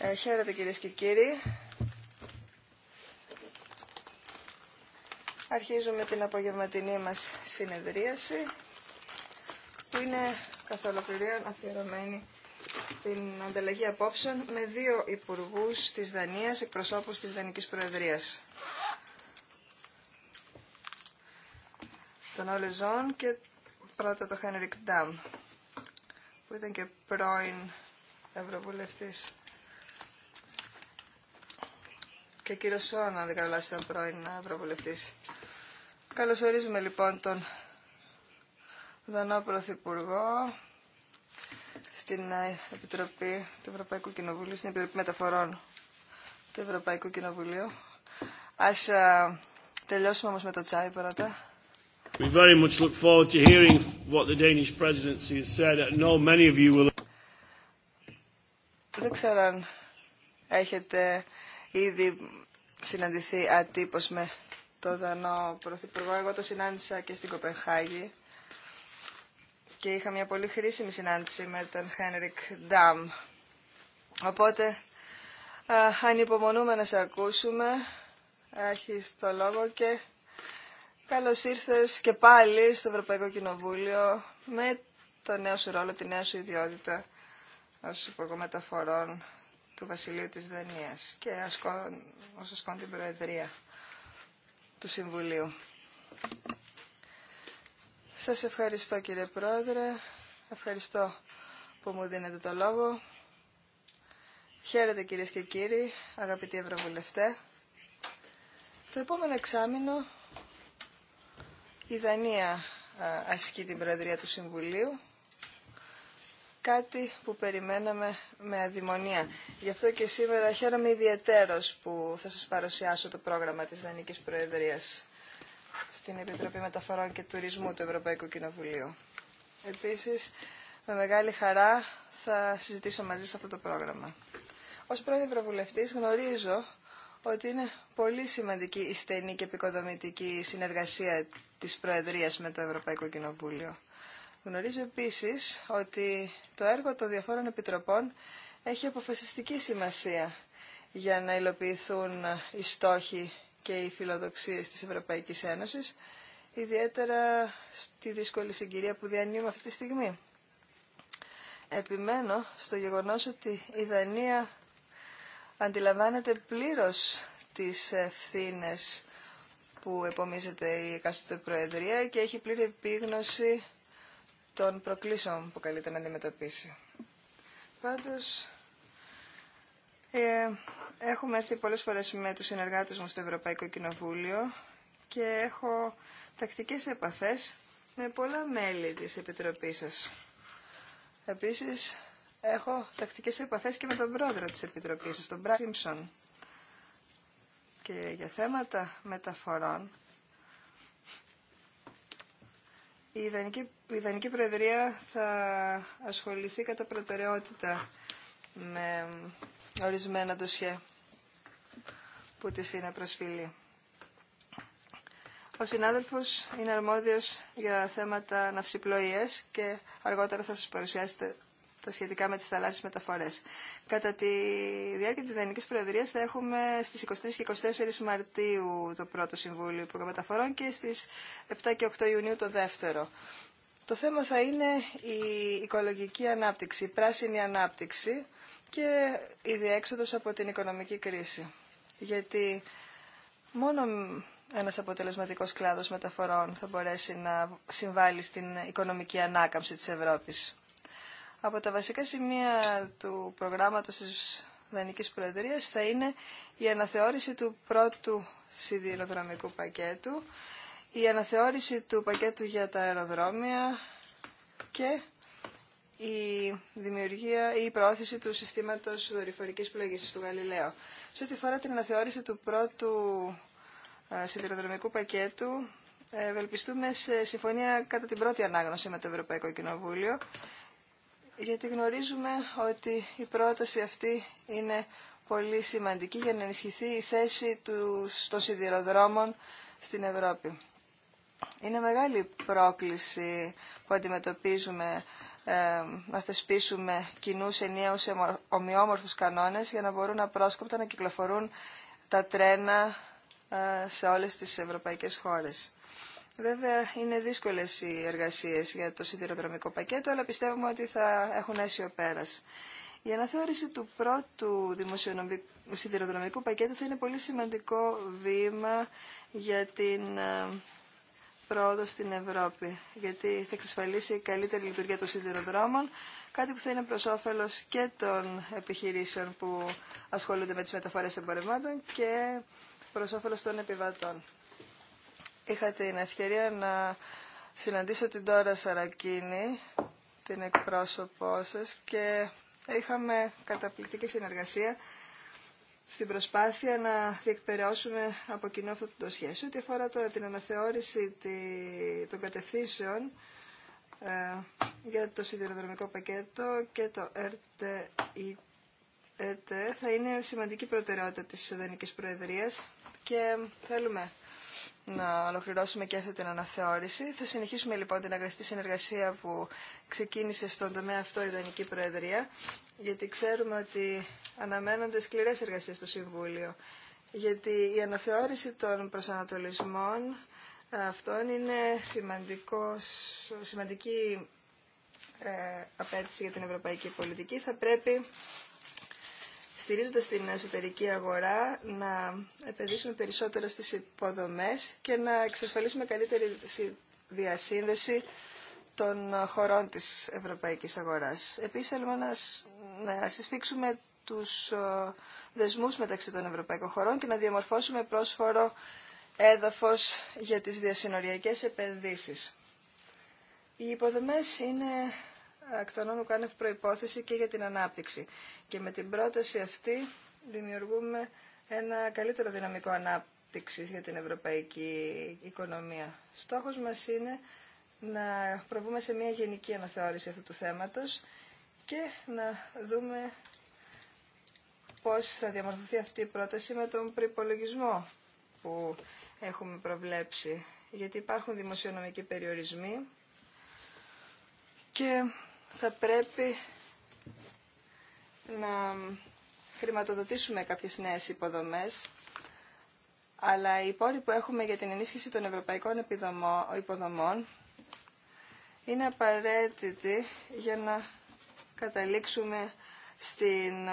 Ε, χαίρετε κυρίες και κύριοι. Αρχίζουμε την απογευματινή μας συνεδρίαση που είναι καθ' αφιερωμένη στην ανταλλαγή απόψεων με δύο υπουργούς της Δανίας, εκπροσώπους της Δανικής Προεδρίας. Τον Όλε Ζών και πρώτα τον Χένρικ Ντάμ που ήταν και πρώην Ευρωβουλευτής. Και κύριο Σώνα αν δεν καλά, ήταν πρώην Ευρωβουλευτής. Καλωσορίζουμε λοιπόν τον Δανό Πρωθυπουργό στην ε, Επιτροπή του Ευρωπαϊκού Κοινοβουλίου, στην Επιτροπή Μεταφορών του Ευρωπαϊκού Κοινοβουλίου. Ας α, ε, τελειώσουμε όμως με το τσάι πρώτα. Δεν ξέρω αν έχετε ήδη συναντηθεί ατύπως με τον Δανό Πρωθυπουργό. Εγώ το συνάντησα και στην Κοπεχάγη και είχα μια πολύ χρήσιμη συνάντηση με τον Χένρικ Ντάμ. Οπότε αν υπομονούμε να σε ακούσουμε, έχει το λόγο και Καλώς ήρθες και πάλι στο Ευρωπαϊκό Κοινοβούλιο με το νέο σου ρόλο, τη νέα σου ιδιότητα ως Υπουργό Μεταφορών του Βασιλείου της Δανίας και ως ασκών την Προεδρία του Συμβουλίου. Σας ευχαριστώ κύριε Πρόεδρε, ευχαριστώ που μου δίνετε το λόγο. Χαίρετε κυρίες και κύριοι, αγαπητοί Ευρωβουλευτέ. Το επόμενο εξάμεινο η Δανία ασκεί την Προεδρία του Συμβουλίου, κάτι που περιμέναμε με αδημονία. Γι' αυτό και σήμερα χαίρομαι ιδιαίτερος που θα σας παρουσιάσω το πρόγραμμα της Δανικής Προεδρίας στην Επιτροπή Μεταφορών και Τουρισμού του Ευρωπαϊκού Κοινοβουλίου. Επίσης, με μεγάλη χαρά θα συζητήσω μαζί σε αυτό το πρόγραμμα. Ως πρώην Ευρωβουλευτής γνωρίζω ότι είναι πολύ σημαντική η στενή και επικοδομητική συνεργασία της Προεδρίας με το Ευρωπαϊκό Κοινοβούλιο. Γνωρίζω επίσης ότι το έργο των διαφόρων επιτροπών έχει αποφασιστική σημασία για να υλοποιηθούν οι στόχοι και οι φιλοδοξίες της Ευρωπαϊκής Ένωσης, ιδιαίτερα στη δύσκολη συγκυρία που διανύουμε αυτή τη στιγμή. Επιμένω στο γεγονός ότι η Δανία αντιλαμβάνεται πλήρως τις ευθύνες που επομίζεται η εκάστοτε Προεδρία και έχει πλήρη επίγνωση των προκλήσεων που καλείται να αντιμετωπίσει. Πάντως, ε, έχουμε έρθει πολλές φορές με τους συνεργάτες μου στο Ευρωπαϊκό Κοινοβούλιο και έχω τακτικές επαφές με πολλά μέλη της Επιτροπής σας. Επίσης, έχω τακτικές επαφές και με τον πρόεδρο της Επιτροπής σας, τον Μπρά Σίμψον. Και για θέματα μεταφορών, η ιδανική, η ιδανική Προεδρία θα ασχοληθεί κατά προτεραιότητα με ορισμένα ντοσιέ που της είναι προσφυλή. Ο συνάδελφος είναι αρμόδιος για θέματα ναυσιπλοείας και αργότερα θα σας παρουσιάσετε τα σχετικά με τις θαλάσσιες μεταφορές. Κατά τη διάρκεια της Δανικής Προεδρίας θα έχουμε στις 23 και 24 Μαρτίου το πρώτο Συμβούλιο Υπουργών Μεταφορών και στις 7 και 8 Ιουνίου το δεύτερο. Το θέμα θα είναι η οικολογική ανάπτυξη, η πράσινη ανάπτυξη και η διέξοδος από την οικονομική κρίση. Γιατί μόνο ένας αποτελεσματικός κλάδος μεταφορών θα μπορέσει να συμβάλλει στην οικονομική ανάκαμψη της Ευρώπης από τα βασικά σημεία του προγράμματος της Δανικής Προεδρίας θα είναι η αναθεώρηση του πρώτου σιδηροδρομικού πακέτου, η αναθεώρηση του πακέτου για τα αεροδρόμια και η δημιουργία ή η προώθηση του συστήματος δορυφορικής πλοήγησης του Γαλιλαίου. Σε ό,τι φορά την αναθεώρηση του πρώτου σιδηροδρομικού πακέτου, ευελπιστούμε σε συμφωνία κατά την πρώτη ανάγνωση με το Ευρωπαϊκό Κοινοβούλιο γιατί γνωρίζουμε ότι η πρόταση αυτή είναι πολύ σημαντική για να ενισχυθεί η θέση του, των σιδηροδρόμων στην Ευρώπη. Είναι μεγάλη πρόκληση που αντιμετωπίζουμε ε, να θεσπίσουμε κοινούς ενιαίους ομοιόμορφους κανόνες για να μπορούν να να κυκλοφορούν τα τρένα ε, σε όλες τις ευρωπαϊκές χώρες. Βέβαια, είναι δύσκολε οι εργασίε για το σιδηροδρομικό πακέτο, αλλά πιστεύουμε ότι θα έχουν αίσιο πέρα. Η αναθεώρηση του πρώτου σιδηροδρομικού πακέτου θα είναι πολύ σημαντικό βήμα για την ε, πρόοδο στην Ευρώπη, γιατί θα εξασφαλίσει καλύτερη λειτουργία των σιδηροδρόμων, κάτι που θα είναι προς όφελος και των επιχειρήσεων που ασχολούνται με τις μεταφορές εμπορευμάτων και προς όφελος των επιβατών είχα την ευκαιρία να συναντήσω την Τώρα Σαρακίνη, την εκπρόσωπό σας και είχαμε καταπληκτική συνεργασία στην προσπάθεια να διεκπαιρεώσουμε από κοινό αυτό το σχέσιο. ό,τι αφορά τώρα την αναθεώρηση των κατευθύνσεων ε, για το σιδηροδρομικό πακέτο και το ΕΡΤΕ, θα είναι σημαντική προτεραιότητα της Ισοδανικής Προεδρίας και θέλουμε να ολοκληρώσουμε και αυτή την αναθεώρηση. Θα συνεχίσουμε λοιπόν την αγραστή συνεργασία που ξεκίνησε στον τομέα αυτό η Δανική Προεδρία, γιατί ξέρουμε ότι αναμένονται σκληρές εργασίες στο Συμβούλιο. Γιατί η αναθεώρηση των προσανατολισμών ε, αυτών είναι σημαντικός, σημαντική ε, απέτηση για την ευρωπαϊκή πολιτική. Θα πρέπει στηρίζοντας την εσωτερική αγορά, να επενδύσουμε περισσότερο στις υποδομές και να εξασφαλίσουμε καλύτερη διασύνδεση των χωρών της ευρωπαϊκής αγοράς. Επίσης, θέλουμε να, να συσφίξουμε τους ε, δεσμούς μεταξύ των ευρωπαϊκών χωρών και να διαμορφώσουμε πρόσφορο έδαφος για τις διασυνοριακές επενδύσεις. Οι υποδομές είναι εκ κάνει προϋπόθεση και για την ανάπτυξη. Και με την πρόταση αυτή δημιουργούμε ένα καλύτερο δυναμικό ανάπτυξης για την ευρωπαϊκή οικονομία. Στόχος μας είναι να προβούμε σε μια γενική αναθεώρηση αυτού του θέματος και να δούμε πώς θα διαμορφωθεί αυτή η πρόταση με τον προπολογισμό που έχουμε προβλέψει. Γιατί υπάρχουν δημοσιονομικοί περιορισμοί και θα πρέπει να χρηματοδοτήσουμε κάποιες νέες υποδομές, αλλά οι πόροι που έχουμε για την ενίσχυση των ευρωπαϊκών υποδομών είναι απαραίτητοι για να καταλήξουμε στην,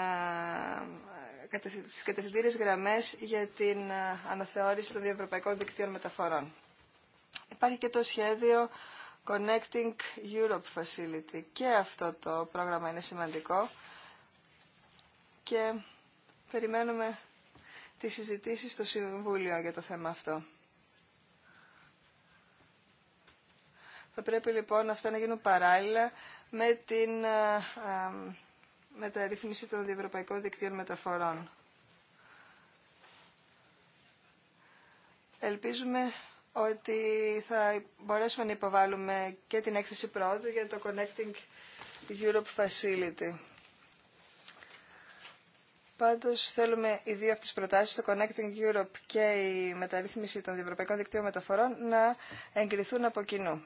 στις κατευθυντήριες γραμμές για την αναθεώρηση των διευρωπαϊκών δικτύων μεταφορών. Υπάρχει και το σχέδιο Connecting Europe Facility. Και αυτό το πρόγραμμα είναι σημαντικό και περιμένουμε τις συζητήσεις στο Συμβούλιο για το θέμα αυτό. Θα πρέπει λοιπόν αυτά να γίνουν παράλληλα με την ε, ε, μεταρρύθμιση των διευρωπαϊκών δικτύων μεταφορών. Ελπίζουμε ότι θα μπορέσουμε να υποβάλουμε και την έκθεση πρόοδου για το Connecting Europe Facility. Πάντως θέλουμε οι δύο αυτές τις προτάσεις, το Connecting Europe και η μεταρρύθμιση των διευρωπαϊκών δικτύων μεταφορών, να εγκριθούν από κοινού.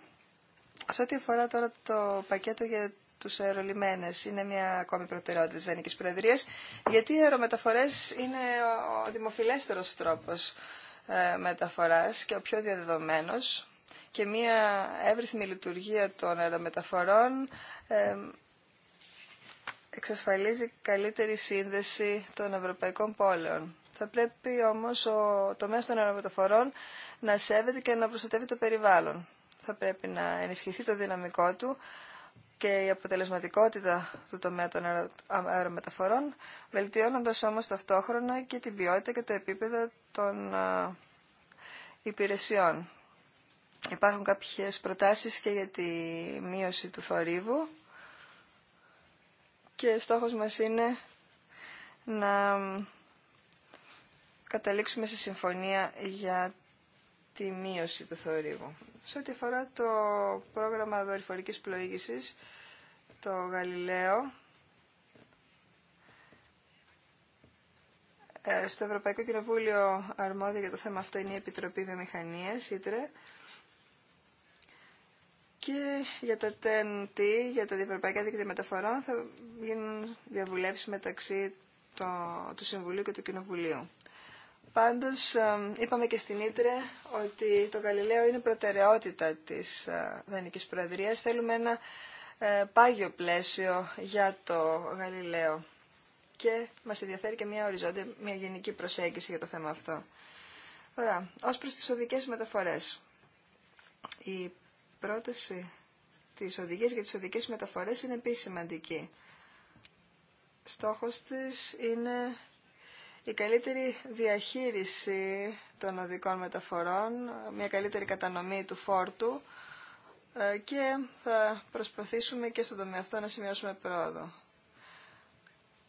Σε ό,τι αφορά τώρα το πακέτο για τους αερολιμένες, είναι μια ακόμη προτεραιότητα της Δανικής Προεδρίας, γιατί οι αερομεταφορές είναι ο δημοφιλέστερος τρόπος ε, μεταφοράς και ο πιο διαδεδομένος και μια εύρυθμη λειτουργία των αερομεταφορών ε, εξασφαλίζει καλύτερη σύνδεση των ευρωπαϊκών πόλεων. Θα πρέπει όμως το τομέας των αερομεταφορών να σέβεται και να προστατεύει το περιβάλλον. Θα πρέπει να ενισχυθεί το δυναμικό του, και η αποτελεσματικότητα του τομέα των αερομεταφορών, βελτιώνοντας όμως ταυτόχρονα και την ποιότητα και το επίπεδο των υπηρεσιών. Υπάρχουν κάποιες προτάσεις και για τη μείωση του θορύβου και στόχος μας είναι να καταλήξουμε σε συμφωνία για τη μείωση του θορύβου. Σε ό,τι αφορά το πρόγραμμα δορυφορικής πλοήγησης, το Γαλιλαίο, ε, στο Ευρωπαϊκό Κοινοβούλιο αρμόδια για το θέμα αυτό είναι η Επιτροπή Βιομηχανίας, ήτρε, και για τα TNT, για τα διευρωπαϊκά δίκτυα μεταφορών, θα γίνουν διαβουλεύσεις μεταξύ του Συμβουλίου και του Κοινοβουλίου. Πάντως είπαμε και στην Ήτρε ότι το Γαλιλαίο είναι προτεραιότητα της ε, Δανικής Προεδρίας. Θέλουμε ένα ε, πάγιο πλαίσιο για το Γαλιλαίο και μας ενδιαφέρει και μια οριζόντια, μια γενική προσέγγιση για το θέμα αυτό. Ωραία, ως προς τις οδικές μεταφορές. Η πρόταση της οδηγίας για τις οδικές μεταφορές είναι επίσης σημαντική. Στόχος της είναι η καλύτερη διαχείριση των οδικών μεταφορών, μια καλύτερη κατανομή του φόρτου ε, και θα προσπαθήσουμε και στον τομέα αυτό να σημειώσουμε πρόοδο.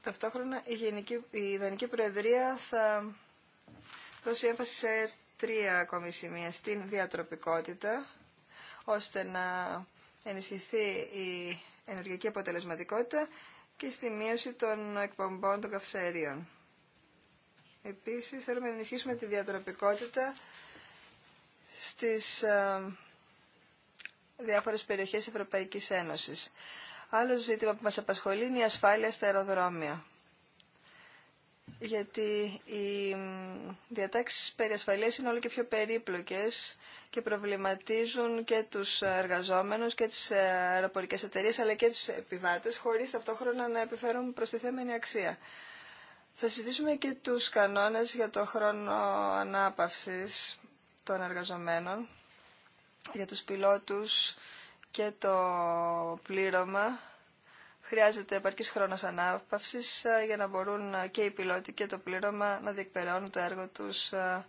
Ταυτόχρονα η, Γενική, η Ιδανική Προεδρία θα δώσει έμφαση σε τρία ακόμη σημεία. Στην διατροπικότητα, ώστε να ενισχυθεί η ενεργειακή αποτελεσματικότητα και στη μείωση των εκπομπών των καυσαερίων. Επίσης θέλουμε να ενισχύσουμε τη διατροπικότητα στις ε, διάφορες περιοχές Ευρωπαϊκής Ένωσης. Άλλο ζήτημα που μας απασχολεί είναι η ασφάλεια στα αεροδρόμια. Γιατί οι διατάξεις περί ασφαλείας είναι όλο και πιο περίπλοκες και προβληματίζουν και τους εργαζόμενους και τις ε, αεροπορικές εταιρείες αλλά και τους επιβάτες χωρίς ταυτόχρονα να επιφέρουν προστιθέμενη αξία. Θα συζητήσουμε και τους κανόνες για το χρόνο ανάπαυσης των εργαζομένων, για τους πιλότους και το πλήρωμα. Χρειάζεται επαρκής χρόνος ανάπαυσης ε, για να μπορούν και οι πιλότοι και το πλήρωμα να διεκπαιρεώνουν το έργο τους ε,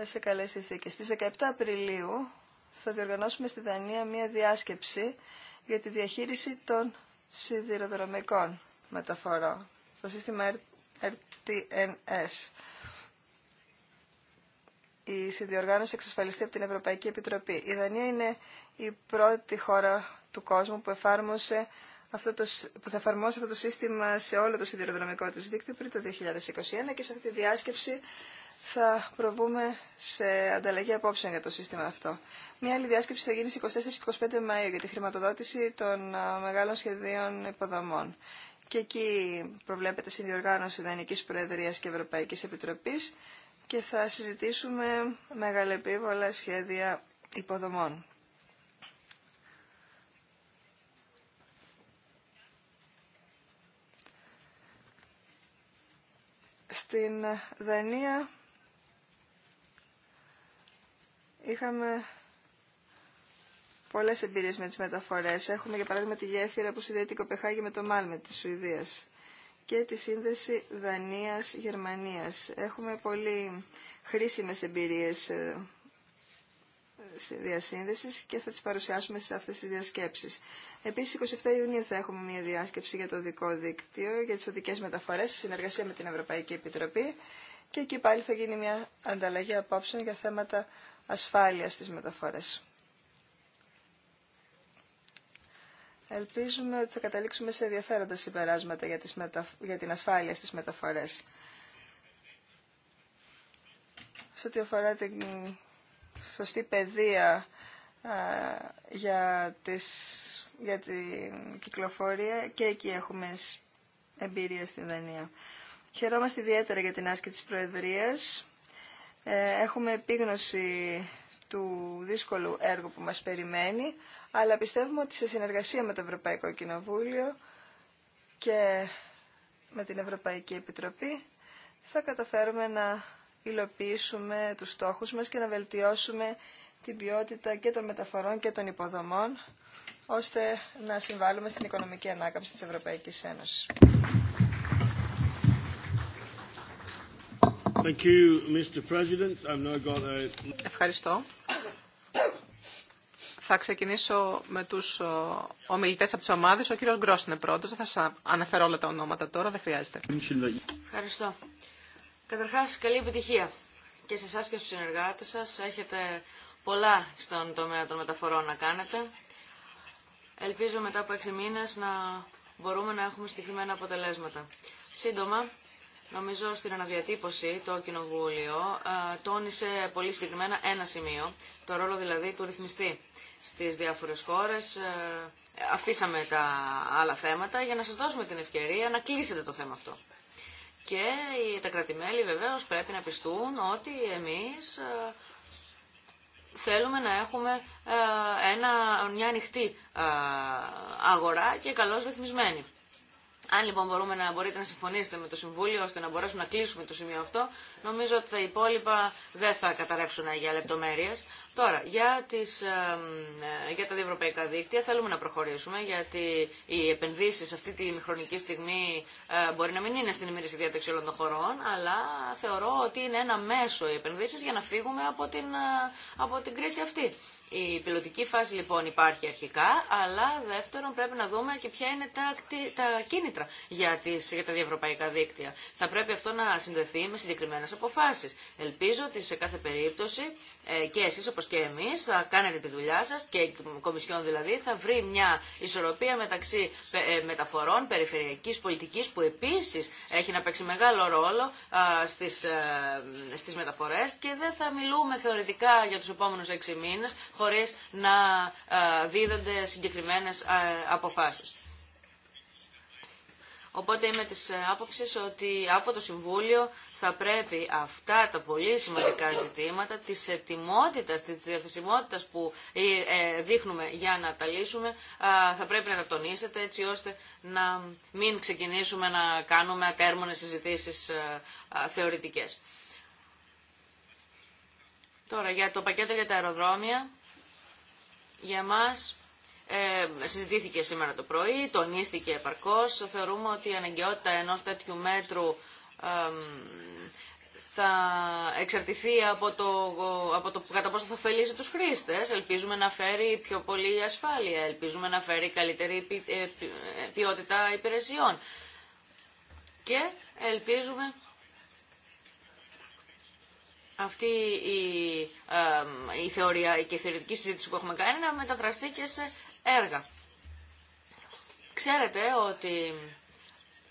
ε, σε καλές ηθίκες. Στις 17 Απριλίου θα διοργανώσουμε στη Δανία μία διάσκεψη για τη διαχείριση των σιδηροδρομικών μεταφορών. Το σύστημα RTNS. Η συνδιοργάνωση εξασφαλιστεί από την Ευρωπαϊκή Επιτροπή. Η Δανία είναι η πρώτη χώρα του κόσμου που, θα εφαρμόσει αυτό το σύστημα σε όλο το σιδηροδρομικό του δίκτυο πριν το 2021 και σε αυτή τη διάσκεψη θα προβούμε σε ανταλλαγή απόψεων για το σύστημα αυτό. Μια άλλη διάσκεψη θα γίνει στις 24-25 Μαΐου για τη χρηματοδότηση των μεγάλων σχεδίων υποδομών και εκεί προβλέπεται συνδιοργάνωση Δανικής Προεδρίας και Ευρωπαϊκής Επιτροπής και θα συζητήσουμε μεγαλεπίβολα σχέδια υποδομών. Στην Δανία είχαμε πολλές εμπειρίες με τις μεταφορές. Έχουμε για παράδειγμα τη γέφυρα που συνδέει την Κοπεχάγη με το Μάλμε της Σουηδίας και τη σύνδεση Δανίας-Γερμανίας. Έχουμε πολύ χρήσιμες εμπειρίες ε, διασύνδεση και θα τις παρουσιάσουμε σε αυτές τις διασκέψεις. Επίσης, 27 Ιουνίου θα έχουμε μια διάσκεψη για το δικό δίκτυο, για τις οδικές μεταφορές, σε συνεργασία με την Ευρωπαϊκή Επιτροπή και εκεί πάλι θα γίνει μια ανταλλαγή απόψεων για θέματα ασφάλειας στις μεταφορές. Ελπίζουμε ότι θα καταλήξουμε σε ενδιαφέροντα συμπεράσματα για, τις για την ασφάλεια στις μεταφορές. Σε ό,τι αφορά την σωστή παιδεία α, για, τις... για την κυκλοφορία και εκεί έχουμε εμπειρία στην Δανία. Χαιρόμαστε ιδιαίτερα για την άσκηση της Προεδρίας. Ε, έχουμε επίγνωση του δύσκολου έργου που μας περιμένει, αλλά πιστεύουμε ότι σε συνεργασία με το Ευρωπαϊκό Κοινοβούλιο και με την Ευρωπαϊκή Επιτροπή θα καταφέρουμε να υλοποιήσουμε τους στόχους μας και να βελτιώσουμε την ποιότητα και των μεταφορών και των υποδομών, ώστε να συμβάλλουμε στην οικονομική ανάκαμψη της Ευρωπαϊκής Ένωσης. Ευχαριστώ. Θα ξεκινήσω με του ε, ομιλητέ από τι ομάδε. Ο κύριο Γκρό είναι πρώτο. Δεν θα σα αναφέρω όλα τα ονόματα τώρα. Δεν χρειάζεται. Ευχαριστώ. Καταρχάς, καλή επιτυχία. Και σε εσά και στου συνεργάτε σα. Έχετε πολλά στον τομέα των μεταφορών να κάνετε. Ελπίζω μετά από έξι μήνε να μπορούμε να έχουμε συγκεκριμένα αποτελέσματα. Σύντομα, Νομίζω στην αναδιατύπωση το Κοινοβούλιο ε, τόνισε πολύ συγκεκριμένα ένα σημείο, το ρόλο δηλαδή του ρυθμιστή στις διάφορες χώρες. Ε, αφήσαμε τα άλλα θέματα για να σας δώσουμε την ευκαιρία να κλείσετε το θέμα αυτό. Και τα κρατημέλη βεβαίως πρέπει να πιστούν ότι εμείς ε, θέλουμε να έχουμε ένα, μια ανοιχτή αγορά και καλώς ρυθμισμένη. Αν λοιπόν μπορούμε να μπορείτε να συμφωνήσετε με το Συμβούλιο ώστε να μπορέσουμε να κλείσουμε το σημείο αυτό, νομίζω ότι τα υπόλοιπα δεν θα καταρρεύσουν για λεπτομέρειε. Τώρα, για, τις, ε, για τα διευρωπαϊκά δίκτυα θέλουμε να προχωρήσουμε, γιατί οι επενδύσει αυτή τη χρονική στιγμή ε, μπορεί να μην είναι στην ημερήσια διάταξη όλων των χωρών, αλλά θεωρώ ότι είναι ένα μέσο οι επενδύσει για να φύγουμε από την, ε, από την κρίση αυτή. Η πιλωτική φάση λοιπόν υπάρχει αρχικά, αλλά δεύτερον πρέπει να δούμε και ποια είναι τα, τα κίνητρα για, για τα διευρωπαϊκά δίκτυα. Θα πρέπει αυτό να συνδεθεί με συγκεκριμένε αποφάσει. Ελπίζω ότι σε κάθε περίπτωση ε, και εσεί όπω και εμεί θα κάνετε τη δουλειά σα και η Κομισιόν δηλαδή θα βρει μια ισορροπία μεταξύ ε, ε, μεταφορών, περιφερειακή πολιτική που επίση έχει να παίξει μεγάλο ρόλο ε, στι στις μεταφορέ και δεν θα μιλούμε θεωρητικά για του επόμενου έξι μήνε χωρίς να ε, δίδονται συγκεκριμένες ε, αποφάσεις. Οπότε είμαι της ε, άποψης ότι από το Συμβούλιο θα πρέπει αυτά τα πολύ σημαντικά ζητήματα της ετοιμότητας, της διαθεσιμότητας που δείχνουμε για να τα λύσουμε, θα πρέπει να τα τονίσετε έτσι ώστε να μην ξεκινήσουμε να κάνουμε ατέρμονες συζητήσεις θεωρητικές. Τώρα για το πακέτο για τα αεροδρόμια για μας ε, συζητήθηκε σήμερα το πρωί, τονίστηκε επαρκώς. Θεωρούμε ότι η αναγκαιότητα ενός τέτοιου μέτρου θα εξαρτηθεί από το, από το κατά πόσο θα ωφελήσει τους χρήστες. Ελπίζουμε να φέρει πιο πολύ ασφάλεια, ελπίζουμε να φέρει καλύτερη ε, ε, ποιότητα υπηρεσιών. Και ελπίζουμε αυτή η, η θεωρία και η θεωρητική συζήτηση που έχουμε κάνει να μεταφραστεί και σε έργα. Ξέρετε ότι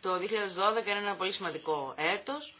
το 2012 είναι ένα πολύ σημαντικό έτος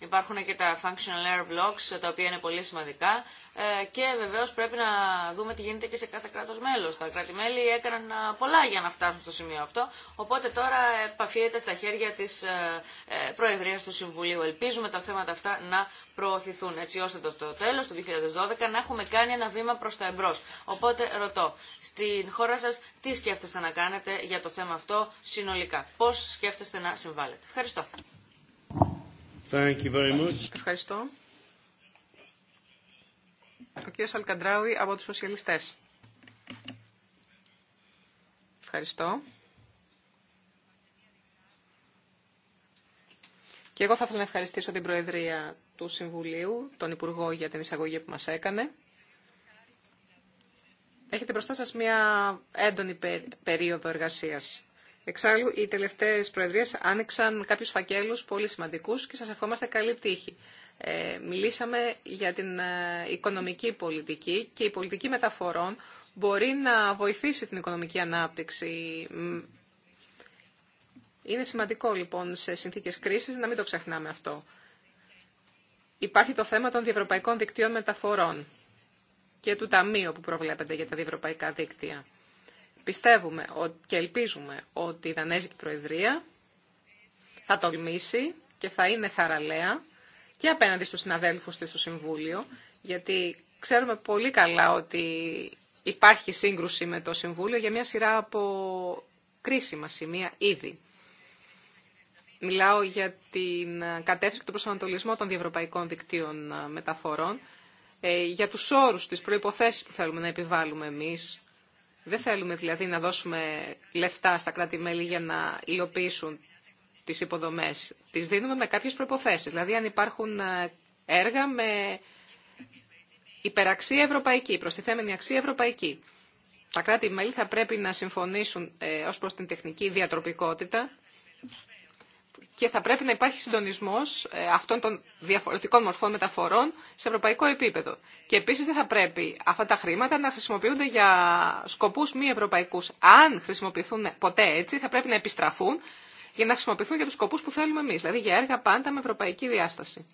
Υπάρχουν και τα functional air blocks, τα οποία είναι πολύ σημαντικά. Ε, και βεβαίω πρέπει να δούμε τι γίνεται και σε κάθε κράτο μέλο. Τα κράτη-μέλη έκαναν ε, πολλά για να φτάσουν στο σημείο αυτό. Οπότε τώρα επαφιέται στα χέρια τη ε, Προεδρία του Συμβουλίου. Ελπίζουμε τα θέματα αυτά να προωθηθούν, έτσι ώστε το, το τέλο του 2012 να έχουμε κάνει ένα βήμα προ τα εμπρό. Οπότε ρωτώ, στην χώρα σα τι σκέφτεστε να κάνετε για το θέμα αυτό συνολικά. Πώ σκέφτεστε να συμβάλλετε. Ευχαριστώ. Ευχαριστώ. Ο κύριος Αλκαντράουι από τους Σοσιαλιστές. Ευχαριστώ. Και εγώ θα ήθελα να ευχαριστήσω την Προεδρία του Συμβουλίου, τον Υπουργό για την εισαγωγή που μας έκανε. Έχετε μπροστά σας μια έντονη περίοδο εργασίας. Εξάλλου, οι τελευταίε προεδρίε άνοιξαν κάποιου φακέλου πολύ σημαντικού και σα ευχόμαστε καλή τύχη. Ε, μιλήσαμε για την ε, οικονομική πολιτική και η πολιτική μεταφορών μπορεί να βοηθήσει την οικονομική ανάπτυξη. Είναι σημαντικό λοιπόν σε συνθήκες κρίσης να μην το ξεχνάμε αυτό. Υπάρχει το θέμα των διευρωπαϊκών δικτύων μεταφορών και του ταμείου που προβλέπεται για τα διευρωπαϊκά δίκτυα. Πιστεύουμε και ελπίζουμε ότι η Δανέζικη Προεδρία θα τολμήσει και θα είναι θαραλέα και απέναντι στους συναδέλφους της στο Συμβούλιο, γιατί ξέρουμε πολύ καλά ότι υπάρχει σύγκρουση με το Συμβούλιο για μια σειρά από κρίσιμα σημεία ήδη. Μιλάω για την κατεύθυνση και τον προσανατολισμό των διευρωπαϊκών δικτύων ε, μεταφορών, ε, για τους όρους, τις προϋποθέσεις που θέλουμε να επιβάλλουμε εμείς δεν θέλουμε δηλαδή να δώσουμε λεφτά στα κράτη-μέλη για να υλοποιήσουν τις υποδομές. Τις δίνουμε με κάποιες προποθέσει. Δηλαδή αν υπάρχουν ε, έργα με υπεραξία ευρωπαϊκή, προστιθέμενη αξία ευρωπαϊκή. Τα κράτη-μέλη θα πρέπει να συμφωνήσουν ε, ως προς την τεχνική διατροπικότητα και θα πρέπει να υπάρχει συντονισμός ε, αυτών των διαφορετικών μορφών μεταφορών σε ευρωπαϊκό επίπεδο. Και επίση δεν θα πρέπει αυτά τα χρήματα να χρησιμοποιούνται για σκοπού μη Ευρωπαϊκού. Αν χρησιμοποιηθούν ποτέ έτσι θα πρέπει να επιστραφούν για να χρησιμοποιηθούν για του σκοπούς που θέλουμε εμεί, δηλαδή για έργα πάντα με ευρωπαϊκή διάσταση.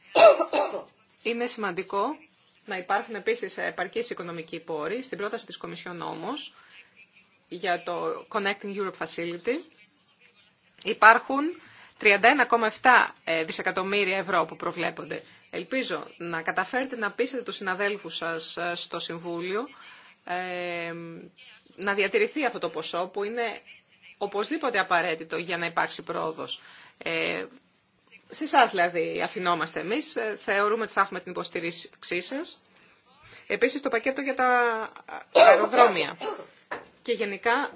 Είναι σημαντικό να υπάρχουν επίση επαρκεί οικονομικοί πόροι, στην πρόταση τη Κομισιόν όμω για το Connecting Europe Facility, υπάρχουν 31,7 ε, δισεκατομμύρια ευρώ που προβλέπονται. Ελπίζω να καταφέρετε να πείσετε τους συναδέλφους σας ε, στο Συμβούλιο ε, να διατηρηθεί αυτό το ποσό που είναι οπωσδήποτε απαραίτητο για να υπάρξει πρόοδος. Σε εσά δηλαδή αφινόμαστε εμείς, θεωρούμε ότι θα έχουμε την υποστήριξή σας. Επίσης το πακέτο για τα αεροδρόμια και γενικά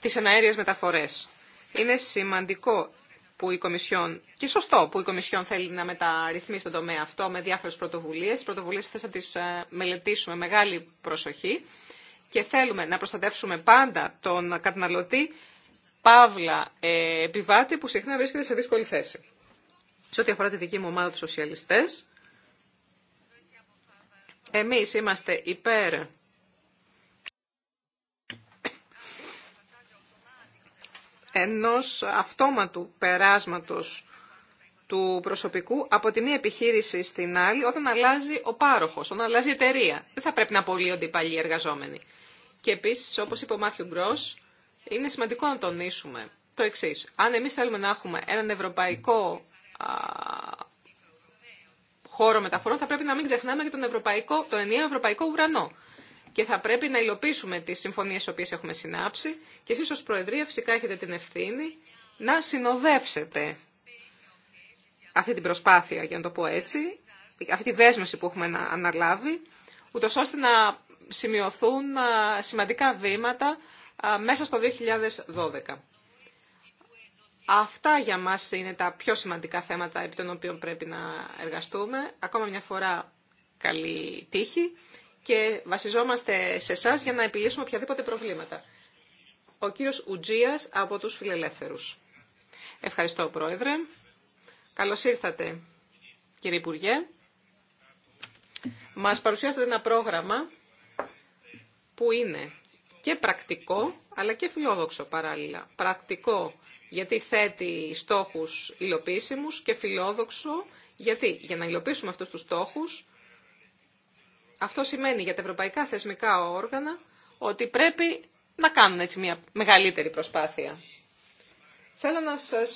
τις αναέριες μεταφορές. Είναι σημαντικό που η Κομισιόν, και σωστό που η Κομισιόν θέλει να μεταρρυθμίσει τον τομέα αυτό με διάφορε πρωτοβουλίε. Τις πρωτοβουλίε αυτέ θα τις ε, μελετήσουμε μεγάλη προσοχή και θέλουμε να προστατεύσουμε πάντα τον καταναλωτή παύλα ε, επιβάτη που συχνά βρίσκεται σε δύσκολη θέση. Σε ό,τι αφορά τη δική μου ομάδα του σοσιαλιστές, εμείς είμαστε υπέρ ενός αυτόματου περάσματος του προσωπικού από τη μία επιχείρηση στην άλλη όταν αλλάζει ο πάροχος, όταν αλλάζει η εταιρεία. Δεν θα πρέπει να απολύονται οι παλιοί εργαζόμενοι. Και επίσης, όπως είπε ο Μάθιου Γκρός, είναι σημαντικό να τονίσουμε το εξή. Αν εμείς θέλουμε να έχουμε έναν ευρωπαϊκό χώρο μεταφορών, θα πρέπει να μην ξεχνάμε και τον, ευρωπαϊκό, τον ενιαίο ευρωπαϊκό ουρανό και θα πρέπει να υλοποιήσουμε τις συμφωνίες τις οποίες έχουμε συνάψει και εσείς ως Προεδρία φυσικά έχετε την ευθύνη να συνοδεύσετε αυτή την προσπάθεια, για να το πω έτσι, αυτή τη δέσμευση που έχουμε να αναλάβει, ούτως ώστε να σημειωθούν σημαντικά βήματα μέσα στο 2012. Αυτά για μας είναι τα πιο σημαντικά θέματα επί των οποίων πρέπει να εργαστούμε. Ακόμα μια φορά καλή τύχη και βασιζόμαστε σε εσά για να επιλύσουμε οποιαδήποτε προβλήματα. Ο κύριος Ουτζίας από τους Φιλελεύθερους. Ευχαριστώ, Πρόεδρε. Καλώς ήρθατε, κύριε Υπουργέ. Μας παρουσιάσατε ένα πρόγραμμα που είναι και πρακτικό, αλλά και φιλόδοξο παράλληλα. Πρακτικό γιατί θέτει στόχους υλοποιήσιμους και φιλόδοξο γιατί για να υλοποιήσουμε αυτούς τους στόχους αυτό σημαίνει για τα ευρωπαϊκά θεσμικά όργανα ότι πρέπει να κάνουν έτσι μια μεγαλύτερη προσπάθεια. Θέλω να σας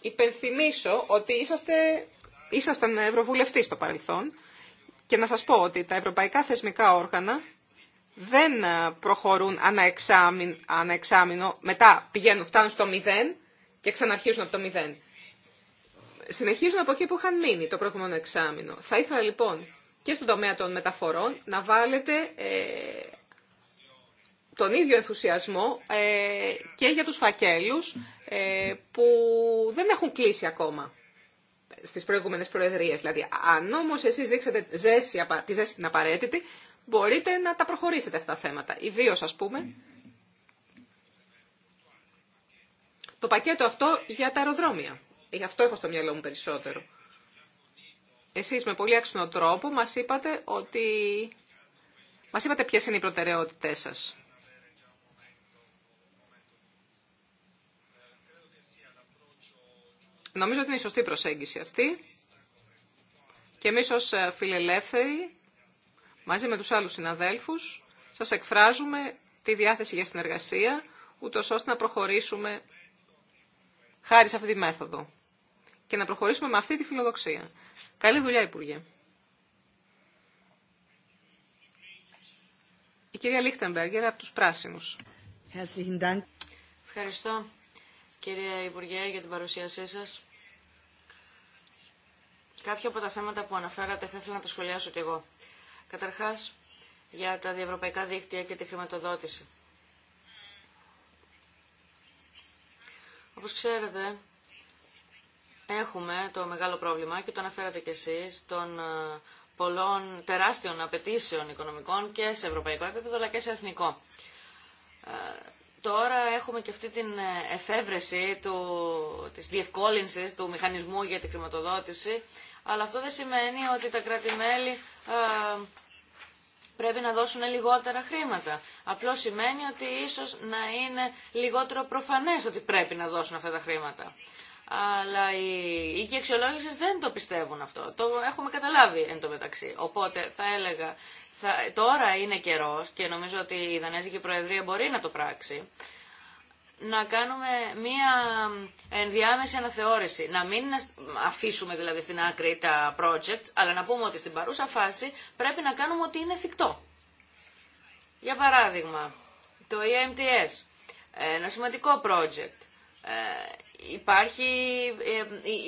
υπενθυμίσω ότι είσαστε, ήσασταν ευρωβουλευτή στο παρελθόν και να σας πω ότι τα ευρωπαϊκά θεσμικά όργανα δεν προχωρούν αναεξάμεινο, μετά πηγαίνουν, φτάνουν στο μηδέν και ξαναρχίζουν από το μηδέν. Συνεχίζουν από εκεί που είχαν μείνει το προηγούμενο εξάμεινο. Θα ήθελα λοιπόν και στον τομέα των μεταφορών να βάλετε ε, τον ίδιο ενθουσιασμό ε, και για τους φακέλους ε, που δεν έχουν κλείσει ακόμα στις προηγούμενες προεδρίες. Δηλαδή, αν όμως εσείς δείξετε ζέση, τη ζέση την απαραίτητη, μπορείτε να τα προχωρήσετε αυτά τα θέματα. Ιδίως, ας πούμε, το πακέτο αυτό για τα αεροδρόμια. Γι' αυτό έχω στο μυαλό μου περισσότερο. Εσείς με πολύ άξινο τρόπο μας είπατε ότι... Μας είπατε ποιες είναι οι προτεραιότητές σας. Νομίζω ότι είναι η σωστή προσέγγιση αυτή. Και εμείς ως ε, φιλελεύθεροι, μαζί με τους άλλους συναδέλφους, σας εκφράζουμε τη διάθεση για συνεργασία, ούτω ώστε να προχωρήσουμε χάρη σε αυτή τη μέθοδο και να προχωρήσουμε με αυτή τη φιλοδοξία. Καλή δουλειά, Υπουργέ. Η κυρία Λίχτεμπεργκερ από τους Πράσινους. Ευχαριστώ, κυρία Υπουργέ, για την παρουσίασή σας. Κάποια από τα θέματα που αναφέρατε θα ήθελα να τα σχολιάσω κι εγώ. Καταρχάς, για τα διευρωπαϊκά δίκτυα και τη χρηματοδότηση. Όπως ξέρετε, έχουμε το μεγάλο πρόβλημα και το αναφέρατε κι εσείς των ε, πολλών τεράστιων απαιτήσεων οικονομικών και σε ευρωπαϊκό επίπεδο αλλά και σε εθνικό. Ε, τώρα έχουμε και αυτή την ε, εφεύρεση του, της διευκόλυνσης του μηχανισμού για τη χρηματοδότηση, αλλά αυτό δεν σημαίνει ότι τα κράτη-μέλη πρέπει να δώσουν λιγότερα χρήματα. Απλώς σημαίνει ότι ίσως να είναι λιγότερο προφανές ότι πρέπει να δώσουν αυτά τα χρήματα αλλά οι οίκοι δεν το πιστεύουν αυτό. Το έχουμε καταλάβει εν τω μεταξύ. Οπότε θα έλεγα, θα, τώρα είναι καιρός και νομίζω ότι η Δανέζικη Προεδρία μπορεί να το πράξει, να κάνουμε μία ενδιάμεση αναθεώρηση. Να μην αφήσουμε δηλαδή στην άκρη τα projects, αλλά να πούμε ότι στην παρούσα φάση πρέπει να κάνουμε ότι είναι εφικτό. Για παράδειγμα, το EMTS, ένα σημαντικό project, ε, υπάρχει,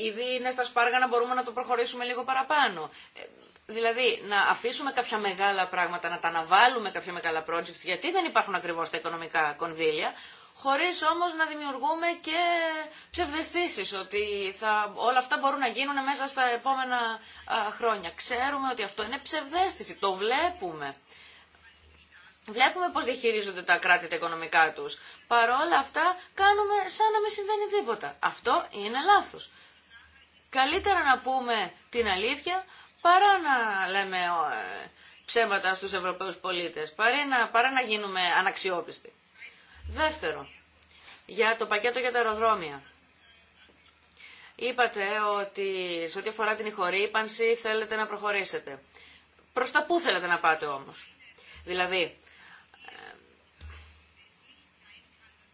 ήδη είναι στα να μπορούμε να το προχωρήσουμε λίγο παραπάνω. Ε, δηλαδή, να αφήσουμε κάποια μεγάλα πράγματα, να τα αναβάλουμε κάποια μεγάλα projects, γιατί δεν υπάρχουν ακριβώς τα οικονομικά κονδύλια, χωρίς όμως να δημιουργούμε και ψευδεστήσεις ότι θα, όλα αυτά μπορούν να γίνουν μέσα στα επόμενα χρόνια. Ξέρουμε ότι αυτό είναι ψευδέστηση, το βλέπουμε. Βλέπουμε πώς διαχειρίζονται τα κράτη τα οικονομικά τους. Παρόλα αυτά κάνουμε σαν να μην συμβαίνει τίποτα. Αυτό είναι λάθος. Καλύτερα να πούμε την αλήθεια παρά να λέμε ε, ψέματα στους Ευρωπαίους πολίτες, παρά να, παρά να γίνουμε αναξιόπιστοι. Δεύτερο, για το πακέτο για τα αεροδρόμια. Είπατε ότι σε ό,τι αφορά την ηχορύπανση θέλετε να προχωρήσετε. Προς τα πού θέλετε να πάτε όμως. Δηλαδή,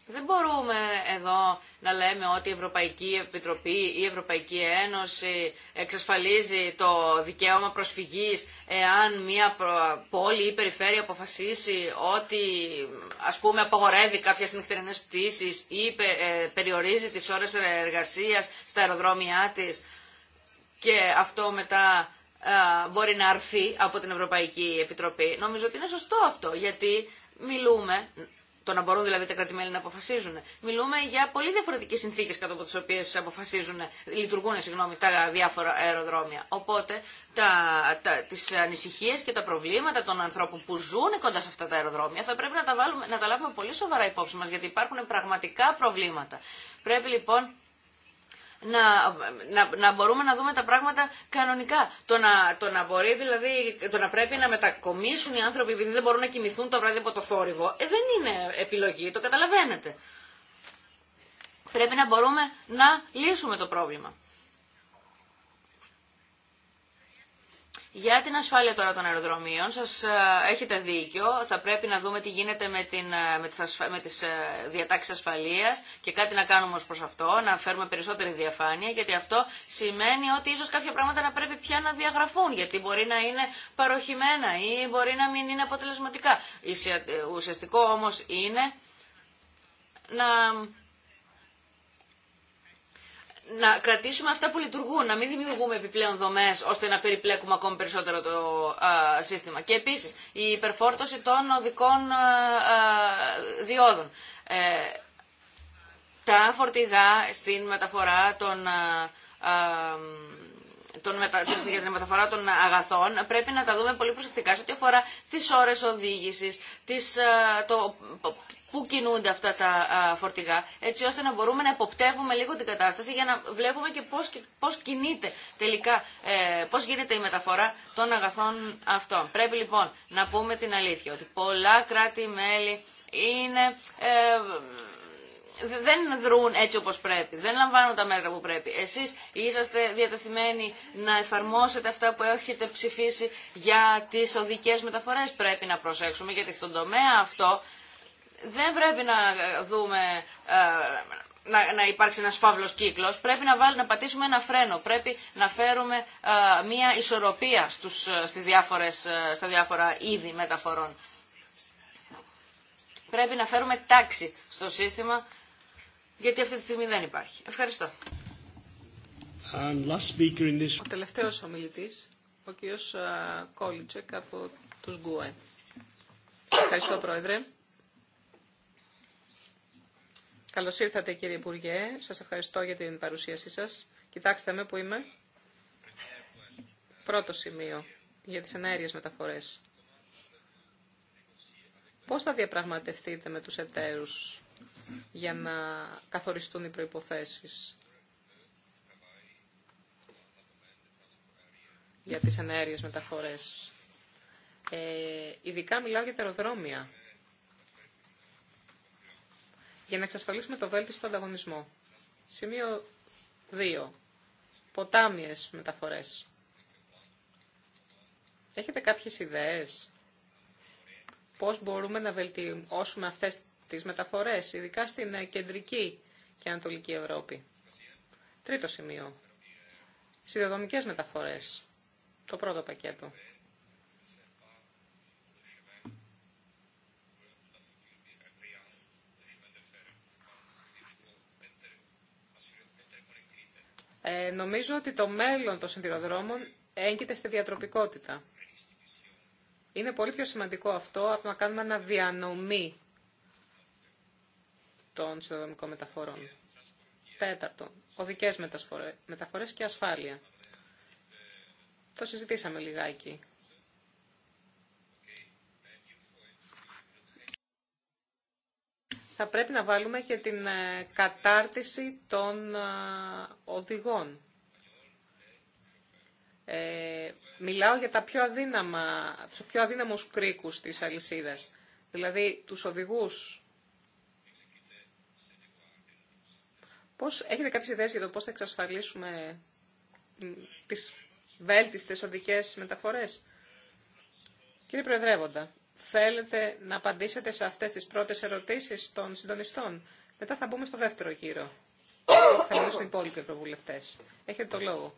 Δεν μπορούμε εδώ να λέμε ότι η Ευρωπαϊκή Επιτροπή ή η Ευρωπαϊκή Ένωση εξασφαλίζει το δικαίωμα προσφυγής εάν μια πόλη ή περιφέρεια αποφασίσει ότι ας πούμε απογορεύει κάποιες νυχτερινές πτήσεις ή ε, περιορίζει τις ώρες εργασίας στα αεροδρόμια της και αυτό μετά μπορεί να αρθεί από την Ευρωπαϊκή Επιτροπή. Νομίζω ότι είναι σωστό αυτό γιατί μιλούμε το να μπορούν δηλαδή τα κρατημέλη να αποφασίζουν. Μιλούμε για πολύ διαφορετικέ συνθήκε κατά από τι οποίε λειτουργούν συγγνώμη, τα διάφορα αεροδρόμια. Οπότε τα, τα, τι ανησυχίε και τα προβλήματα των ανθρώπων που ζουν κοντά σε αυτά τα αεροδρόμια θα πρέπει να τα, βάλουμε, να τα λάβουμε πολύ σοβαρά υπόψη μα γιατί υπάρχουν πραγματικά προβλήματα. Πρέπει λοιπόν να, να, να μπορούμε να δούμε τα πράγματα κανονικά. Το να, το να μπορεί δηλαδή, το να πρέπει να μετακομίσουν οι άνθρωποι επειδή δεν μπορούν να κοιμηθούν το βράδυ από το θόρυβο, ε, δεν είναι επιλογή, το καταλαβαίνετε. Πρέπει να μπορούμε να λύσουμε το πρόβλημα. Για την ασφάλεια τώρα των αεροδρομίων, σας ε, έχετε δίκιο, θα πρέπει να δούμε τι γίνεται με, την, ε, με, τις, τις ε, διατάξεις ασφαλείας και κάτι να κάνουμε ως προς αυτό, να φέρουμε περισσότερη διαφάνεια, γιατί αυτό σημαίνει ότι ίσως κάποια πράγματα να πρέπει πια να διαγραφούν, γιατί μπορεί να είναι παροχημένα ή μπορεί να μην είναι αποτελεσματικά. Ουσιαστικό όμως είναι να να κρατήσουμε αυτά που λειτουργούν, να μην δημιουργούμε επιπλέον δομέ ώστε να περιπλέκουμε ακόμη περισσότερο το σύστημα. Και επίση η υπερφόρτωση των οδικών διόδων. Ε, τα φορτηγά στην μεταφορά των μετα... για την μεταφορά των αγαθών πρέπει να τα δούμε πολύ προσεκτικά σε ό,τι αφορά τις ώρες οδήγησης, τις, ε, το, πού κινούνται αυτά τα ε, φορτηγά, έτσι ώστε να μπορούμε να εποπτεύουμε λίγο την κατάσταση για να βλέπουμε και πώς, πώς κινείται τελικά, ε, πώς γίνεται η μεταφορά των αγαθών αυτών. Πρέπει λοιπόν να πούμε την αλήθεια ότι πολλά κράτη-μέλη είναι δεν δρούν έτσι όπως πρέπει, δεν λαμβάνουν τα μέτρα που πρέπει. Εσείς είσαστε διατεθειμένοι να εφαρμόσετε αυτά που έχετε ψηφίσει για τις οδικές μεταφορές. Πρέπει να προσέξουμε γιατί στον τομέα αυτό δεν πρέπει να δούμε... Ε, να, να, υπάρξει ένας φαύλος κύκλος, πρέπει να, να πατήσουμε ένα φρένο, πρέπει να φέρουμε ε, μία ισορροπία στους, ε, στις διάφορες, στα διάφορα είδη μεταφορών. Πρέπει να φέρουμε τάξη στο σύστημα γιατί αυτή τη στιγμή δεν υπάρχει. Ευχαριστώ. this... Ο τελευταίος ομιλητής, ο κ. Κόλιτσεκ από τους Γκουέ. Ευχαριστώ, Πρόεδρε. Καλώς ήρθατε, κύριε Υπουργέ. Σας ευχαριστώ για την παρουσίασή σας. Κοιτάξτε με που είμαι. Πρώτο σημείο για τις ενέργειες μεταφορές. Πώς θα διαπραγματευτείτε με τους εταίρους για να καθοριστούν οι προϋποθέσεις για τις ενέργειες μεταφορές. Ε, ειδικά μιλάω για τα αεροδρόμια. Για να εξασφαλίσουμε το βέλτιστο ανταγωνισμό. Σημείο 2. Ποτάμιες μεταφορές. Έχετε κάποιες ιδέες πώς μπορούμε να βελτιώσουμε αυτές τις μεταφορές, ειδικά στην ε, κεντρική και ανατολική Ευρώπη. Τρίτο σημείο. Συνδεδομικές μεταφορές. Το πρώτο πακέτο. Ε, νομίζω ότι το μέλλον των συνδυοδρόμων έγκυται στη διατροπικότητα. Είναι πολύ πιο σημαντικό αυτό από να κάνουμε ένα διανομή των συνοδομικών μεταφορών. Τέταρτον, οδικές μεταφορές και ασφάλεια. Το συζητήσαμε λιγάκι. Θα πρέπει να βάλουμε και την ε, κατάρτιση των ε, οδηγών. Ε, μιλάω για τα πιο αδύναμα, τους πιο αδύναμους κρίκους της αλυσίδας. Δηλαδή τους οδηγούς Πώς, έχετε κάποιες ιδέες για το πώς θα εξασφαλίσουμε τις βέλτιστες οδικές μεταφορές. Κύριε Προεδρεύοντα, θέλετε να απαντήσετε σε αυτές τις πρώτες ερωτήσεις των συντονιστών. Μετά θα μπούμε στο δεύτερο γύρο. θα μιλήσουν οι υπόλοιποι ευρωβουλευτέ. Έχετε το λόγο.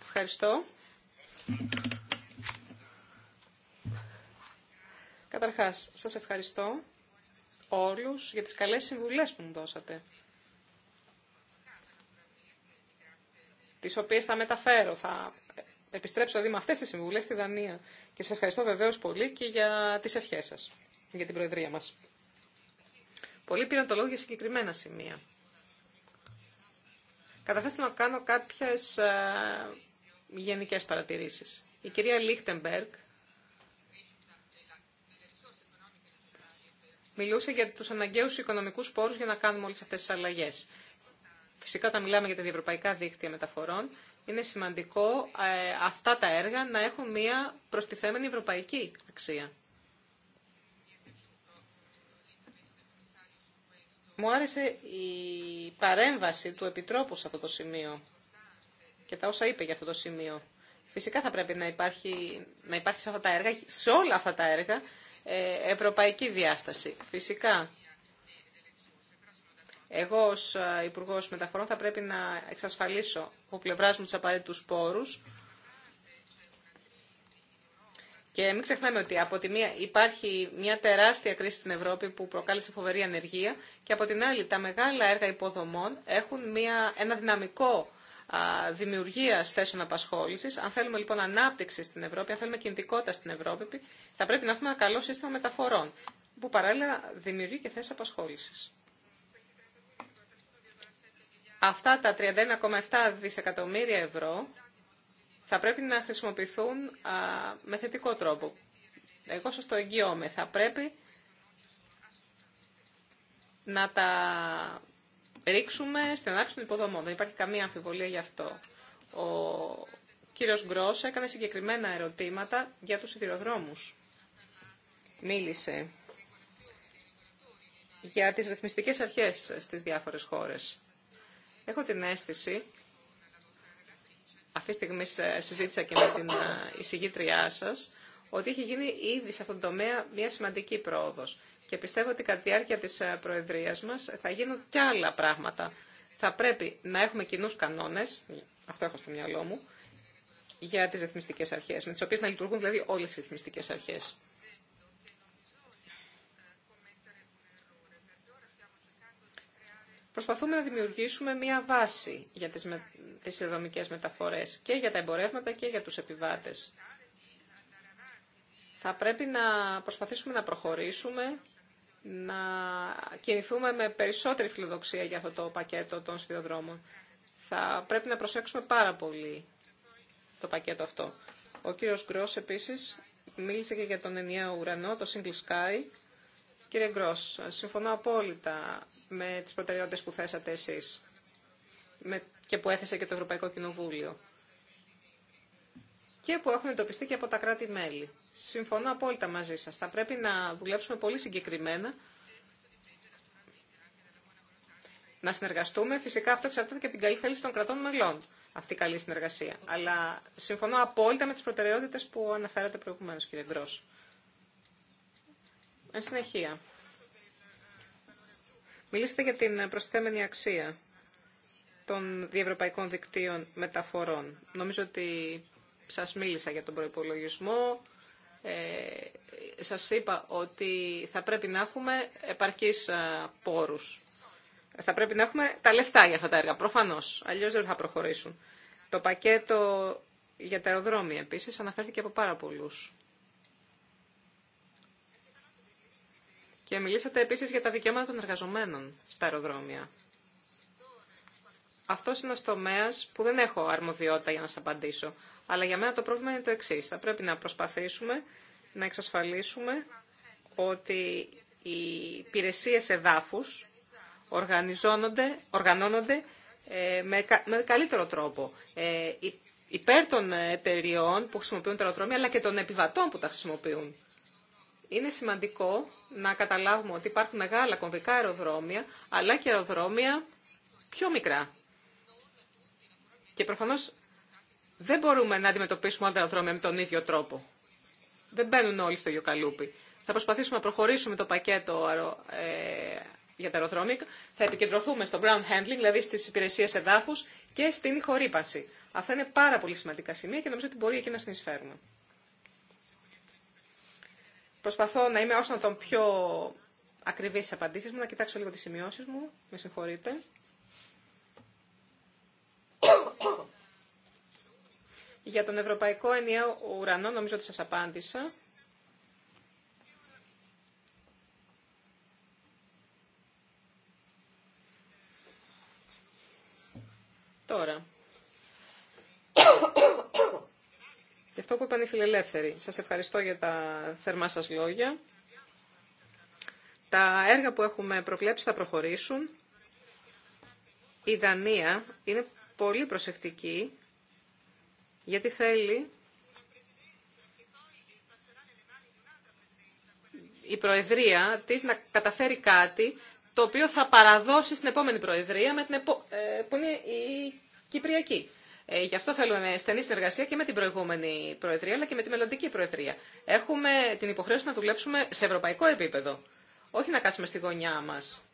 Ευχαριστώ. Καταρχάς, σας ευχαριστώ όλους για τις καλές συμβουλές που μου δώσατε. Τις οποίες θα μεταφέρω, θα επιστρέψω δηλαδή με αυτές τις συμβουλές στη Δανία. Και σας ευχαριστώ βεβαίως πολύ και για τις ευχές σας, για την Προεδρία μας. Πολύ πήραν το λόγο για συγκεκριμένα σημεία. Καταρχάς να κάνω κάποιες ε, γενικές παρατηρήσεις. Η κυρία Λίχτεμπεργκ μιλούσε για τους αναγκαίους οικονομικούς πόρους για να κάνουμε όλες αυτές τις αλλαγές. Φυσικά όταν μιλάμε για τα διευρωπαϊκά δίκτυα μεταφορών, είναι σημαντικό ε, αυτά τα έργα να έχουν μια προστιθέμενη ευρωπαϊκή αξία. Μου άρεσε η παρέμβαση του Επιτρόπου σε αυτό το σημείο και τα όσα είπε για αυτό το σημείο. Φυσικά θα πρέπει να υπάρχει, να υπάρχει αυτά τα έργα, σε όλα αυτά τα έργα ε, ευρωπαϊκή διάσταση. Φυσικά, εγώ ως ε, Υπουργός Μεταφορών θα πρέπει να εξασφαλίσω ο πλευρά μου τους απαραίτητους πόρους και μην ξεχνάμε ότι από τη μία υπάρχει μια τεράστια κρίση στην Ευρώπη που προκάλεσε φοβερή ανεργία και από την άλλη τα μεγάλα έργα υποδομών έχουν μια, ένα δυναμικό δημιουργία θέσεων απασχόληση. Αν θέλουμε λοιπόν ανάπτυξη στην Ευρώπη, αν θέλουμε κινητικότητα στην Ευρώπη, θα πρέπει να έχουμε ένα καλό σύστημα μεταφορών, που παράλληλα δημιουργεί και θέσει απασχόληση. Αυτά τα 31,7 δισεκατομμύρια ευρώ θα πρέπει να χρησιμοποιηθούν με θετικό τρόπο. Εγώ σας το εγγυώμαι. Θα πρέπει να τα ρίξουμε στην ανάπτυξη των Δεν υπάρχει καμία αμφιβολία γι' αυτό. Ο κύριος Γκρός έκανε συγκεκριμένα ερωτήματα για τους σιδηροδρόμους. Μίλησε για τις ρυθμιστικές αρχές στις διάφορες χώρες. Έχω την αίσθηση, αυτή τη στιγμή συζήτησα και με την ε, εισηγήτριά σας, ότι έχει γίνει ήδη σε αυτόν τον τομέα μια σημαντική πρόοδος. Και πιστεύω ότι κατά τη διάρκεια της ε, Προεδρίας μας θα γίνουν και άλλα πράγματα. Θα πρέπει να έχουμε κοινούς κανόνες, αυτό έχω στο μυαλό μου, για τις ρυθμιστικές αρχές, με τις οποίες να λειτουργούν δηλαδή όλες οι ρυθμιστικές αρχές. Προσπαθούμε να δημιουργήσουμε μία βάση για τις, με, τις μεταφορές και για τα εμπορεύματα και για τους επιβάτες. Θα πρέπει να προσπαθήσουμε να προχωρήσουμε να κινηθούμε με περισσότερη φιλοδοξία για αυτό το πακέτο των σιδηροδρόμων. Θα πρέπει να προσέξουμε πάρα πολύ το πακέτο αυτό. Ο κύριος Γκρός επίσης μίλησε και για τον ενιαίο ουρανό, το Single Sky. Κύριε Γκρός, συμφωνώ απόλυτα με τις προτεραιότητες που θέσατε εσείς και που έθεσε και το Ευρωπαϊκό Κοινοβούλιο και που έχουν εντοπιστεί και από τα κράτη-μέλη. Συμφωνώ απόλυτα μαζί σας. Θα πρέπει να δουλέψουμε πολύ συγκεκριμένα, να συνεργαστούμε. Φυσικά αυτό εξαρτάται και την καλή θέληση των κρατών μελών, αυτή η καλή συνεργασία. Αλλά συμφωνώ απόλυτα με τις προτεραιότητες που αναφέρατε προηγουμένως, κύριε Γκρός. Εν συνεχεία, μιλήσατε για την προσθέμενη αξία των διευρωπαϊκών δικτύων μεταφορών. Νομίζω ότι σας μίλησα για τον προϋπολογισμό. Ε, σας είπα ότι θα πρέπει να έχουμε επαρκείς πόρους. Θα πρέπει να έχουμε τα λεφτά για αυτά τα έργα, προφανώς. Αλλιώς δεν θα προχωρήσουν. Το πακέτο για τα αεροδρόμια επίσης αναφέρθηκε από πάρα πολλούς. Και μιλήσατε επίσης για τα δικαιώματα των εργαζομένων στα αεροδρόμια. Αυτό είναι ένα τομέα που δεν έχω αρμοδιότητα για να σα απαντήσω. Αλλά για μένα το πρόβλημα είναι το εξή. Θα πρέπει να προσπαθήσουμε να εξασφαλίσουμε ότι οι υπηρεσίε εδάφου οργανώνονται, οργανώνονται ε, με, καλύτερο τρόπο. Ε, υπέρ των εταιριών που χρησιμοποιούν τα αεροδρόμια, αλλά και των επιβατών που τα χρησιμοποιούν. Είναι σημαντικό να καταλάβουμε ότι υπάρχουν μεγάλα κομβικά αεροδρόμια, αλλά και αεροδρόμια πιο μικρά. Και προφανώ δεν μπορούμε να αντιμετωπίσουμε όλα τα αεροδρόμια με τον ίδιο τρόπο. Δεν μπαίνουν όλοι στο ίδιο καλούπι. Θα προσπαθήσουμε να προχωρήσουμε το πακέτο ε, για τα αεροδρόμια. Θα επικεντρωθούμε στο ground handling, δηλαδή στι υπηρεσίε εδάφου, και στην ηχορύπανση. Αυτά είναι πάρα πολύ σημαντικά σημεία και νομίζω ότι μπορεί εκεί να συνεισφέρουμε. Προσπαθώ να είμαι όσο να τον πιο ακριβή στις απαντήσεις μου, να κοιτάξω λίγο τις σημειώσεις μου, με συγχωρείτε. Για τον Ευρωπαϊκό Ενιαίο Ουρανό νομίζω ότι σας απάντησα. Τώρα. Γι' αυτό που είπαν οι φιλελεύθεροι. Σας ευχαριστώ για τα θερμά σας λόγια. Τα έργα που έχουμε προκλέψει θα προχωρήσουν. Η Δανία είναι πολύ προσεκτική γιατί θέλει η Προεδρία της να καταφέρει κάτι το οποίο θα παραδώσει στην επόμενη Προεδρία με την επο... Ε, που είναι η Κυπριακή. Ε, γι' αυτό θέλουμε στενή συνεργασία και με την προηγούμενη Προεδρία αλλά και με τη μελλοντική Προεδρία. Έχουμε την υποχρέωση να δουλέψουμε σε ευρωπαϊκό επίπεδο, όχι να κάτσουμε στη γωνιά μας.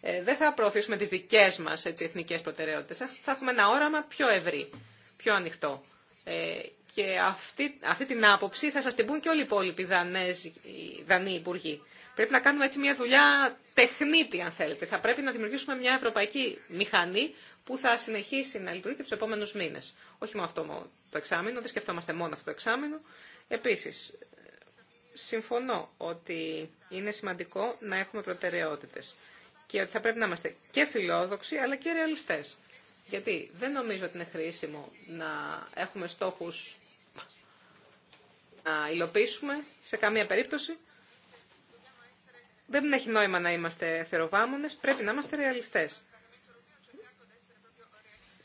Ε, δεν θα προωθήσουμε τις δικές μας έτσι, εθνικές προτεραιότητες, θα έχουμε ένα όραμα πιο ευρύ, πιο ανοιχτό. Ε, και αυτή, αυτή την άποψη θα σας την πούν και όλοι οι υπόλοιποι οι Δανείοι υπουργοί. Πρέπει να κάνουμε έτσι μια δουλειά τεχνίτη, αν θέλετε. Θα πρέπει να δημιουργήσουμε μια ευρωπαϊκή μηχανή που θα συνεχίσει να λειτουργεί και του επόμενου μήνε. Όχι μόνο αυτό το εξάμεινο, δεν σκεφτόμαστε μόνο αυτό το εξάμεινο. Επίση, συμφωνώ ότι είναι σημαντικό να έχουμε προτεραιότητε και ότι θα πρέπει να είμαστε και φιλόδοξοι αλλά και ρεαλιστέ. Γιατί δεν νομίζω ότι είναι χρήσιμο να έχουμε στόχους να υλοποιήσουμε σε καμία περίπτωση. Δεν έχει νόημα να είμαστε θεροβάμονες, πρέπει να είμαστε ρεαλιστές.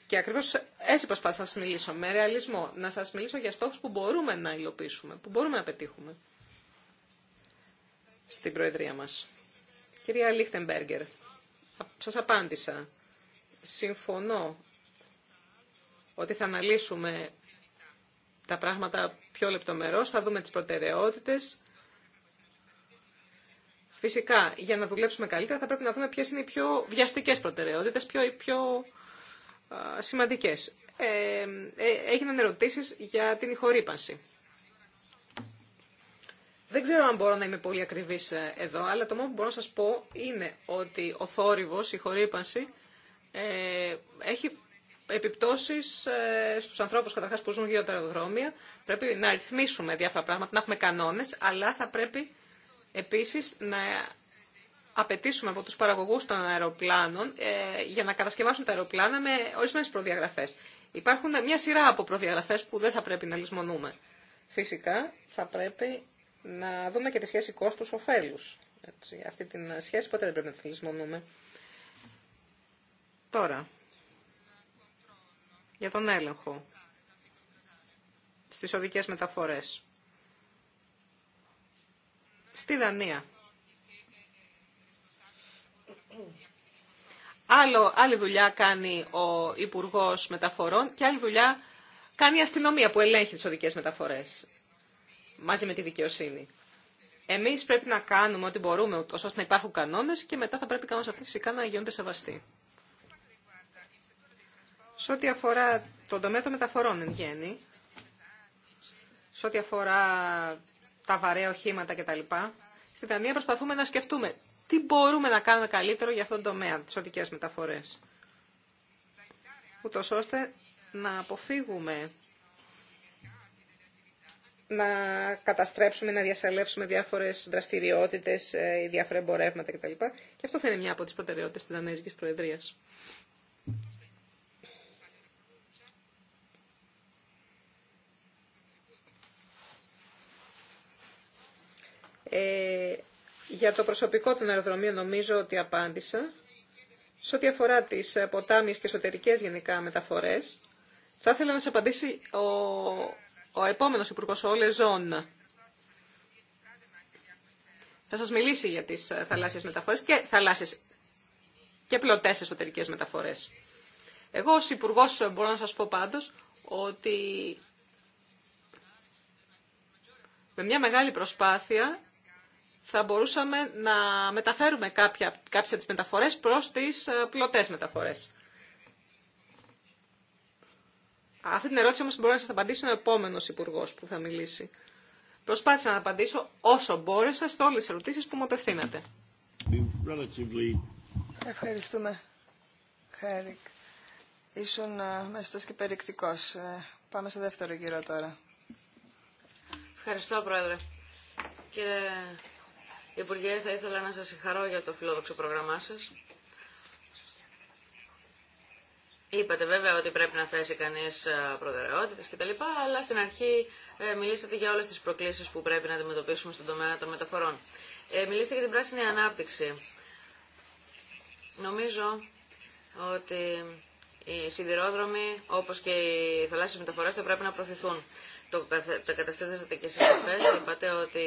Και ακριβώς έτσι πως να σας μιλήσω, με ρεαλισμό, να σας μιλήσω για στόχους που μπορούμε να υλοποιήσουμε, που μπορούμε να πετύχουμε στην Προεδρία μας. Κυρία Λίχτεμπέργκερ, σας απάντησα συμφωνώ ότι θα αναλύσουμε τα πράγματα πιο λεπτομερώς, θα δούμε τις προτεραιότητες. Φυσικά, για να δουλέψουμε καλύτερα θα πρέπει να δούμε ποιες είναι οι πιο βιαστικές προτεραιότητες, πιο, οι πιο α, σημαντικές. Ε, ε, έγιναν ερωτήσεις για την ηχορύπανση. Δεν ξέρω αν μπορώ να είμαι πολύ ακριβής ε, εδώ, αλλά το μόνο που μπορώ να σας πω είναι ότι ο θόρυβος, η χορύπανση, ε, έχει επιπτώσεις ε, στους ανθρώπους καταρχάς που ζουν γύρω από τα αεροδρόμια. Πρέπει να ρυθμίσουμε διάφορα πράγματα, να έχουμε κανόνες, αλλά θα πρέπει επίσης να απαιτήσουμε από τους παραγωγούς των αεροπλάνων ε, για να κατασκευάσουν τα αεροπλάνα με ορισμένε προδιαγραφές. Υπάρχουν μια σειρά από προδιαγραφές που δεν θα πρέπει να λησμονούμε. Φυσικά θα πρέπει να δούμε και τη σχέση κόστους-οφέλους. Αυτή τη σχέση ποτέ δεν πρέπει να τη λησμονούμε. Τώρα, για τον έλεγχο στις οδικές μεταφορές. Στη Δανία. Άλλο, άλλη δουλειά κάνει ο Υπουργό Μεταφορών και άλλη δουλειά κάνει η αστυνομία που ελέγχει τις οδικές μεταφορές μαζί με τη δικαιοσύνη. Εμείς πρέπει να κάνουμε ό,τι μπορούμε, ώστε να υπάρχουν κανόνες και μετά θα πρέπει οι κανόνες αυτοί φυσικά να γίνονται σεβαστοί. Σε ό,τι αφορά τον τομέα των μεταφορών εν γέννη, σε ό,τι αφορά τα βαρέα οχήματα κτλ. Στην Δανία προσπαθούμε να σκεφτούμε τι μπορούμε να κάνουμε καλύτερο για αυτόν τον τομέα, τι οδικές μεταφορές. Ούτω ώστε να αποφύγουμε να καταστρέψουμε, να διασαλεύσουμε διάφορες δραστηριότητες, ε, διάφορα εμπορεύματα κτλ. Και αυτό θα είναι μια από τι προτεραιότητε τη Δανέζική Προεδρία. Ε, για το προσωπικό των αεροδρομίων νομίζω ότι απάντησα. Σε ό,τι αφορά τις ε, ποτάμιες και εσωτερικές γενικά μεταφορές, θα ήθελα να σας απαντήσει ο, ο επόμενος Υπουργός, ο Λεζόν. Θα σας μιλήσει για τις ε, θαλάσσιες μεταφορές και θαλάσσιες και πλωτές εσωτερικές μεταφορές. Εγώ ως υπουργό μπορώ να σας πω πάντως ότι με μια μεγάλη προσπάθεια θα μπορούσαμε να μεταφέρουμε κάποια, κάποιες από τις μεταφορές προς τις ε, πλωτές μεταφορές. Αυτή την ερώτηση όμως μπορεί να σας απαντήσει ο επόμενος υπουργό που θα μιλήσει. Προσπάθησα να απαντήσω όσο μπόρεσα σε όλες τις ερωτήσεις που μου απευθύνατε. Ευχαριστούμε, Χάρικ. Ήσουν ε, μέσα και περιεκτικός. Ε, πάμε στο δεύτερο γύρο τώρα. Ευχαριστώ, Πρόεδρε. Κύριε Υπουργέ, θα ήθελα να σας συγχαρώ για το φιλόδοξο πρόγραμμά σας. Είπατε βέβαια ότι πρέπει να θέσει κανείς προτεραιότητες κτλ. Αλλά στην αρχή ε, μιλήσατε για όλες τις προκλήσεις που πρέπει να αντιμετωπίσουμε στον τομέα των μεταφορών. Ε, μιλήσατε για την πράσινη ανάπτυξη. Νομίζω ότι οι σιδηρόδρομοι όπως και οι θαλάσσιες μεταφορές θα πρέπει να προωθηθούν το, το καταστήσατε και εσείς αυτές, είπατε ότι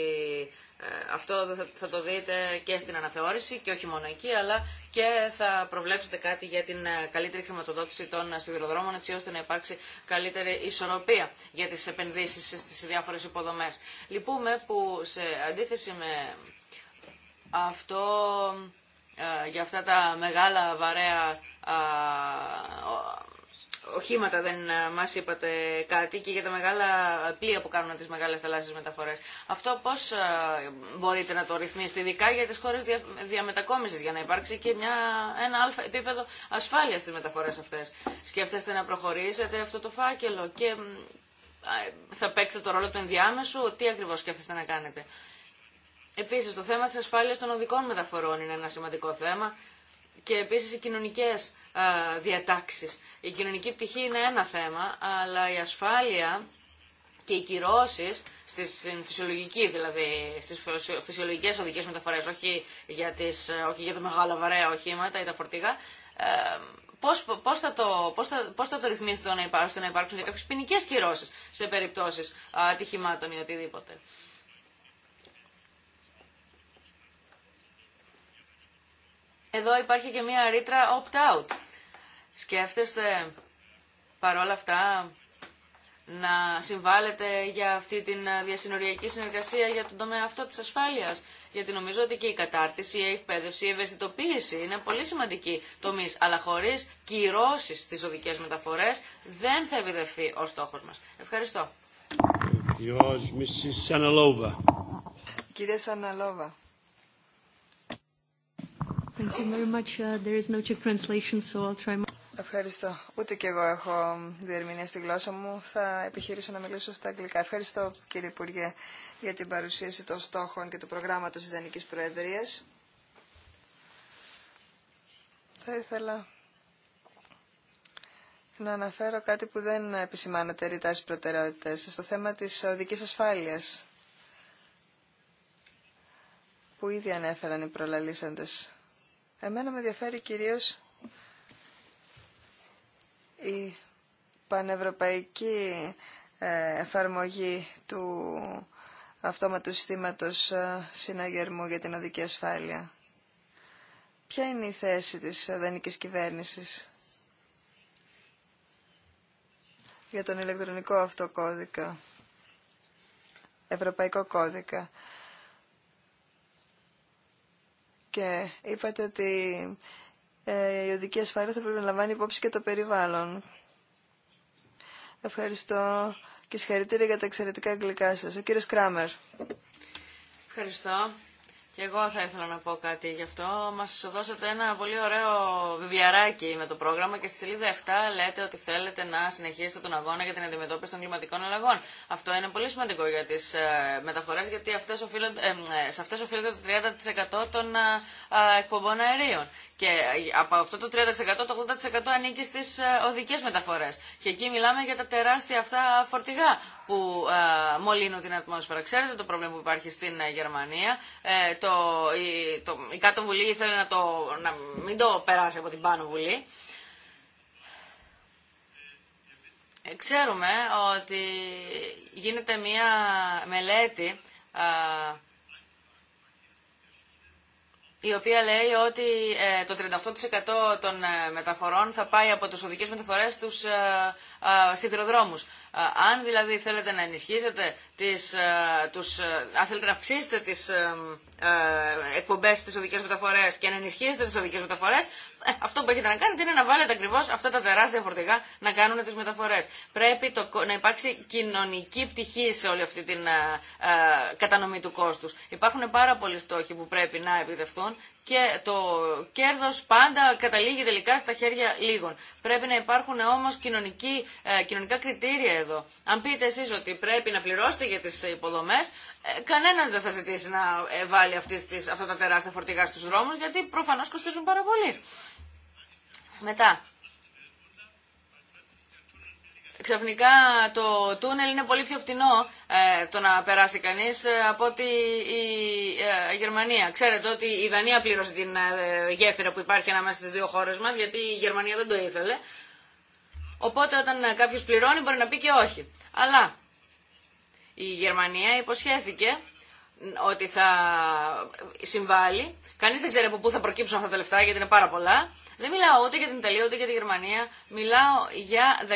ε, αυτό θα, θα, το δείτε και στην αναθεώρηση και όχι μόνο εκεί, αλλά και θα προβλέψετε κάτι για την ε, καλύτερη χρηματοδότηση των σιδηροδρόμων, έτσι ώστε να υπάρξει καλύτερη ισορροπία για τις επενδύσεις στις διάφορες υποδομές. Λυπούμε που σε αντίθεση με αυτό, ε, για αυτά τα μεγάλα βαρέα οχήματα δεν ε, μα είπατε κάτι και για τα μεγάλα πλοία που κάνουν τι μεγάλες θαλάσσιες μεταφορές. Αυτό πώς ε, μπορείτε να το ρυθμίσετε, ειδικά για τις χώρε δια, για να υπάρξει και μια, ένα αλφα επίπεδο ασφάλειας στις μεταφορές αυτές. Σκέφτεστε να προχωρήσετε αυτό το φάκελο και θα παίξετε το ρόλο του ενδιάμεσου, τι ακριβώ σκέφτεστε να κάνετε. Επίση, το θέμα τη ασφάλεια των οδικών μεταφορών είναι ένα σημαντικό θέμα και επίση οι κοινωνικέ διατάξει. Η κοινωνική πτυχή είναι ένα θέμα, αλλά η ασφάλεια και οι κυρώσει στις φυσιολογική, δηλαδή στις φυσιολογικές οδικές μεταφορές, όχι για, όχι για τα μεγάλα βαρέα οχήματα ή τα φορτηγά, ε, πώς, πώς, θα το, πώς, θα, πώς θα το ρυθμίσετε να υπάρξουν, να υπάρξουν και κάποιες ποινικές σε περιπτώσεις ατυχημάτων ή οτιδήποτε. εδώ υπάρχει και μια ρήτρα opt-out. Σκέφτεστε παρόλα αυτά να συμβάλλετε για αυτή την διασυνοριακή συνεργασία για τον τομέα αυτό της ασφάλειας. Γιατί νομίζω ότι και η κατάρτιση, η εκπαίδευση, η ευαισθητοποίηση είναι πολύ σημαντική τομή. Αλλά χωρί κυρώσει στι οδικέ μεταφορέ δεν θα επιδευθεί ο στόχο μα. Ευχαριστώ. Κύριε Σαναλόβα. Ευχαριστώ. Ούτε κι εγώ έχω διερμηνία στη γλώσσα μου. Θα επιχειρήσω να μιλήσω στα αγγλικά. Ευχαριστώ κύριε Υπουργέ για την παρουσίαση των στόχων και του προγράμματος της Δανικής Προεδρίας. Θα ήθελα να αναφέρω κάτι που δεν επισημάνατε ρητά στις προτεραιότητες, στο θέμα της οδικής ασφάλειας, που ήδη ανέφεραν οι προλαλήσαντες. Εμένα με ενδιαφέρει κυρίως η πανευρωπαϊκή ε, εφαρμογή του αυτόματου συστήματος ε, συναγερμού για την οδική ασφάλεια. Ποια είναι η θέση της δανικής κυβέρνησης για τον ηλεκτρονικό αυτό κώδικα, ευρωπαϊκό κώδικα και είπατε ότι ε, η οδική ασφάλεια θα πρέπει να λαμβάνει υπόψη και το περιβάλλον. Ευχαριστώ και συγχαρητήρια για τα εξαιρετικά αγγλικά σας. Ο κύριος Κράμερ. Ευχαριστώ. Και εγώ θα ήθελα να πω κάτι γι' αυτό. Μας δώσατε ένα πολύ ωραίο βιβλιαράκι με το πρόγραμμα και στη σελίδα 7 λέτε ότι θέλετε να συνεχίσετε τον αγώνα για την αντιμετώπιση των κλιματικών αλλαγών. Αυτό είναι πολύ σημαντικό για τι ε, μεταφορές γιατί αυτές οφείλονται, ε, σε αυτές οφείλεται το 30% των ε, εκπομπών αερίων. Και ε, από αυτό το 30% το 80% ανήκει στις ε, οδικές μεταφορές. Και εκεί μιλάμε για τα τεράστια αυτά φορτηγά που ε, μολύνουν την ατμόσφαιρα. Ξέρετε το πρόβλημα που υπάρχει στην Γερμανία. το, η, το, η κάτω βουλή ήθελε να, το, να μην το περάσει από την πάνω βουλή. Ξέρουμε ότι γίνεται μία μελέτη η οποία λέει ότι ε, το 38% των ε, μεταφορών θα πάει από τις οδικές μεταφορές στους ε, σιδηροδρόμους. Αν δηλαδή θέλετε να ενισχύσετε, τις, τους, αν θέλετε να αυξήσετε τις εκπομπές στις οδικές μεταφορές και να ενισχύσετε τις οδικές μεταφορές, αυτό που έχετε να κάνετε είναι να βάλετε ακριβώ αυτά τα τεράστια φορτηγά να κάνουν τι μεταφορέ. Πρέπει το, να υπάρξει κοινωνική πτυχή σε όλη αυτή την ε, ε, κατανομή του κόστου. Υπάρχουν πάρα πολλοί στόχοι που πρέπει να επιτευχθούν και το κέρδο πάντα καταλήγει τελικά στα χέρια λίγων. Πρέπει να υπάρχουν όμω ε, κοινωνικά κριτήρια εδώ. Αν πείτε εσεί ότι πρέπει να πληρώσετε για τι υποδομέ, ε, κανένα δεν θα ζητήσει να ε, βάλει αυτή, αυτά τα τεράστια φορτηγά στου δρόμου, γιατί προφανώ κοστίζουν πάρα πολύ. Μετά. Ξαφνικά το τούνελ είναι πολύ πιο φτηνό ε, το να περάσει κανείς ε, από ότι ε, η Γερμανία. Ξέρετε ότι η Δανία πλήρωσε την γέφυρα που υπάρχει ανάμεσα στις δύο χώρες μας γιατί η Γερμανία δεν το ήθελε. Οπότε όταν κάποιος πληρώνει μπορεί να πει και όχι. Αλλά η Γερμανία υποσχέθηκε ότι θα συμβάλλει. Κανεί δεν ξέρει από πού θα προκύψουν αυτά τα λεφτά γιατί είναι πάρα πολλά. Δεν μιλάω ούτε για την Ιταλία ούτε για τη Γερμανία. Μιλάω για 14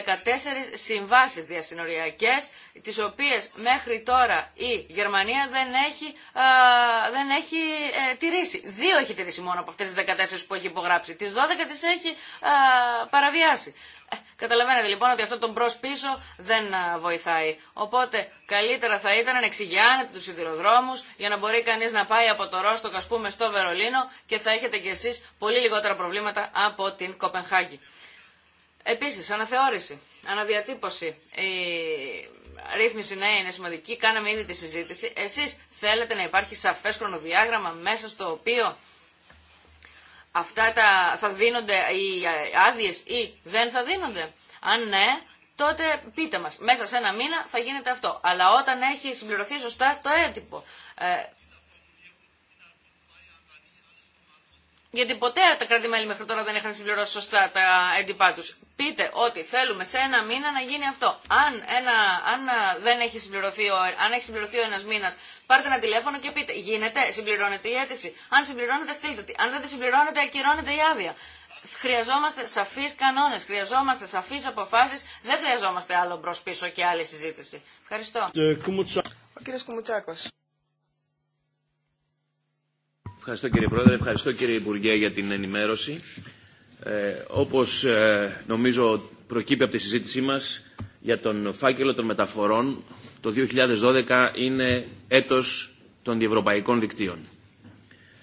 συμβάσει διασυνοριακέ, τι οποίε μέχρι τώρα η Γερμανία δεν έχει, α, δεν έχει ε, τηρήσει. Δύο έχει τηρήσει μόνο από αυτέ τι 14 που έχει υπογράψει. Τι 12 τι έχει παραβιάσει. Καταλαβαίνετε λοιπόν ότι αυτό τον προς πίσω δεν βοηθάει. Οπότε καλύτερα θα ήταν να εξηγιάνετε του σιδηροδρόμους για να μπορεί κανείς να πάει από το ρώστο ας πούμε στο Βερολίνο και θα έχετε κι εσείς πολύ λιγότερα προβλήματα από την Κοπενχάγη. Επίσης, αναθεώρηση, αναδιατύπωση, η ρύθμιση ναι είναι σημαντική, κάναμε ήδη τη συζήτηση. Εσείς θέλετε να υπάρχει σαφές χρονοδιάγραμμα μέσα στο οποίο αυτά τα, θα δίνονται οι άδειε ή δεν θα δίνονται. Αν ναι, τότε πείτε μας. Μέσα σε ένα μήνα θα γίνεται αυτό. Αλλά όταν έχει συμπληρωθεί σωστά το έντυπο. Ε, γιατί ποτέ τα κρατη μέχρι τώρα δεν είχαν συμπληρώσει σωστά τα έντυπά του. Πείτε ότι θέλουμε σε ένα μήνα να γίνει αυτό. Αν, ένα, αν δεν έχει συμπληρωθεί, ο, αν έχει συμπληρωθεί ο ένα μήνα, πάρτε ένα τηλέφωνο και πείτε γίνεται, συμπληρώνεται η αίτηση. Αν συμπληρώνεται, στείλτε τη. Αν δεν τη συμπληρώνεται, ακυρώνεται η άδεια. Χρειαζόμαστε σαφεί κανόνε, χρειαζόμαστε σαφεί αποφάσει, δεν χρειαζόμαστε άλλο μπρο πίσω και άλλη συζήτηση. Ευχαριστώ. Ο Ευχαριστώ κύριε Πρόεδρε, ευχαριστώ κύριε Υπουργέ για την ενημέρωση. Ε, όπως ε, νομίζω προκύπτει από τη συζήτησή μας για τον φάκελο των μεταφορών, το 2012 είναι έτος των διευρωπαϊκών δικτύων.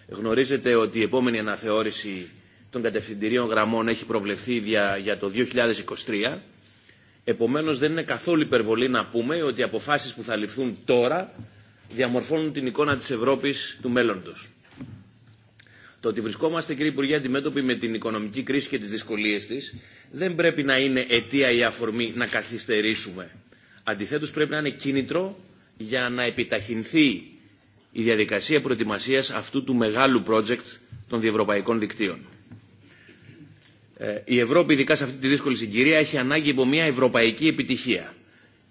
Γνωρίζετε ότι η επόμενη αναθεώρηση των κατευθυντηρίων γραμμών έχει προβλεφθεί για, για το 2023. Επομένως δεν είναι καθόλου υπερβολή να πούμε ότι οι αποφάσεις που θα ληφθούν τώρα διαμορφώνουν την εικόνα της Ευρώπης του μέλλοντος το ότι βρισκόμαστε, κύριε Υπουργέ, αντιμέτωποι με την οικονομική κρίση και τις δυσκολίες της, δεν πρέπει να είναι αιτία ή αφορμή να καθυστερήσουμε. Αντιθέτως πρέπει να είναι κίνητρο για να επιταχυνθεί η διαδικασία προετοιμασία αυτού του μεγάλου project των διευρωπαϊκών δικτύων. Ε, η Ευρώπη, ειδικά σε αυτή τη δύσκολη συγκυρία, έχει ανάγκη από μια ευρωπαϊκή επιτυχία.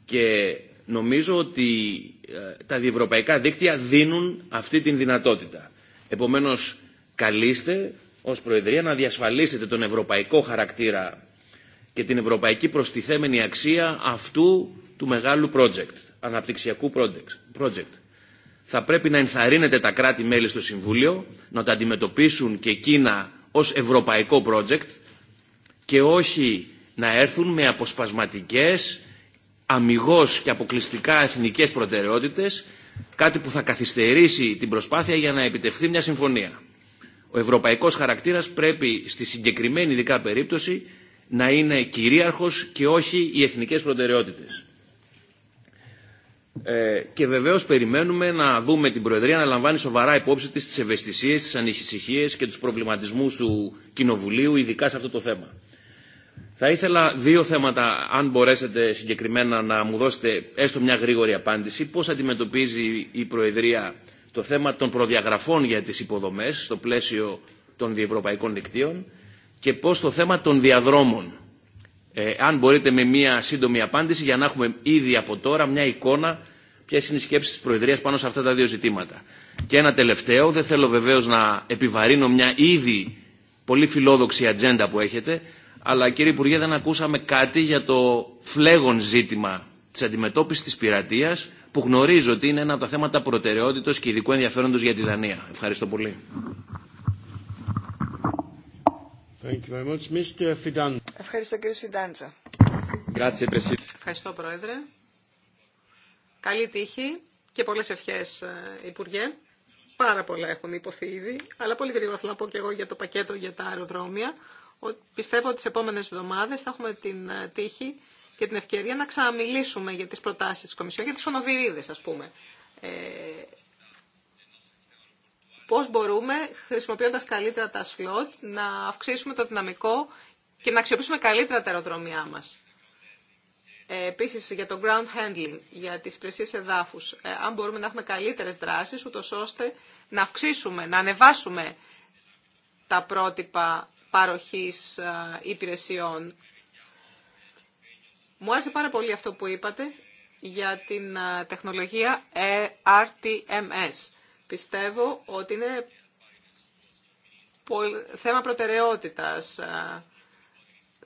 Και νομίζω ότι ε, τα διευρωπαϊκά δίκτυα δίνουν αυτή την δυνατότητα. Επομένως, καλείστε ως Προεδρία να διασφαλίσετε τον ευρωπαϊκό χαρακτήρα και την ευρωπαϊκή προστιθέμενη αξία αυτού του μεγάλου project, αναπτυξιακού project. Θα πρέπει να ενθαρρύνετε τα κράτη-μέλη στο Συμβούλιο, να τα αντιμετωπίσουν και εκείνα ως ευρωπαϊκό project και όχι να έρθουν με αποσπασματικές, αμυγός και αποκλειστικά εθνικές προτεραιότητες, κάτι που θα καθυστερήσει την προσπάθεια για να επιτευχθεί μια συμφωνία. Ο ευρωπαϊκός χαρακτήρας πρέπει στη συγκεκριμένη ειδικά περίπτωση να είναι κυρίαρχος και όχι οι εθνικές προτεραιότητες. Ε, και βεβαίως περιμένουμε να δούμε την Προεδρία να λαμβάνει σοβαρά υπόψη της τις ευαισθησίες, τις ανησυχίες και τους προβληματισμούς του Κοινοβουλίου, ειδικά σε αυτό το θέμα. Θα ήθελα δύο θέματα, αν μπορέσετε συγκεκριμένα να μου δώσετε έστω μια γρήγορη απάντηση. Πώς αντιμετωπίζει η Προεδρία το θέμα των προδιαγραφών για τις υποδομές στο πλαίσιο των διευρωπαϊκών δικτύων και πώς το θέμα των διαδρόμων. Ε, αν μπορείτε με μία σύντομη απάντηση για να έχουμε ήδη από τώρα μια εικόνα ποιε είναι οι σκέψεις της Προεδρίας πάνω σε αυτά τα δύο ζητήματα. Και ένα τελευταίο, δεν θέλω βεβαίως να επιβαρύνω μια ήδη πολύ φιλόδοξη ατζέντα που έχετε, αλλά κύριε Υπουργέ δεν ακούσαμε κάτι για το φλέγον ζήτημα της αντιμετώπισης της πειρατείας που γνωρίζω ότι είναι ένα από τα θέματα προτεραιότητος και ειδικού ενδιαφέροντος για τη Δανία. Ευχαριστώ πολύ. Thank you very much. Mr. Ευχαριστώ κύριε Φιντάντσα. Ευχαριστώ Πρόεδρε. Καλή τύχη και πολλές ευχές ε, Υπουργέ. Πάρα πολλά έχουν υποθεί ήδη, αλλά πολύ γρήγορα θέλω να πω και εγώ για το πακέτο για τα αεροδρόμια. Πιστεύω ότι τις επόμενες εβδομάδες θα έχουμε την ε, τύχη και την ευκαιρία να ξαναμιλήσουμε για τις προτάσεις της Κομισιόν, για τις ονοβυρίδες ας πούμε. Ε, πώς μπορούμε, χρησιμοποιώντας καλύτερα τα σλότ, να αυξήσουμε το δυναμικό και να αξιοποιήσουμε καλύτερα τα αεροδρομιά μας. Ε, επίσης, για το ground handling, για τις υπηρεσίε εδάφους, ε, αν μπορούμε να έχουμε καλύτερες δράσεις, ούτως ώστε να αυξήσουμε, να ανεβάσουμε τα πρότυπα παροχής ε, υπηρεσιών μου άρεσε πάρα πολύ αυτό που είπατε για την τεχνολογία RTMS. Ε Πιστεύω ότι είναι θέμα προτεραιότητας.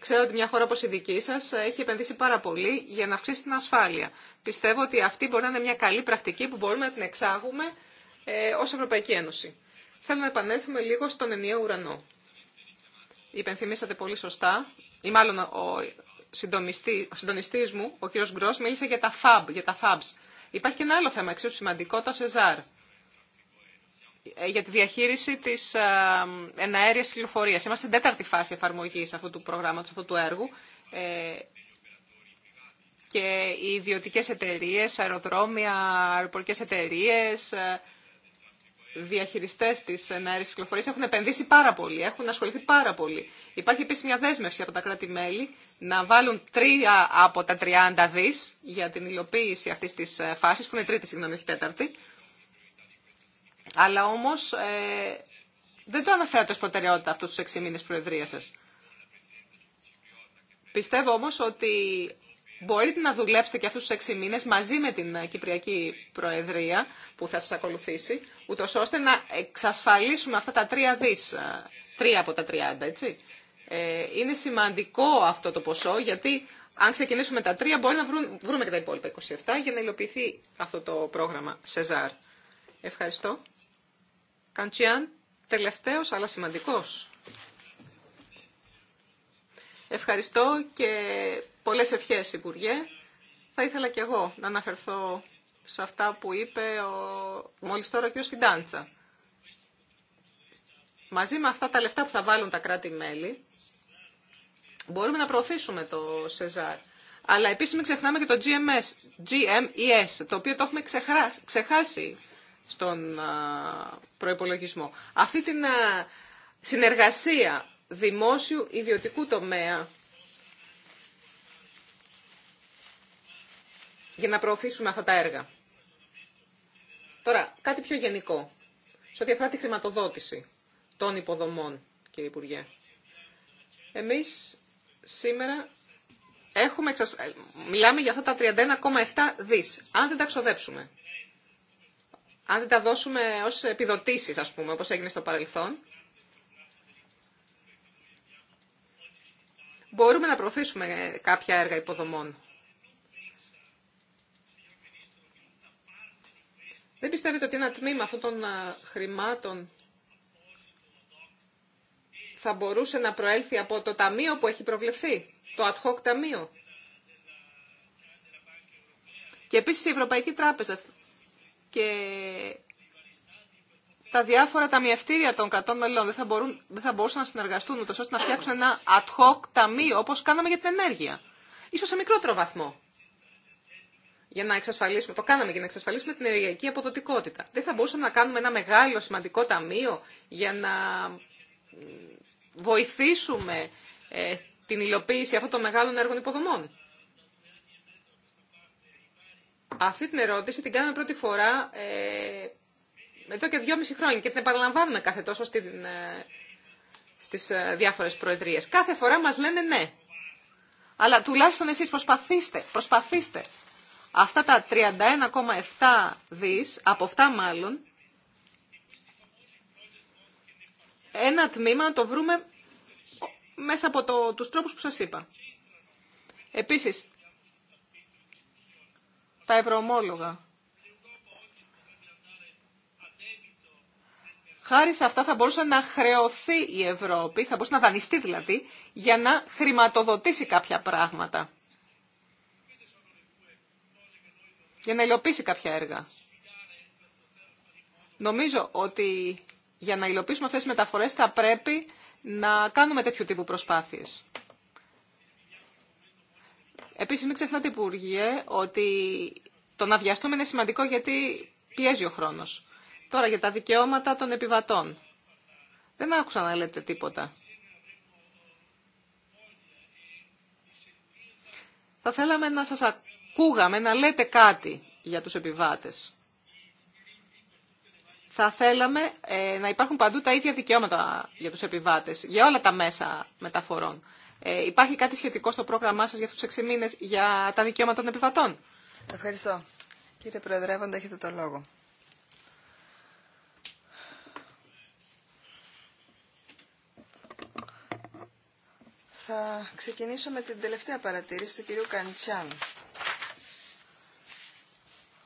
Ξέρω ότι μια χώρα όπως η δική σας έχει επενδύσει πάρα πολύ για να αυξήσει την ασφάλεια. Πιστεύω ότι αυτή μπορεί να είναι μια καλή πρακτική που μπορούμε να την εξάγουμε ε, ως Ευρωπαϊκή Ένωση. Θέλω να επανέλθουμε λίγο στον ενιαίο ουρανό. Υπενθυμίσατε πολύ σωστά, ή μάλλον ο ο συντονιστή μου, ο κύριο Γκρό, μίλησε για τα FAB, για τα FABs. Υπάρχει και ένα άλλο θέμα, εξίσου σημαντικό, το ΣΕΖΑΡ, για τη διαχείριση τη ε, εναέρεια κυκλοφορία. Είμαστε στην τέταρτη φάση εφαρμογή αυτού του προγράμματο αυτού του έργου. Ε, και οι ιδιωτικέ εταιρείε, αεροδρόμια, αεροπορικέ εταιρείε, διαχειριστέ τη εναέρεια κυκλοφορία έχουν επενδύσει πάρα πολύ, έχουν ασχοληθεί πάρα πολύ. Υπάρχει επίση μια δέσμευση από τα κράτη-μέλη να βάλουν τρία από τα 30 δι για την υλοποίηση αυτή τη ε, φάση, που είναι τρίτη, συγγνώμη, όχι τέταρτη. Αλλά όμω ε, δεν το αναφέρατε ω προτεραιότητα αυτού του έξι μήνε προεδρίας σα. Πιστεύω όμω ότι μπορείτε να δουλέψετε και αυτού του έξι μήνε μαζί με την ε, Κυπριακή Προεδρία που θα σα ακολουθήσει, ούτω ώστε να εξασφαλίσουμε αυτά τα τρία δι, ε, τρία από τα 30, έτσι ε, είναι σημαντικό αυτό το ποσό γιατί αν ξεκινήσουμε τα τρία μπορεί να βρούμε και τα υπόλοιπα 27 για να υλοποιηθεί αυτό το πρόγραμμα ΣΕΖΑΡ. Ευχαριστώ. Καντσιάν, τελευταίος αλλά σημαντικός. Ευχαριστώ και πολλές ευχές Υπουργέ. Θα ήθελα και εγώ να αναφερθώ σε αυτά που είπε ο, μόλις τώρα και ο Σφιντάντσα. Μαζί με αυτά τα λεφτά που θα βάλουν τα κράτη-μέλη, Μπορούμε να προωθήσουμε το ΣΕΖΑΡ. Αλλά επίσης μην ξεχνάμε και το GMS, GMES, το οποίο το έχουμε ξεχάσει στον προϋπολογισμό. Αυτή την συνεργασία δημόσιου ιδιωτικού τομέα για να προωθήσουμε αυτά τα έργα. Τώρα, κάτι πιο γενικό, σε ό,τι αφορά τη χρηματοδότηση των υποδομών, κύριε Υπουργέ. Εμείς Σήμερα έχουμε ε, μιλάμε για αυτά τα 31,7 δις. Αν δεν τα ξοδέψουμε, αν δεν τα δώσουμε ως επιδοτήσεις, ας πούμε, όπως έγινε στο παρελθόν, μπορούμε να προωθήσουμε κάποια έργα υποδομών. Δεν πιστεύετε ότι ένα τμήμα αυτών των ε, χρημάτων θα μπορούσε να προέλθει από το ταμείο που έχει προβλεφθεί, το ad hoc ταμείο. Και επίσης η Ευρωπαϊκή Τράπεζα και τα διάφορα ταμιευτήρια των κρατών μελών δεν θα, μπορούν, δεν θα μπορούσαν να συνεργαστούν ούτως ώστε να φτιάξουν ένα ad hoc ταμείο όπως κάναμε για την ενέργεια. Ίσως σε μικρότερο βαθμό. Για να εξασφαλίσουμε, το κάναμε για να εξασφαλίσουμε την ενεργειακή αποδοτικότητα. Δεν θα μπορούσαμε να κάνουμε ένα μεγάλο σημαντικό ταμείο για να βοηθήσουμε ε, την υλοποίηση αυτών των μεγάλων έργων υποδομών. Αυτή την ερώτηση την κάναμε πρώτη φορά ε, εδώ και δυόμιση χρόνια και την επαναλαμβάνουμε κάθε τόσο στην, ε, στις ε, διάφορες προεδρίες. Κάθε φορά μας λένε ναι. Αλλά τουλάχιστον εσείς προσπαθήστε, προσπαθήστε. Αυτά τα 31,7 δις, από αυτά μάλλον, ένα τμήμα να το βρούμε μέσα από το, τους τρόπους που σας είπα. Επίσης, τα ευρωομόλογα. Χάρη σε αυτά θα μπορούσε να χρεωθεί η Ευρώπη, θα μπορούσε να δανειστεί δηλαδή, για να χρηματοδοτήσει κάποια πράγματα. Για να υλοποιήσει κάποια έργα. Νομίζω ότι για να υλοποιήσουμε αυτές τις μεταφορές θα πρέπει να κάνουμε τέτοιου τύπου προσπάθειες. Επίσης μην ξεχνάτε Υπουργέ ότι το να βιαστούμε είναι σημαντικό γιατί πιέζει ο χρόνος. Τώρα για τα δικαιώματα των επιβατών. Δεν άκουσα να λέτε τίποτα. Θα θέλαμε να σας ακούγαμε, να λέτε κάτι για τους επιβάτες θα θέλαμε ε, να υπάρχουν παντού τα ίδια δικαιώματα για τους επιβάτες, για όλα τα μέσα μεταφορών. Ε, υπάρχει κάτι σχετικό στο πρόγραμμά σας για τους 6 μήνες για τα δικαιώματα των επιβατών. Ευχαριστώ. Κύριε Προεδρεύοντα, έχετε το λόγο. Θα ξεκινήσω με την τελευταία παρατήρηση του κυρίου Καντσάν.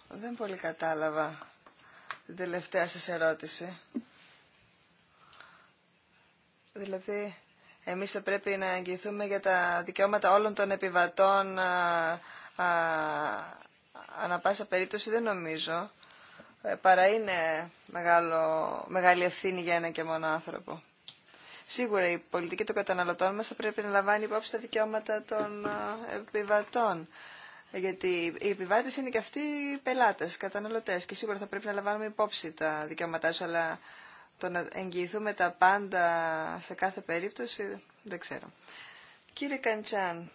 Δεν πολύ κατάλαβα την τελευταία σας ερώτηση. Δηλαδή, εμείς θα πρέπει να εγγυηθούμε για τα δικαιώματα όλων των επιβατών α, α, ανα πάσα περίπτωση, δεν νομίζω. Ε, παρά είναι μεγάλο, μεγάλη ευθύνη για ένα και μόνο άνθρωπο. Σίγουρα η πολιτική των καταναλωτών μας θα πρέπει να λαμβάνει υπόψη τα δικαιώματα των επιβατών. Γιατί οι επιβάτε είναι και αυτοί πελάτες, καταναλωτέ. και σίγουρα θα πρέπει να λαμβάνουμε υπόψη τα δικαιώματά σου, αλλά το να εγγυηθούμε τα πάντα σε κάθε περίπτωση δεν ξέρω. Κύριε Καντσάν,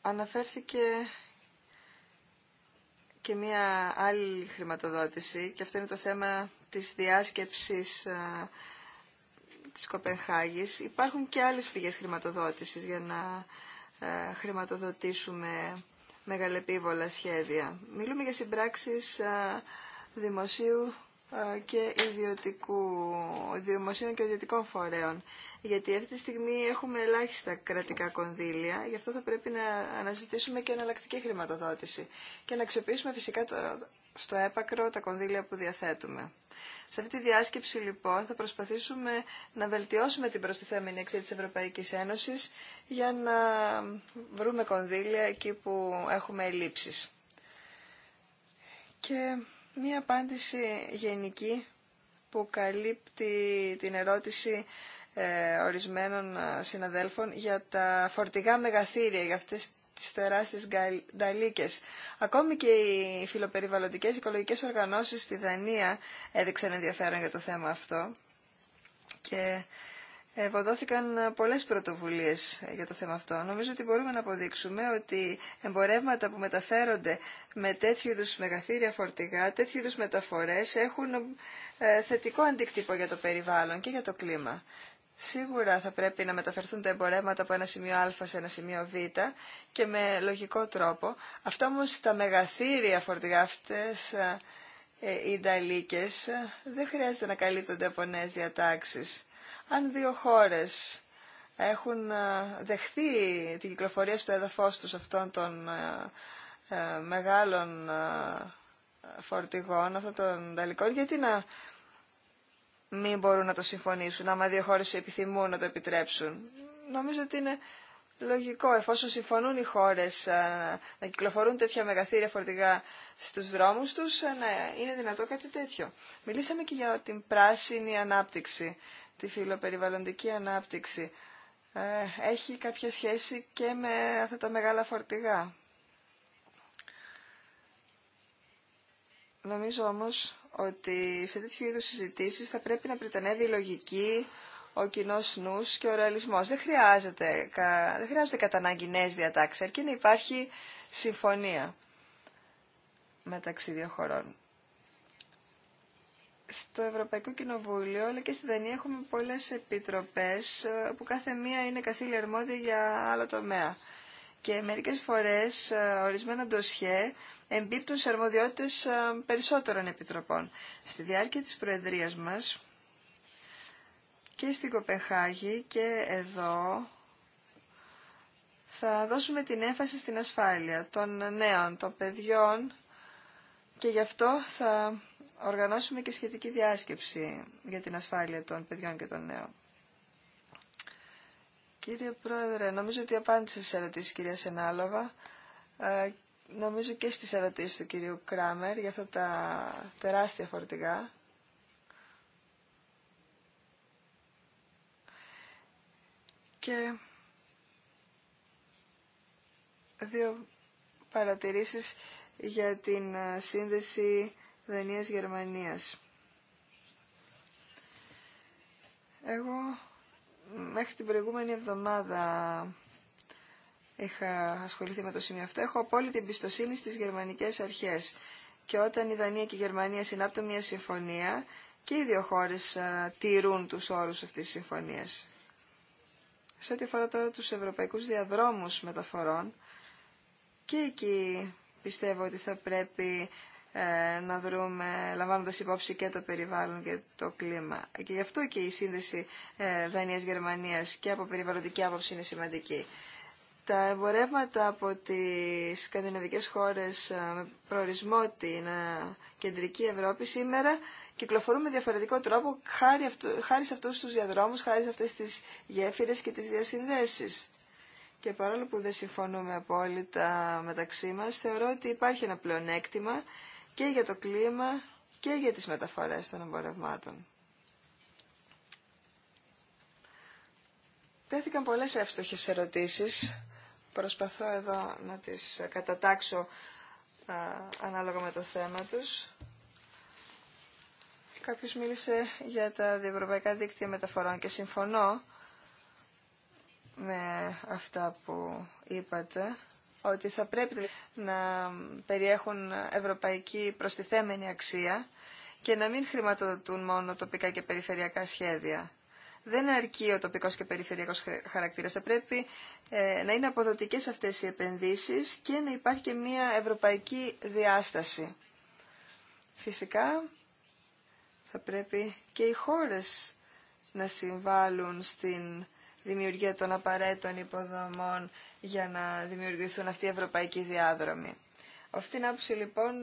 αναφέρθηκε και μία άλλη χρηματοδότηση και αυτό είναι το θέμα της διάσκεψης της Κοπενχάγης υπάρχουν και άλλες πηγές χρηματοδότησης για να ε, χρηματοδοτήσουμε μεγαλεπίβολα σχέδια. Μιλούμε για συμπράξεις ε, δημοσίου ε, και ιδιωτικού, δημοσίων και ιδιωτικών φορέων. Γιατί αυτή τη στιγμή έχουμε ελάχιστα κρατικά κονδύλια, γι' αυτό θα πρέπει να αναζητήσουμε και εναλλακτική χρηματοδότηση και να αξιοποιήσουμε φυσικά το στο έπακρο τα κονδύλια που διαθέτουμε. Σε αυτή τη διάσκεψη λοιπόν θα προσπαθήσουμε να βελτιώσουμε την προστιθέμενη αξία της Ευρωπαϊκής Ένωσης για να βρούμε κονδύλια εκεί που έχουμε ελλείψεις. Και μία απάντηση γενική που καλύπτει την ερώτηση ε, ορισμένων συναδέλφων για τα φορτηγά μεγαθύρια, για αυτές τις τεράστιες νταλίκες. Ακόμη και οι φιλοπεριβαλλοντικές οικολογικές οργανώσεις στη Δανία έδειξαν ενδιαφέρον για το θέμα αυτό και ευωδόθηκαν πολλές πρωτοβουλίες για το θέμα αυτό. Νομίζω ότι μπορούμε να αποδείξουμε ότι εμπορεύματα που μεταφέρονται με τέτοιου είδους μεγαθύρια φορτηγά, τέτοιου είδους μεταφορές έχουν ε, θετικό αντίκτυπο για το περιβάλλον και για το κλίμα. Σίγουρα θα πρέπει να μεταφερθούν τα εμπορέματα από ένα σημείο Α σε ένα σημείο Β και με λογικό τρόπο. Αυτά όμω τα μεγαθύρια φορτηγά αυτέ ε, ε, οι ε, δεν χρειάζεται να καλύπτονται από νέε διατάξει. Αν δύο χώρε έχουν δεχθεί την κυκλοφορία στο έδαφος τους αυτών των μεγάλων φορτηγών, αυτών των Ιταλικών, γιατί να μην μπορούν να το συμφωνήσουν, άμα δύο χώρες επιθυμούν να το επιτρέψουν. Νομίζω ότι είναι λογικό, εφόσον συμφωνούν οι χώρες ε, να κυκλοφορούν τέτοια μεγαθύρια φορτηγά στους δρόμους τους, ε, να είναι δυνατό κάτι τέτοιο. Μιλήσαμε και για την πράσινη ανάπτυξη, τη φιλοπεριβαλλοντική ανάπτυξη. Ε, έχει κάποια σχέση και με αυτά τα μεγάλα φορτηγά. Νομίζω όμως ότι σε τέτοιου είδους συζητήσεις θα πρέπει να πριτανεύει η λογική, ο κοινό νου και ο ρεαλισμό. Δεν, χρειάζεται, δεν χρειάζονται κατά ανάγκη νέε διατάξει, αρκεί να υπάρχει συμφωνία μεταξύ δύο χωρών. Στο Ευρωπαϊκό Κοινοβούλιο, αλλά και στη Δανία, έχουμε πολλέ επιτροπέ ε, που κάθε μία είναι καθήλια αρμόδια για άλλο τομέα. Και μερικέ φορέ ε, ορισμένα ντοσιέ εμπίπτουν σε αρμοδιότητες ε, περισσότερων επιτροπών. Στη διάρκεια της Προεδρίας μας και στην Κοπεχάγη και εδώ θα δώσουμε την έμφαση στην ασφάλεια των νέων, των παιδιών και γι' αυτό θα οργανώσουμε και σχετική διάσκεψη για την ασφάλεια των παιδιών και των νέων. Κύριε Πρόεδρε, νομίζω ότι απάντησε σε ερωτήσεις κυρία Σενάλοβα ε, νομίζω και στις ερωτήσεις του κυρίου Κράμερ για αυτά τα τεράστια φορτηγά. Και δύο παρατηρήσεις για την ε, συνδεση δενιας Δανίας-Γερμανίας. Εγώ μέχρι την προηγούμενη εβδομάδα είχα ασχοληθεί με το σημείο αυτό, έχω απόλυτη εμπιστοσύνη στις γερμανικές αρχές. Και όταν η Δανία και η Γερμανία συνάπτουν μια συμφωνία και οι δύο χώρες τηρούν τους όρους αυτής της συμφωνίας. Σε ό,τι αφορά τώρα τους ευρωπαϊκούς διαδρόμους μεταφορών, και εκεί πιστεύω ότι θα πρέπει ε, να δρούμε λαμβάνοντας υπόψη και το περιβάλλον και το κλίμα. Και γι' αυτό και η σύνδεση ε, Δανίας-Γερμανίας και από περιβαλλοντική άποψη είναι σημαντική τα εμπορεύματα από τις σκανδιναβικές χώρες ε, με προορισμό την ε, κεντρική Ευρώπη σήμερα κυκλοφορούν με διαφορετικό τρόπο χάρη, σε αυτούς τους διαδρόμους, χάρη σε αυτές τις γέφυρες και τις διασυνδέσεις. Και παρόλο που δεν συμφωνούμε απόλυτα μεταξύ μας, θεωρώ ότι υπάρχει ένα πλεονέκτημα και για το κλίμα και για τις μεταφορές των εμπορευμάτων. Τέθηκαν πολλές εύστοχες ερωτήσεις Προσπαθώ εδώ να τις κατατάξω ανάλογα με το θέμα τους. Κάποιος μίλησε για τα διευρωπαϊκά δίκτυα μεταφορών και συμφωνώ με αυτά που είπατε ότι θα πρέπει να περιέχουν ευρωπαϊκή προστιθέμενη αξία και να μην χρηματοδοτούν μόνο τοπικά και περιφερειακά σχέδια δεν αρκεί ο τοπικός και περιφερειακός χαρακτήρας. Θα πρέπει ε, να είναι αποδοτικές αυτές οι επενδύσεις και να υπάρχει και μια ευρωπαϊκή διάσταση. Φυσικά θα πρέπει και οι χώρες να συμβάλλουν στην δημιουργία των απαραίτητων υποδομών για να δημιουργηθούν αυτοί οι ευρωπαϊκοί διάδρομοι. Αυτή την άποψη λοιπόν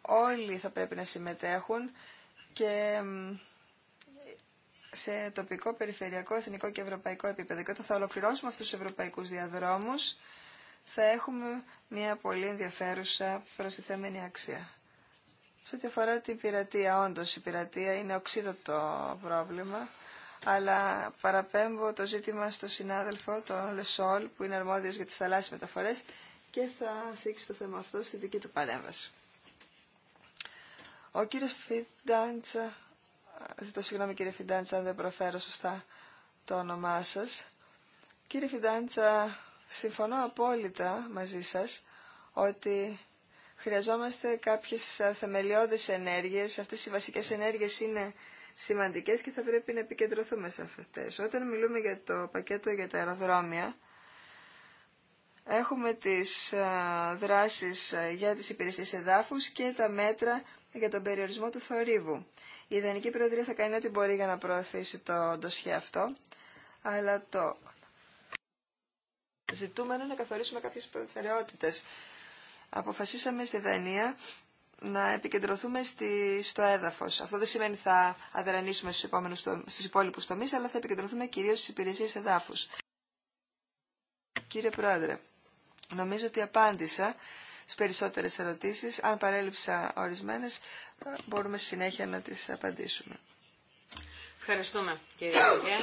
όλοι θα πρέπει να συμμετέχουν και σε τοπικό, περιφερειακό, εθνικό και ευρωπαϊκό επίπεδο. Και όταν θα ολοκληρώσουμε αυτούς τους ευρωπαϊκούς διαδρόμους, θα έχουμε μια πολύ ενδιαφέρουσα προστιθέμενη αξία. Σε ό,τι αφορά την πειρατεία, όντως η πειρατεία είναι οξύδωτο πρόβλημα, αλλά παραπέμπω το ζήτημα στο συνάδελφο, τον Λεσόλ, που είναι αρμόδιος για τις θαλάσσιες μεταφορές και θα θίξει το θέμα αυτό στη δική του παρέμβαση. Ο κύριος Φιντάντσα Ζητώ συγγνώμη κύριε Φιντάντσα αν δεν προφέρω σωστά το όνομά σας. Κύριε Φιντάντσα, συμφωνώ απόλυτα μαζί σας ότι χρειαζόμαστε κάποιες ε, θεμελιώδεις ενέργειες. Αυτές οι βασικές ενέργειες είναι σημαντικές και θα πρέπει να επικεντρωθούμε σε αυτές. Όταν μιλούμε για το πακέτο για τα αεροδρόμια, έχουμε τις ε, δράσεις ε, για τις υπηρεσίες εδάφους και τα μέτρα για τον περιορισμό του θορύβου. Η Ιδανική Προεδρία θα κάνει ό,τι μπορεί για να προωθήσει το ντοσχέ αυτό, αλλά το ζητούμενο να καθορίσουμε κάποιες προτεραιότητες. Αποφασίσαμε στη Δανία να επικεντρωθούμε στη, στο έδαφος. Αυτό δεν σημαίνει θα αδρανίσουμε στους, επόμενους, στους υπόλοιπους τομείς, αλλά θα επικεντρωθούμε κυρίως στις υπηρεσίες εδάφους. Κύριε Πρόεδρε, νομίζω ότι απάντησα στις περισσότερες ερωτήσεις. Αν παρέλειψα ορισμένες, ε, μπορούμε στη συνέχεια να τις απαντήσουμε. Ευχαριστούμε κύριε Υπουργέ.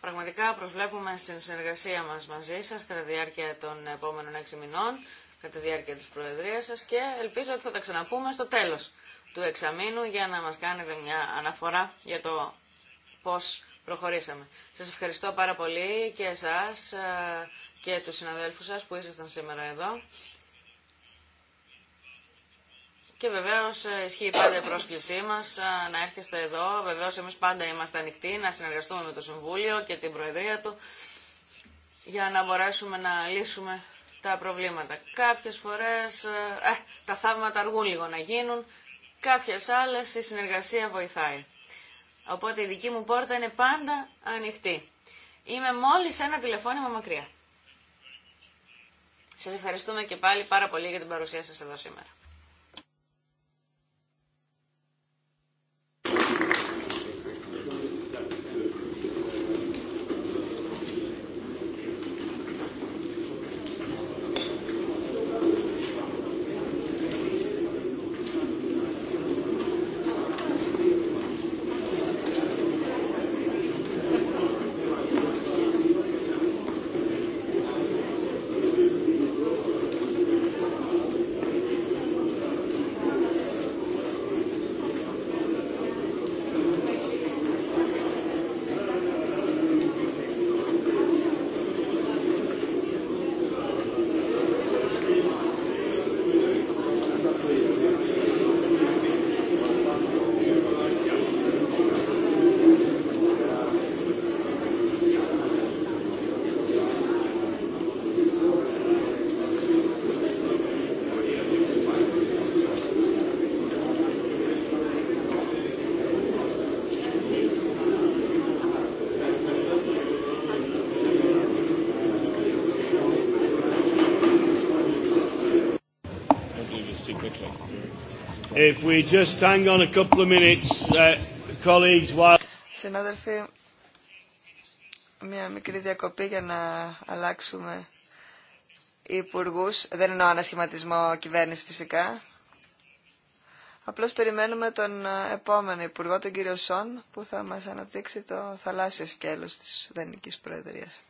Πραγματικά προσβλέπουμε στην συνεργασία μας μαζί σας κατά τη διάρκεια των επόμενων έξι μηνών, κατά τη διάρκεια της Προεδρίας σας και ελπίζω ότι θα τα ξαναπούμε στο τέλος του εξαμήνου για να μας κάνετε μια αναφορά για το πώς προχωρήσαμε. Σας ευχαριστώ πάρα πολύ και εσάς ε, και τους συναδέλφους σας που ήσασταν σήμερα εδώ και βεβαίω ε, ισχύει πάντα η πρόσκλησή μα ε, να έρχεστε εδώ. Βεβαίω εμεί πάντα είμαστε ανοιχτοί να συνεργαστούμε με το Συμβούλιο και την Προεδρία του για να μπορέσουμε να λύσουμε τα προβλήματα. Κάποιε φορέ, ε, τα θαύματα αργούν λίγο να γίνουν, κάποιε άλλε η συνεργασία βοηθάει. Οπότε η δική μου πόρτα είναι πάντα ανοιχτή. Είμαι μόλις ένα τηλεφώνημα μακριά. Σας ευχαριστούμε και πάλι πάρα πολύ για την παρουσία σας εδώ σήμερα. Συνάδελφοι, μια μικρή διακοπή για να αλλάξουμε υπουργού. Δεν εννοώ ανασχηματισμό κυβέρνηση φυσικά. Απλώς περιμένουμε τον ε, επόμενο υπουργό, τον κύριο Σον, που θα μας αναπτύξει το θαλάσσιο σκέλος της Δανικής Προεδρίας.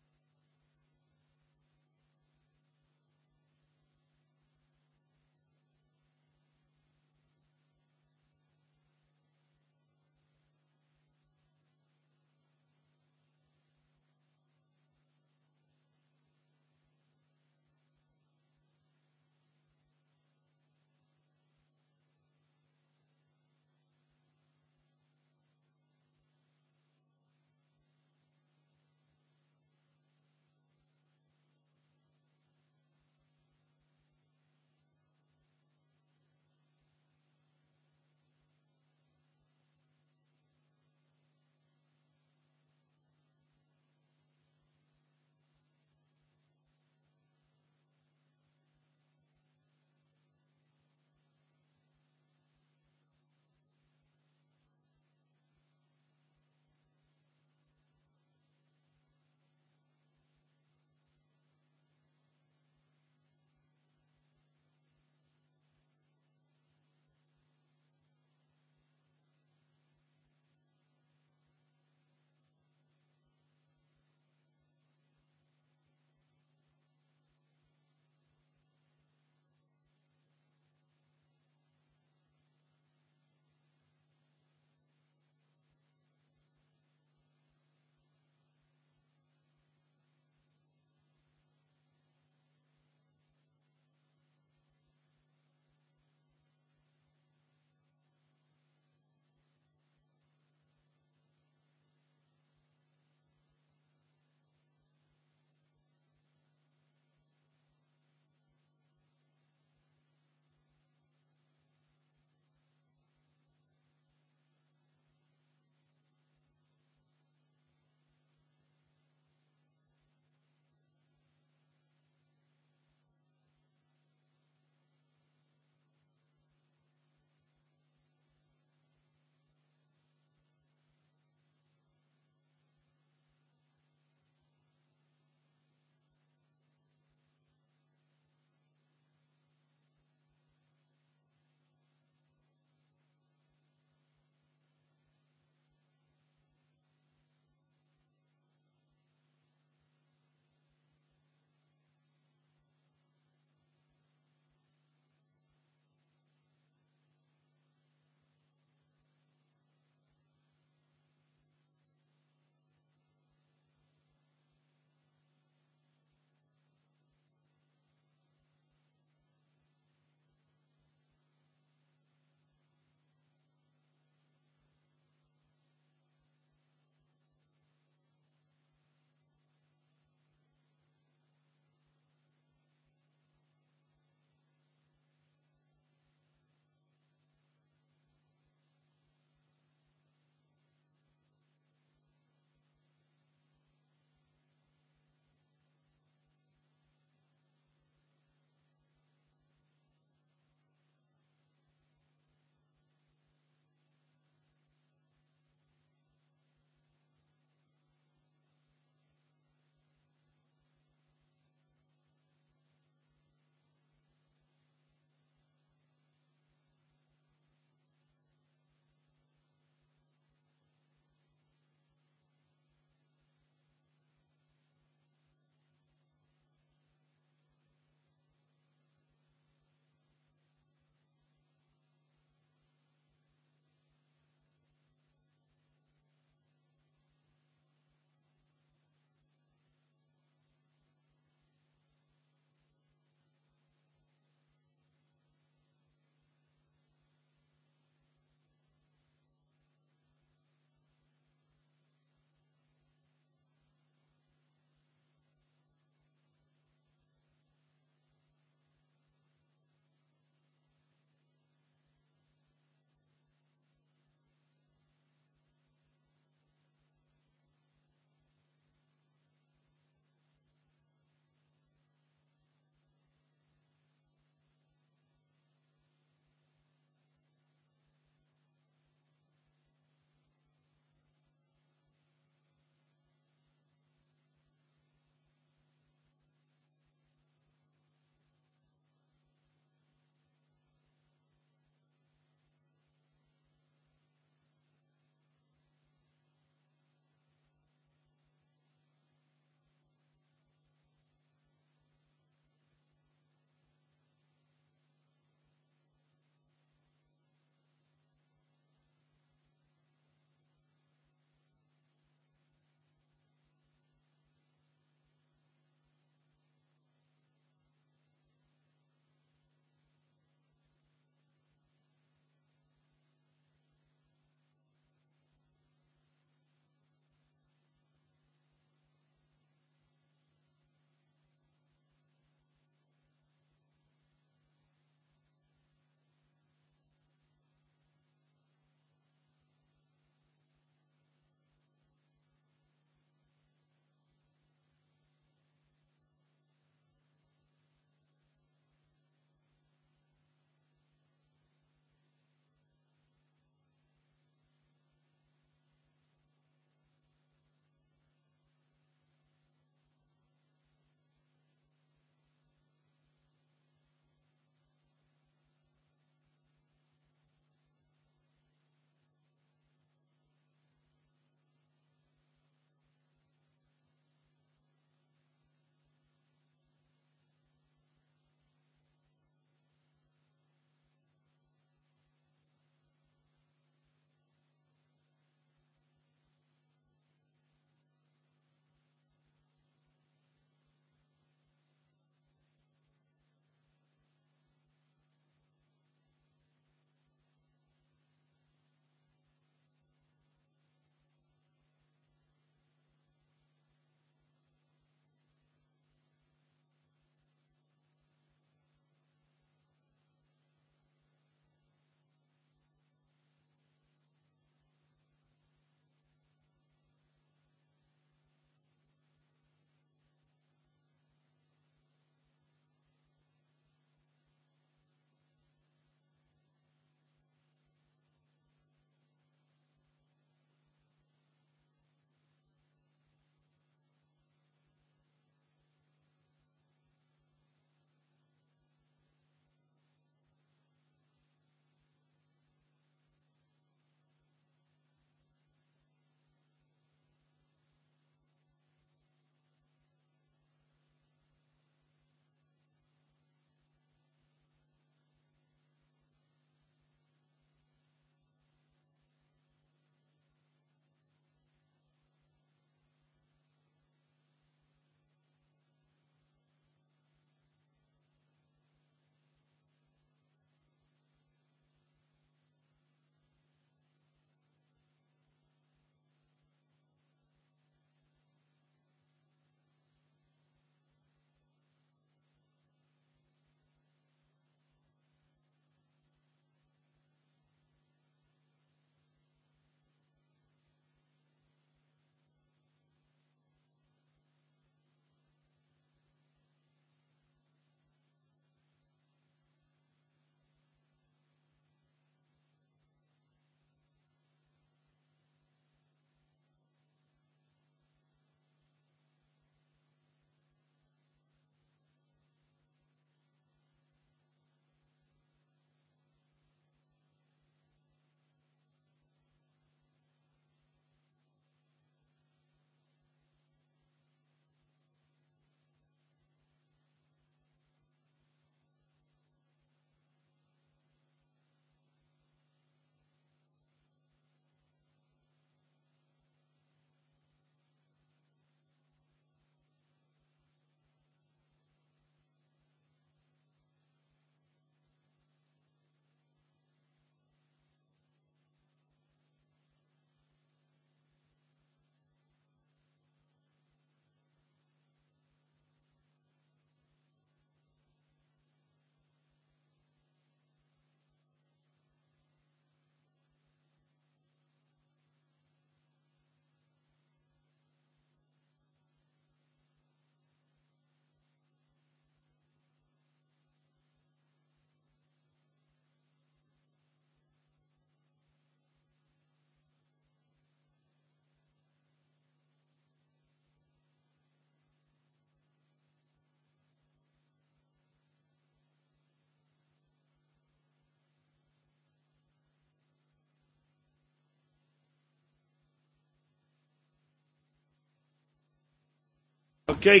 Okay,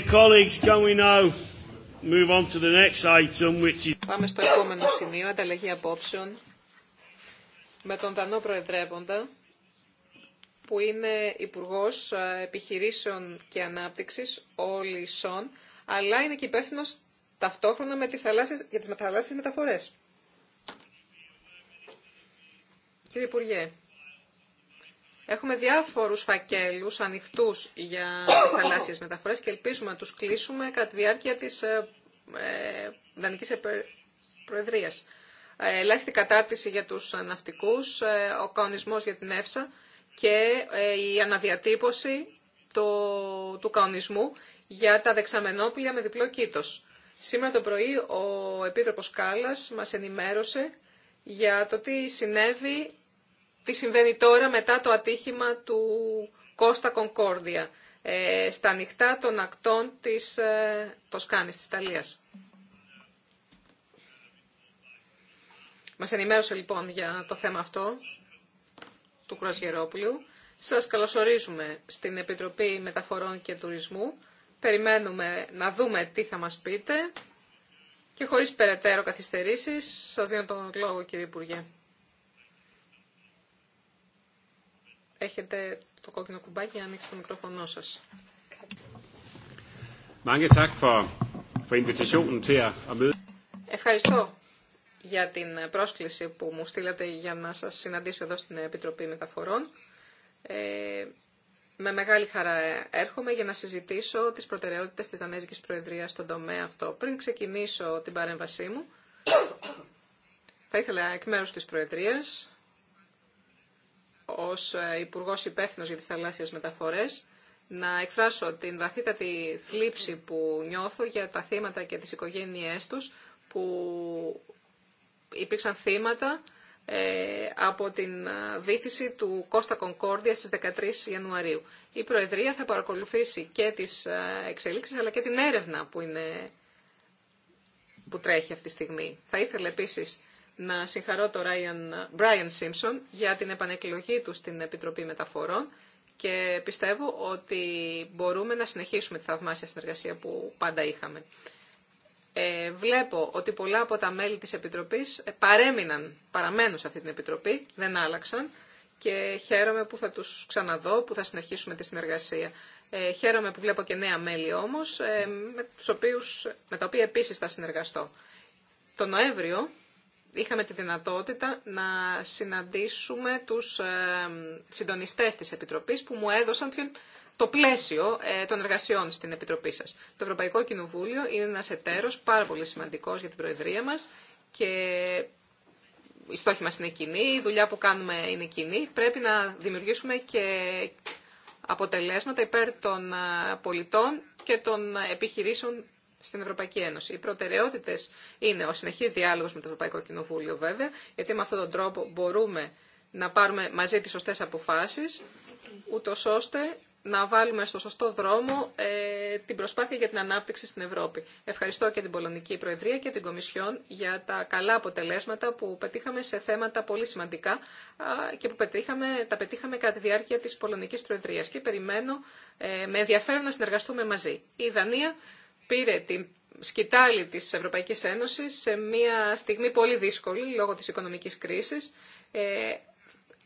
Πάμε στο επόμενο σημείο, ανταλλαγή απόψεων, με τον Δανό Προεδρεύοντα, που είναι Υπουργό ε, Επιχειρήσεων και Ανάπτυξης, ο ΣΟΝ αλλά είναι και υπεύθυνο ταυτόχρονα με τις θαλάσσιες, για τις θαλάσσιες μεταφορές. Κύριε Υπουργέ, Έχουμε διάφορους φακέλους ανοιχτούς για τις θαλάσσιες μεταφορές και ελπίζουμε να τους κλείσουμε κατά τη διάρκεια της ε, ε, Προεδρίας. Ε, ελάχιστη κατάρτιση για τους ναυτικούς, ε, ο καονισμός για την ΕΦΣΑ και ε, η αναδιατύπωση του καονισμού για τα δεξαμενόπλια με διπλό κήτος. Σήμερα το πρωί ο Επίτροπος Κάλλας μας ενημέρωσε για το τι συνέβη τι συμβαίνει τώρα μετά το ατύχημα του Κώστα Κονκόρδια ε, στα νυχτά των ακτών της ε, Τοσκάνης, της Ιταλίας. Μας ενημέρωσε λοιπόν για το θέμα αυτό του Κρουαζιερόπουλου. Σας καλωσορίζουμε στην Επιτροπή Μεταφορών και Τουρισμού. Περιμένουμε να δούμε τι θα μας πείτε. Και χωρίς περαιτέρω καθυστερήσεις, σας δίνω τον λόγο κύριε Υπουργέ. έχετε το κόκκινο κουμπάκι για να ανοίξετε το μικρόφωνο σα. Ευχαριστώ για την πρόσκληση που μου στείλατε για να σας συναντήσω εδώ στην Επιτροπή Μεταφορών. Ε, με μεγάλη χαρά έρχομαι για να συζητήσω τις προτεραιότητες της Δανέζικης Προεδρίας στον τομέα αυτό. Πριν ξεκινήσω την παρέμβασή μου, θα ήθελα εκ μέρους της Προεδρίας ως ε, υπουργό υπεύθυνο για τις θαλάσσιες μεταφορές να εκφράσω την βαθύτατη θλίψη που νιώθω για τα θύματα και τις οικογένειές τους που υπήρξαν θύματα ε, από την ε, βήθηση του Κώστα Κονκόρδια στις 13 Ιανουαρίου. Η Προεδρία θα παρακολουθήσει και τις εξελίξεις αλλά και την έρευνα που, είναι, που τρέχει αυτή τη στιγμή. Θα ήθελα επίσης να συγχαρώ τον Brian Simpson για την επανεκλογή του στην Επιτροπή Μεταφορών και πιστεύω ότι μπορούμε να συνεχίσουμε τη θαυμάσια συνεργασία που πάντα είχαμε. Ε, βλέπω ότι πολλά από τα μέλη της Επιτροπής ε, παρέμειναν, παραμένουν σε αυτή την Επιτροπή, δεν άλλαξαν και χαίρομαι που θα τους ξαναδώ, που θα συνεχίσουμε τη συνεργασία. Ε, χαίρομαι που βλέπω και νέα μέλη όμως, ε, με, τους οποίους, με τα οποία επίσης θα συνεργαστώ. Το Νοέμβριο είχαμε τη δυνατότητα να συναντήσουμε τους ε, συντονιστές της Επιτροπής που μου έδωσαν το πλαίσιο ε, των εργασιών στην Επιτροπή σας. Το Ευρωπαϊκό Κοινοβούλιο είναι ένας εταίρος πάρα πολύ σημαντικός για την Προεδρία μας και η στόχη μας είναι κοινή, η δουλειά που κάνουμε είναι κοινή. Πρέπει να δημιουργήσουμε και αποτελέσματα υπέρ των ε, πολιτών και των επιχειρήσεων στην Ευρωπαϊκή Ένωση. Οι προτεραιότητε είναι ο συνεχή διάλογο με το Ευρωπαϊκό Κοινοβούλιο, βέβαια, γιατί με αυτόν τον τρόπο μπορούμε να πάρουμε μαζί τι σωστέ αποφάσει, ούτω ώστε να βάλουμε στο σωστό δρόμο ε, την προσπάθεια για την ανάπτυξη στην Ευρώπη. Ευχαριστώ και την Πολωνική Προεδρία και την Κομισιόν για τα καλά αποτελέσματα που πετύχαμε σε θέματα πολύ σημαντικά και που πετύχαμε, τα πετύχαμε κατά τη διάρκεια της Πολωνικής Προεδρίας και περιμένω ε, με ενδιαφέρον να συνεργαστούμε μαζί. Η Δανία πήρε την σκητάλη της Ευρωπαϊκής Ένωσης σε μια στιγμή πολύ δύσκολη λόγω της οικονομικής κρίσης. Ε,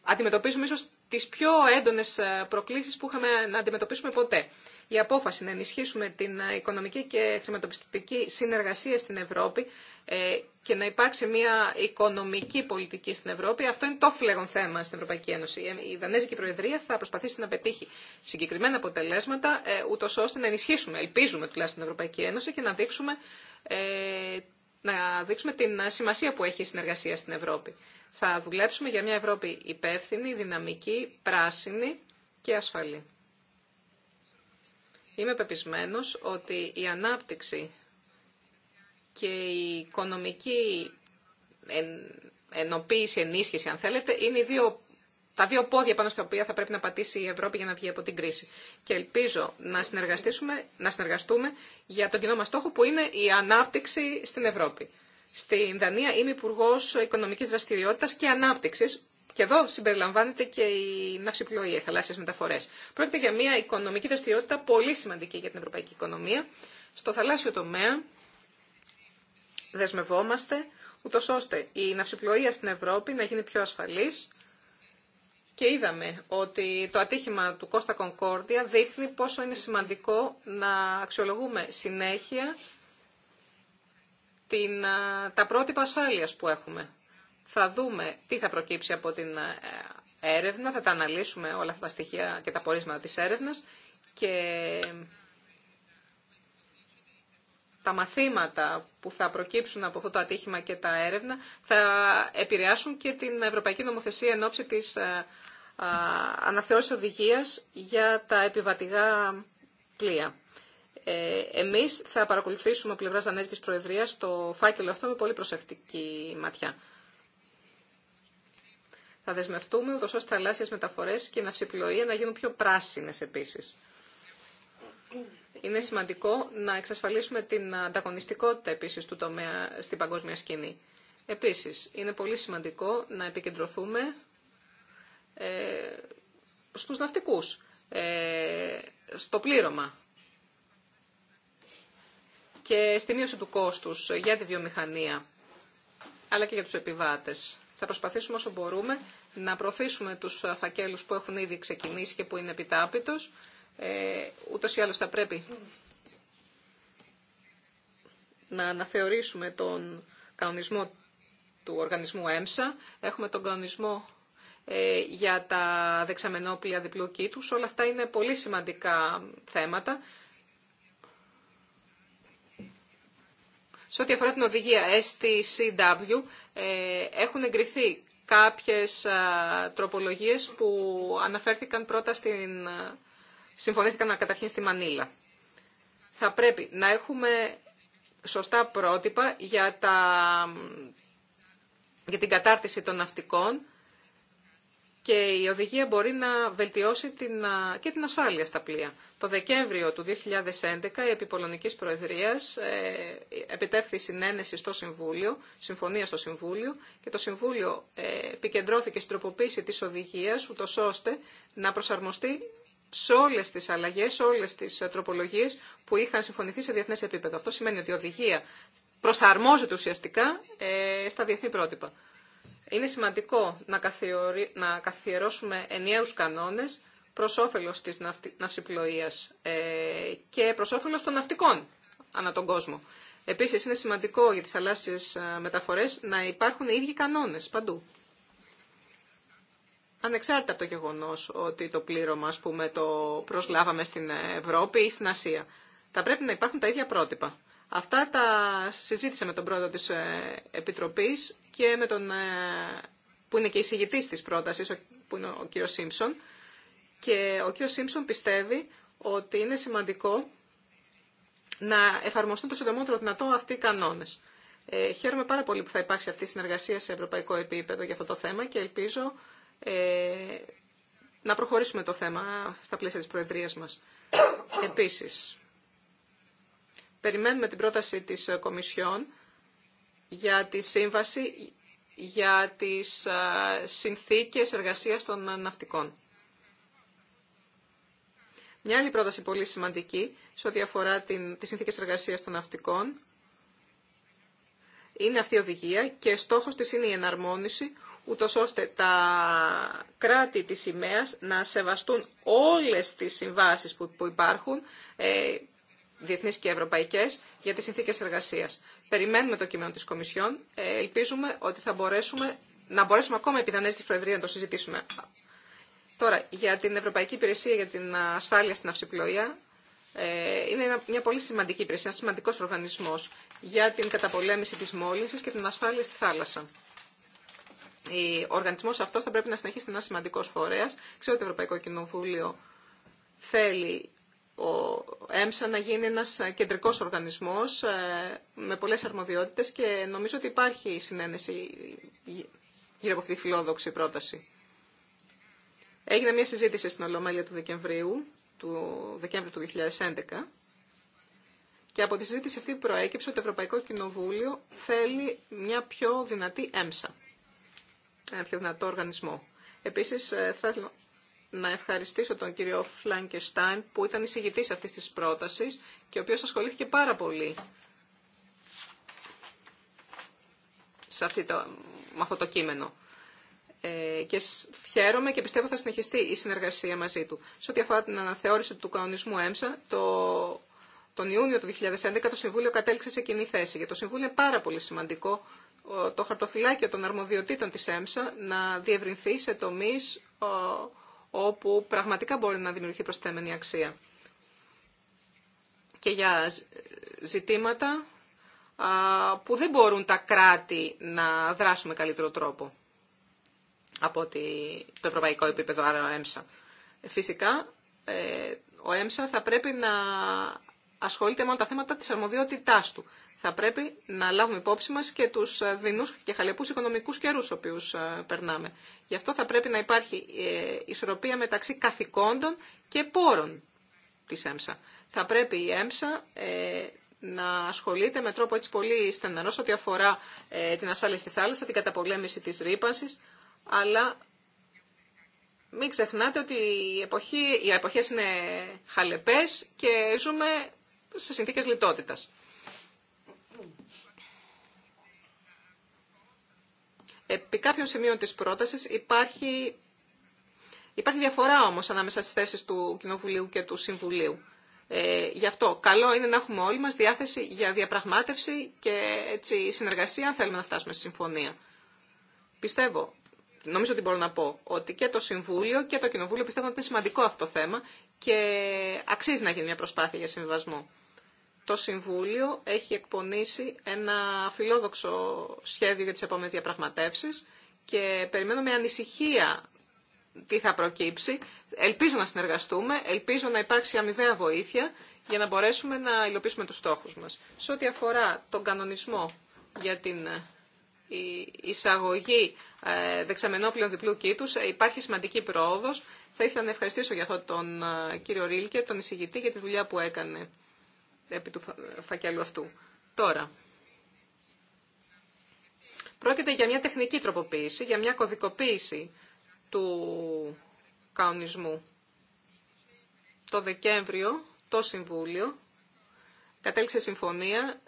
αντιμετωπίζουμε ίσως τις πιο έντονες ε, προκλήσεις που είχαμε να αντιμετωπίσουμε ποτέ η απόφαση να ενισχύσουμε την ε, οικονομική και χρηματοπιστωτική συνεργασία στην Ευρώπη ε, και να υπάρξει μια οικονομική πολιτική στην Ευρώπη, αυτό είναι το φλέγον θέμα στην Ευρωπαϊκή Ένωση. Ε, η Δανέζικη Προεδρία θα προσπαθήσει να πετύχει συγκεκριμένα αποτελέσματα, ούτω ώστε να ενισχύσουμε, ελπίζουμε τουλάχιστον την Ευρωπαϊκή Ένωση και να δείξουμε να δείξουμε την σημασία που έχει η συνεργασία στην Ευρώπη. Θα δουλέψουμε για μια Ευρώπη υπεύθυνη, δυναμική, πράσινη και ασφαλή. Είμαι πεπισμένος ότι η ανάπτυξη και η οικονομική ενοποίηση, ενίσχυση αν θέλετε, είναι δύο, τα δύο πόδια πάνω στα οποία θα πρέπει να πατήσει η Ευρώπη για να βγει από την κρίση. Και ελπίζω να, συνεργαστούμε, να συνεργαστούμε για τον κοινό μας στόχο που είναι η ανάπτυξη στην Ευρώπη. Στην Δανία είμαι υπουργό Οικονομικής Δραστηριότητας και Ανάπτυξης και εδώ συμπεριλαμβάνεται και η ναυσιπλοεία, οι θαλάσσιε μεταφορέ. Πρόκειται για μια οικονομική δραστηριότητα πολύ σημαντική για την ευρωπαϊκή οικονομία. Στο θαλάσσιο τομέα δεσμευόμαστε, ούτω ώστε η ναυσιπλοεία στην Ευρώπη να γίνει πιο ασφαλή. Και είδαμε ότι το ατύχημα του Κώστα Κονκόρδια δείχνει πόσο είναι σημαντικό να αξιολογούμε συνέχεια την, τα πρότυπα ασφάλειας που έχουμε. Θα δούμε τι θα προκύψει από την ε, έρευνα, θα τα αναλύσουμε όλα αυτά τα στοιχεία και τα πορίσματα της έρευνας και τα μαθήματα που θα προκύψουν από αυτό το ατύχημα και τα έρευνα θα επηρεάσουν και την Ευρωπαϊκή Νομοθεσία εν ώψη της ε, αναθεώρησης οδηγίας για τα επιβατηγά πλοία. Ε, εμείς θα παρακολουθήσουμε πλευράς Δανέζικης Προεδρίας το φάκελο αυτό με πολύ προσεκτική ματιά. Θα δεσμευτούμε ούτως ώστε θαλάσσιες μεταφορές και η ναυσιπλοεία να γίνουν πιο πράσινες επίσης. Είναι σημαντικό να εξασφαλίσουμε την ανταγωνιστικότητα επίσης του τομέα στην παγκόσμια σκηνή. Επίσης, είναι πολύ σημαντικό να επικεντρωθούμε ε, στους ναυτικούς, ε, στο πλήρωμα και στη μείωση του κόστους για τη βιομηχανία, αλλά και για τους επιβάτες. Θα προσπαθήσουμε όσο μπορούμε να προωθήσουμε τους φακέλους που έχουν ήδη ξεκινήσει και που είναι επιτάπητος. Ε, ούτως ή άλλως θα πρέπει να αναθεωρήσουμε τον κανονισμό του οργανισμού ΕΜΣΑ. Έχουμε τον κανονισμό ε, για τα δεξαμενόπλια διπλού κήτους. Όλα αυτά είναι πολύ σημαντικά θέματα. Σε ό,τι αφορά την οδηγία STCW, ε, έχουν εγκριθεί κάποιες τροπολογίες που αναφέρθηκαν πρώτα στην... συμφωνήθηκαν καταρχήν στη Μανίλα. Θα πρέπει να έχουμε σωστά πρότυπα για, τα, για την κατάρτιση των ναυτικών, και η οδηγία μπορεί να βελτιώσει την, και την ασφάλεια στα πλοία. Το Δεκέμβριο του 2011 η Επιπολωνικής Προεδρίας ε, επιτεύχθη συνένεση στο Συμβούλιο, συμφωνία στο Συμβούλιο και το Συμβούλιο ε, επικεντρώθηκε στην τροποποίηση της οδηγίας ούτως ώστε να προσαρμοστεί σε όλες τις αλλαγές, σε όλες τις ε, τροπολογίες που είχαν συμφωνηθεί σε διεθνές επίπεδο. Αυτό σημαίνει ότι η οδηγία προσαρμόζεται ουσιαστικά ε, στα διεθνή πρότυπα. Είναι σημαντικό να καθιερώσουμε ενιαίους κανόνες προς όφελος της ναυσιπλοείας ε, και προς όφελος των ναυτικών ανά τον κόσμο. Επίσης, είναι σημαντικό για τις θαλάσσιες ε, μεταφορές να υπάρχουν οι ίδιοι κανόνες παντού. Ανεξάρτητα από το γεγονός ότι το πλήρωμα, ας πούμε, το προσλάβαμε στην Ευρώπη ή στην Ασία. Θα πρέπει να υπάρχουν τα ίδια πρότυπα. Αυτά τα συζήτησα με τον πρόεδρο της ε, Επιτροπής και με τον, ε, που είναι και εισηγητής της πρότασης, που είναι ο κ. Σίμψον. Και ο κ. Σίμψον πιστεύει ότι είναι σημαντικό να εφαρμοστούν το συντομότερο δυνατό αυτοί οι κανόνες. Ε, χαίρομαι πάρα πολύ που θα υπάρξει αυτή η συνεργασία σε ευρωπαϊκό επίπεδο για αυτό το θέμα και ελπίζω ε, να προχωρήσουμε το θέμα στα πλαίσια της Προεδρίας μας. Επίσης, Περιμένουμε την πρόταση της ε, Κομισιόν για τη σύμβαση για τις ε, συνθήκες εργασίας των ε, ναυτικών. Μια άλλη πρόταση πολύ σημαντική σε ό,τι αφορά την, τις συνθήκες εργασίας των ναυτικών είναι αυτή η οδηγία και στόχος της είναι η εναρμόνιση ούτω ώστε τα κράτη της σημαία να σεβαστούν όλες τις συμβάσεις που υπάρχουν διεθνείς και ευρωπαϊκές, για τις συνθήκες εργασίας. Περιμένουμε το κείμενο της Κομισιόν. Ε, ελπίζουμε ότι θα μπορέσουμε να μπορέσουμε ακόμα επί Δανέζικης Προεδρία να το συζητήσουμε. Τώρα, για την Ευρωπαϊκή Υπηρεσία για την Ασφάλεια στην Αυσιπλοεία, ε, είναι μια πολύ σημαντική υπηρεσία, ένα σημαντικός οργανισμός για την καταπολέμηση της μόλυνσης και την ασφάλεια στη θάλασσα. Ο οργανισμός αυτός θα πρέπει να συνεχίσει να είναι ένα σημαντικό φορέας. Ξέρω ότι το Ευρωπαϊκό Κοινοβούλιο θέλει ο ΕΜΣΑ να γίνει ένας ε, κεντρικός οργανισμός ε, με πολλές αρμοδιότητες και νομίζω ότι υπάρχει συνένεση γύρω από αυτή τη φιλόδοξη πρόταση. Έγινε μια συζήτηση στην Ολομέλεια του Δεκεμβρίου, του Δεκέμβριου του 2011, και από τη συζήτηση αυτή προέκυψε ότι το Ευρωπαϊκό Κοινοβούλιο θέλει μια πιο δυνατή έμσα, ένα πιο δυνατό οργανισμό. Επίσης, ε, θα να ευχαριστήσω τον κύριο Φλάνκεστάιν που ήταν εισηγητής αυτής της πρότασης και ο οποίος ασχολήθηκε πάρα πολύ σε με αυτό το κείμενο. Ε, και χαίρομαι και πιστεύω θα συνεχιστεί η συνεργασία μαζί του. Σε ό,τι αφορά την αναθεώρηση του κανονισμού ΕΜΣΑ, το, τον Ιούνιο του 2011 το Συμβούλιο κατέληξε σε κοινή θέση. Για το Συμβούλιο είναι πάρα πολύ σημαντικό το χαρτοφυλάκιο των αρμοδιοτήτων της ΕΜΣΑ να διευρυνθεί σε τομείς όπου πραγματικά μπορεί να δημιουργηθεί προσθέμενη αξία. Και για ζητήματα που δεν μπορούν τα κράτη να δράσουν με καλύτερο τρόπο από το ευρωπαϊκό επίπεδο, άρα ο ΕΜΣΑ. Φυσικά, ε, ο ΕΜΣΑ θα πρέπει να ασχολείται μόνο τα θέματα της αρμοδιότητάς του θα πρέπει να λάβουμε υπόψη μας και τους ε, δεινούς και χαλεπούς οικονομικούς καιρούς οποίους ε, περνάμε. Γι' αυτό θα πρέπει να υπάρχει ε, ισορροπία μεταξύ καθηκόντων και πόρων της ΕΜΣΑ. Θα πρέπει η ΕΜΣΑ να ασχολείται με τρόπο έτσι πολύ στεναρός ότι αφορά την ασφάλεια στη θάλασσα, την καταπολέμηση της ρήπανσης, αλλά μην ξεχνάτε ότι η εποχή, οι εποχές είναι χαλεπές και ζούμε σε συνθήκες λιτότητας. Επί κάποιων σημείων της πρότασης υπάρχει, υπάρχει διαφορά όμως ανάμεσα στις θέσεις του Κοινοβουλίου και του Συμβουλίου. Ε, γι' αυτό καλό είναι να έχουμε όλοι μας διάθεση για διαπραγμάτευση και έτσι, συνεργασία αν θέλουμε να φτάσουμε στη συμφωνία. Πιστεύω, νομίζω ότι μπορώ να πω, ότι και το Συμβούλιο και το Κοινοβούλιο πιστεύουν ότι είναι σημαντικό αυτό το θέμα και αξίζει να γίνει μια προσπάθεια για συμβιβασμό το Συμβούλιο έχει εκπονήσει ένα φιλόδοξο σχέδιο για τις επόμενες διαπραγματεύσεις και περιμένω με ανησυχία τι θα προκύψει. Ελπίζω να συνεργαστούμε, ελπίζω να υπάρξει αμοιβαία βοήθεια για να μπορέσουμε να υλοποιήσουμε τους στόχους μας. Σε ό,τι αφορά τον κανονισμό για την ε, εισαγωγή ε, δεξαμενόπλων διπλού κήτους, ε, υπάρχει σημαντική πρόοδος. Θα ήθελα να ευχαριστήσω για αυτό τον κύριο Ρίλκε, τον εισηγητή, για τη δουλειά που έκανε επί του φακέλου αυτού. Τώρα, πρόκειται για μια τεχνική τροποποίηση, για μια κωδικοποίηση του καονισμού. Το Δεκέμβριο το Συμβούλιο κατέληξε συμφωνία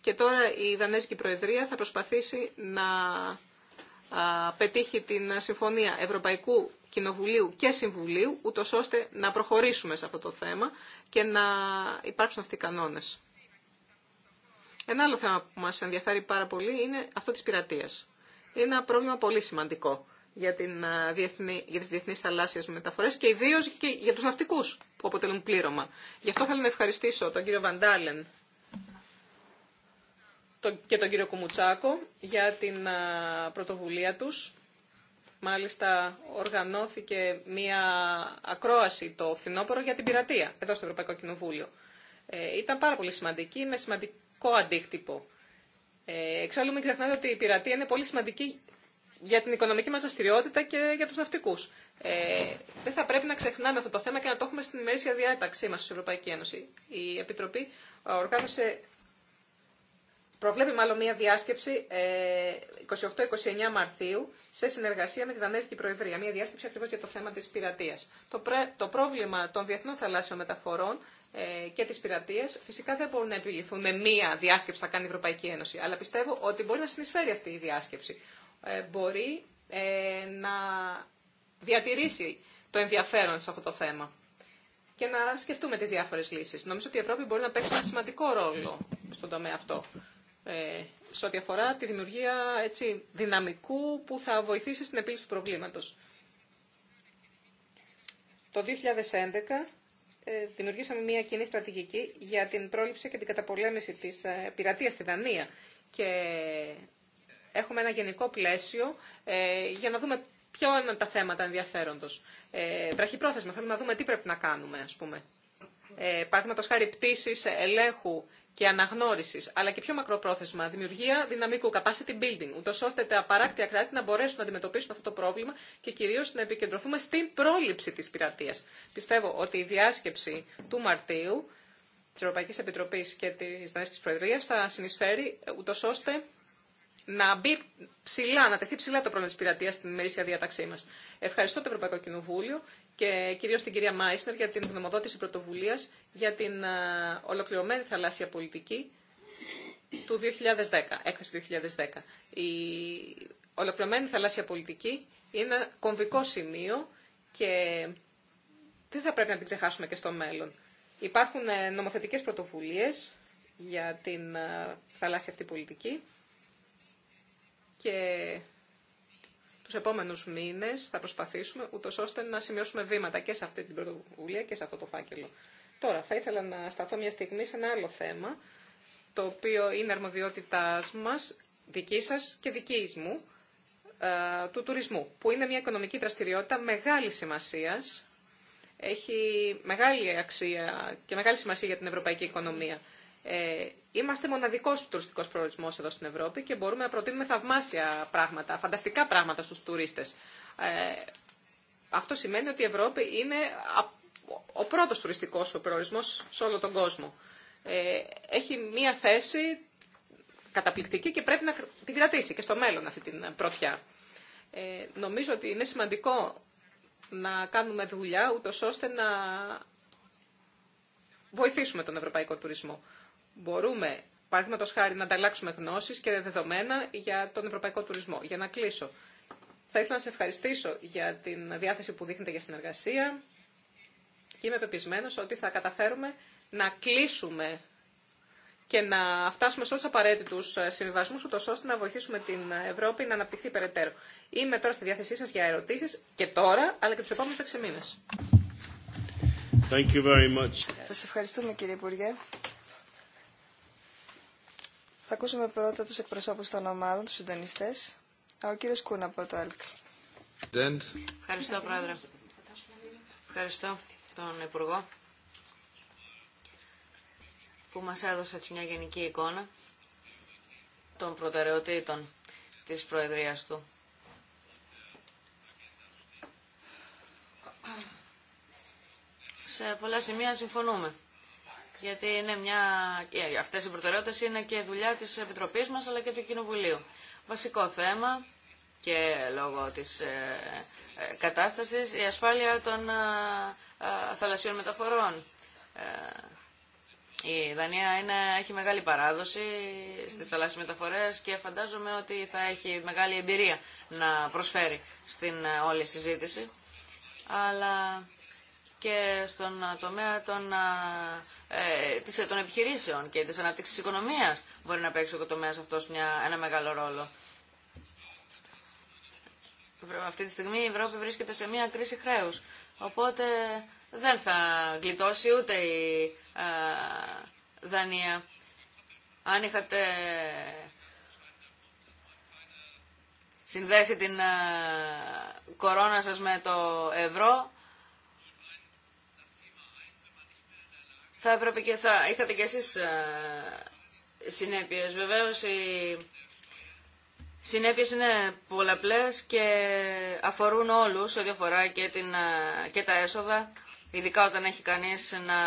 και τώρα η Δανέζικη Προεδρία θα προσπαθήσει να πετύχει την συμφωνία Ευρωπαϊκού Κοινοβουλίου και Συμβουλίου, ούτω ώστε να προχωρήσουμε σε αυτό το θέμα και να υπάρξουν αυτοί οι κανόνε. Ένα άλλο θέμα που μας ενδιαφέρει πάρα πολύ είναι αυτό της πειρατεία. Είναι ένα πρόβλημα πολύ σημαντικό για, την, διεθνή, για τις θαλάσσιες μεταφορές και ιδίω και για τους ναυτικούς που αποτελούν πλήρωμα. Γι' αυτό θέλω να ευχαριστήσω τον κύριο Βαντάλεν και τον κύριο Κουμουτσάκο για την πρωτοβουλία τους Μάλιστα, οργανώθηκε μία ακρόαση το φθινόπωρο για την πειρατεία εδώ στο Ευρωπαϊκό Κοινοβούλιο. Ε, ήταν πάρα πολύ σημαντική, με σημαντικό αντίκτυπο. Ε, εξάλλου, μην ξεχνάτε ότι η πειρατεία είναι πολύ σημαντική για την οικονομική μα δραστηριότητα και για του ναυτικού. Ε, δεν θα πρέπει να ξεχνάμε αυτό το θέμα και να το έχουμε στην ημερήσια διάταξή μα στην Ευρωπαϊκή Ένωση. Η Επιτροπή οργάνωσε προβλέπει μάλλον μια διάσκεψη 28-29 ε, Μαρτίου σε συνεργασία με τη Δανέζικη Προεδρία. Μια διάσκεψη ακριβώς για το θέμα της πειρατείας. Το, το πρόβλημα των διεθνών θαλάσσιων μεταφορών ε, και της πειρατείας φυσικά δεν μπορούν να επιληθούν με μία διάσκεψη που θα κάνει η Ευρωπαϊκή Ένωση. Αλλά πιστεύω ότι μπορεί να συνεισφέρει αυτή η διάσκεψη. Ε, μπορεί να διατηρήσει το ενδιαφέρον σε αυτό το θέμα και να σκεφτούμε τις διάφορες λύσεις. Νομίζω ότι η Ευρώπη μπορεί να παίξει ένα σημαντικό ρόλο στον τομέα αυτό. Ε, σε ό,τι αφορά τη δημιουργία έτσι, δυναμικού που θα βοηθήσει στην επίλυση του προβλήματος. Το 2011 ε, δημιουργήσαμε μια κοινή στρατηγική για την πρόληψη και την καταπολέμηση της ε, πειρατείας στη Δανία και έχουμε ένα γενικό πλαίσιο για να δούμε ποιο είναι τα θέματα ενδιαφέροντος. Βραχυπρόθεσμα, θέλουμε να δούμε τι πρέπει να κάνουμε, ας πούμε. Ε, παραδείγματο χάρη πτήση ελέγχου και αναγνώριση, αλλά και πιο μακροπρόθεσμα δημιουργία δυναμικού capacity building, ούτω ώστε τα παράκτια κράτη να μπορέσουν να αντιμετωπίσουν αυτό το πρόβλημα και κυρίω να επικεντρωθούμε στην πρόληψη τη πειρατεία. Πιστεύω ότι η διάσκεψη του Μαρτίου τη Ευρωπαϊκή Επιτροπή και τη Δανέζικη Προεδρία θα συνεισφέρει ε, ούτω ώστε να μπει ψηλά, να τεθεί ψηλά το πρόβλημα τη πειρατεία στην ημερήσια διάταξή μα. Ευχαριστώ το Ευρωπαϊκό Κοινοβούλιο και κυρίω την κυρία Μάισνερ για την γνωμοδότηση πρωτοβουλία για την ε, ολοκληρωμένη θαλάσσια πολιτική του 2010, έκθεση του 2010. Η ολοκληρωμένη θαλάσσια πολιτική είναι ένα κομβικό σημείο και δεν θα πρέπει να την ξεχάσουμε και στο μέλλον. Υπάρχουν ε, νομοθετικές πρωτοβουλίες για την ε, θαλάσσια αυτή πολιτική και τους επόμενους μήνες θα προσπαθήσουμε ούτω ώστε να σημειώσουμε βήματα και σε αυτή την πρωτοβουλία και σε αυτό το φάκελο. Τώρα θα ήθελα να σταθώ μια στιγμή σε ένα άλλο θέμα το οποίο είναι αρμοδιότητά μας, δική σας και δική μου, ε, του τουρισμού, που είναι μια οικονομική δραστηριότητα μεγάλη σημασία, έχει μεγάλη αξία και μεγάλη σημασία για την ευρωπαϊκή οικονομία. Ε, είμαστε μοναδικό τουριστικό προορισμό εδώ στην Ευρώπη και μπορούμε να προτείνουμε θαυμάσια πράγματα, φανταστικά πράγματα στου τουρίστε. Ε, αυτό σημαίνει ότι η Ευρώπη είναι ο πρώτο τουριστικό προορισμό σε όλο τον κόσμο. Ε, έχει μία θέση καταπληκτική και πρέπει να την κρατήσει και στο μέλλον αυτή την πρωτιά. νομίζω ότι είναι σημαντικό να κάνουμε δουλειά ούτω ώστε να βοηθήσουμε τον ευρωπαϊκό τουρισμό μπορούμε, παραδείγματο χάρη, να ανταλλάξουμε γνώσει και δεδομένα για τον ευρωπαϊκό τουρισμό. Για να κλείσω. Θα ήθελα να σε ευχαριστήσω για την διάθεση που δείχνετε για συνεργασία και είμαι πεπισμένο ότι θα καταφέρουμε να κλείσουμε και να φτάσουμε σε όλου του απαραίτητου ε, συμβιβασμού, ούτω ώστε να βοηθήσουμε την Ευρώπη να αναπτυχθεί περαιτέρω. Είμαι τώρα στη διάθεσή σα για ερωτήσει και τώρα, αλλά και του επόμενου έξι μήνε. Σα ευχαριστούμε κύριε Υπουργέ. Θα ακούσουμε πρώτα τους εκπροσώπους των ομάδων, τους συντονιστές. Ο κύριος Κούνα από το ΕΛΚ. Ευχαριστώ, Πρόεδρε. Ευχαριστώ τον Υπουργό που μας έδωσε μια γενική εικόνα των προτεραιοτήτων της Προεδρίας του. Σε πολλά σημεία συμφωνούμε γιατί είναι μια... Ε, αυτές οι προτεραιότητες είναι και δουλειά της Επιτροπής μας αλλά και του Κοινοβουλίου. Βασικό θέμα και λόγω της ε, ε, κατάστασης η ασφάλεια των θαλασσιών μεταφορών. Η Δανία είναι, έχει μεγάλη παράδοση στις θαλάσσιες μεταφορές και φαντάζομαι ότι θα έχει μεγάλη εμπειρία να προσφέρει στην όλη συζήτηση. Αλλά και στον ε, τομέα των, ε, ε των επιχειρήσεων και της ανάπτυξης οικονομίας μπορεί να παίξει ο τομέας αυτός μια, ένα μεγάλο ρόλο. Αυτή τη στιγμή η Ευρώπη βρίσκεται σε μια κρίση χρέους, οπότε δεν θα γλιτώσει ούτε η ε, Δανία. Αν είχατε συνδέσει την ε, κορώνα σας με το ευρώ, θα έπρεπε και θα είχατε και εσείς ε, συνέπειες. Βεβαίως οι συνέπειες είναι πολλαπλές και αφορούν όλους ό,τι αφορά και, την, ε, και τα έσοδα, ειδικά όταν έχει κανείς να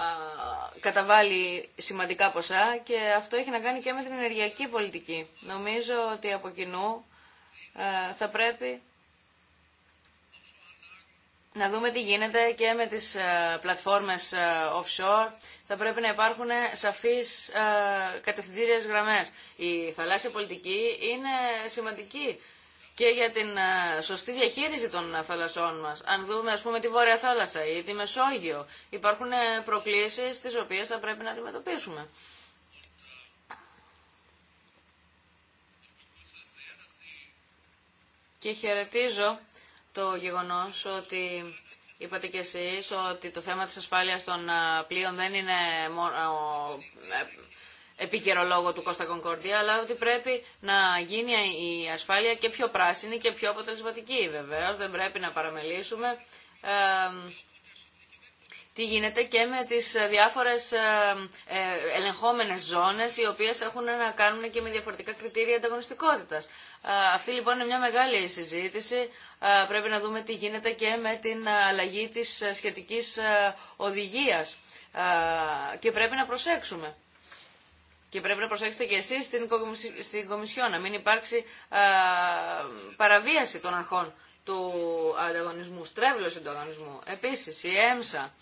ε, καταβάλει σημαντικά ποσά και αυτό έχει να κάνει και με την ενεργειακή πολιτική. Νομίζω ότι από κοινού θα πρέπει να δούμε τι γίνεται και με τις ε, πλατφόρμες ε, offshore. Θα πρέπει να υπάρχουν σαφείς ε, κατευθυντήριες γραμμές. Η θαλάσσια πολιτική είναι σημαντική και για την σωστή διαχείριση των θαλασσών μας. Αν δούμε, ας πούμε, τη Βόρεια Θάλασσα ή τη Μεσόγειο, υπάρχουν προκλήσεις τις οποίες θα πρέπει να αντιμετωπίσουμε. Και χαιρετίζω το γεγονός ότι είπατε κι εσείς ότι το θέμα της ασφάλειας των πλοίων δεν είναι μόνο ε, επίκαιρο λόγο του Κώστα Κονκόρντια, αλλά ότι πρέπει να γίνει η ασφάλεια και πιο πράσινη και πιο αποτελεσματική. Βεβαίως δεν πρέπει να παραμελήσουμε ε, τι γίνεται και με τις ε, διάφορες ε, ε, ελεγχόμενες ζώνες οι οποίες έχουν να κάνουν και με διαφορετικά κριτήρια ανταγωνιστικότητας. Αυτή λοιπόν είναι μια μεγάλη συζήτηση. Πρέπει να δούμε τι γίνεται και με την αλλαγή της σχετικής οδηγίας και πρέπει να προσέξουμε. Και πρέπει να προσέξετε και εσείς στην Κομισιό να μην υπάρξει παραβίαση των αρχών του ανταγωνισμού, στρέβλωση του ανταγωνισμού. Επίσης η ΕΜΣΑ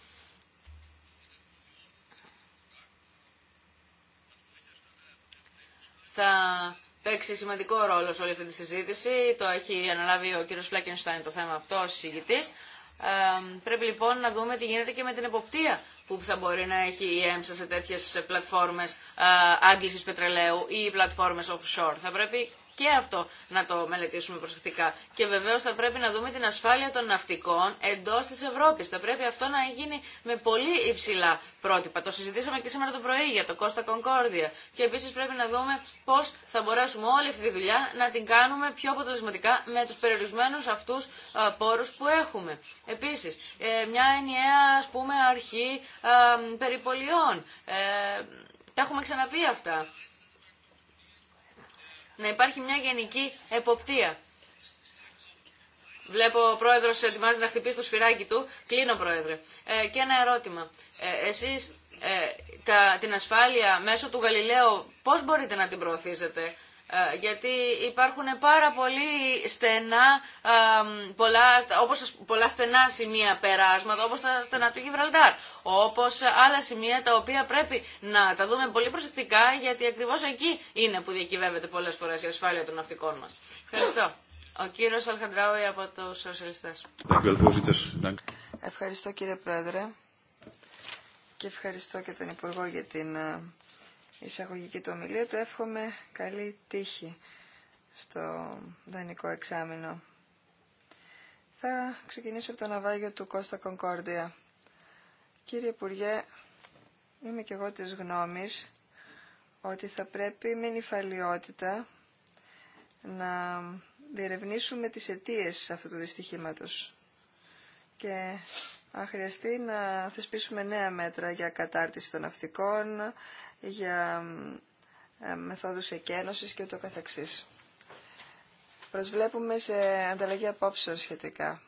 θα παίξει σημαντικό ρόλο σε όλη αυτή τη συζήτηση. Το έχει αναλάβει ο κύριος Φλέκενστάιν το θέμα αυτό ο συζητητής. Ε, πρέπει λοιπόν να δούμε τι γίνεται και με την εποπτεία που θα μπορεί να έχει η ΕΜΣΑ σε τέτοιες πλατφόρμες ε, πετρελαίου ή πλατφόρμες offshore. Θα πρέπει και αυτό να το μελετήσουμε προσεκτικά. Και βεβαίω θα πρέπει να δούμε την ασφάλεια των ναυτικών εντό τη Ευρώπη. Θα πρέπει αυτό να γίνει με πολύ υψηλά πρότυπα. Το συζητήσαμε και σήμερα το πρωί για το Κώστα Κονκόρδια. Και επίση πρέπει να δούμε πώ θα μπορέσουμε όλη αυτή τη δουλειά να την κάνουμε πιο αποτελεσματικά με του περιορισμένου αυτού πόρου που έχουμε. Επίση, ε, μια ενιαία πούμε, αρχή περιπολιών. Ε, τα έχουμε ξαναπεί αυτά να υπάρχει μια γενική εποπτεία. Βλέπω ο πρόεδρο ετοιμάζεται να χτυπήσει το σφυράκι του. Κλείνω, πρόεδρε. Ε, και ένα ερώτημα. Ε, Εσεί ε, την ασφάλεια μέσω του Γαλιλαίου πώ μπορείτε να την προωθήσετε, ε, γιατί υπάρχουν πάρα πολύ στενά, ε, πολλά, όπως πολλά στενά σημεία περάσματα, όπως τα στενά του Γιβραλτάρ, όπως άλλα σημεία τα οποία πρέπει να τα δούμε πολύ προσεκτικά, γιατί ακριβώς εκεί είναι που διακυβεύεται πολλές φορές η ασφάλεια των ναυτικών μας. Ευχαριστώ. Ο κύριος Αλχαντράουι από τους Σοσιαλιστές. Ευχαριστώ κύριε Πρόεδρε και ευχαριστώ και τον Υπουργό για την ε, εισαγωγική του ομιλία. Του εύχομαι καλή τύχη στο δανεικό εξάμεινο. Θα ξεκινήσω από το ναυάγιο του Κώστα Κονκόρδια. Κύριε Υπουργέ, είμαι και εγώ της γνώμης ότι θα πρέπει με νυφαλιότητα να διερευνήσουμε τις αιτίες αυτού του δυστυχήματος και αν χρειαστεί να θεσπίσουμε νέα μέτρα για κατάρτιση των ναυτικών, για ε, μεθόδους εκένωσης και ούτω καθεξής. Προσβλέπουμε σε ανταλλαγή απόψεων σχετικά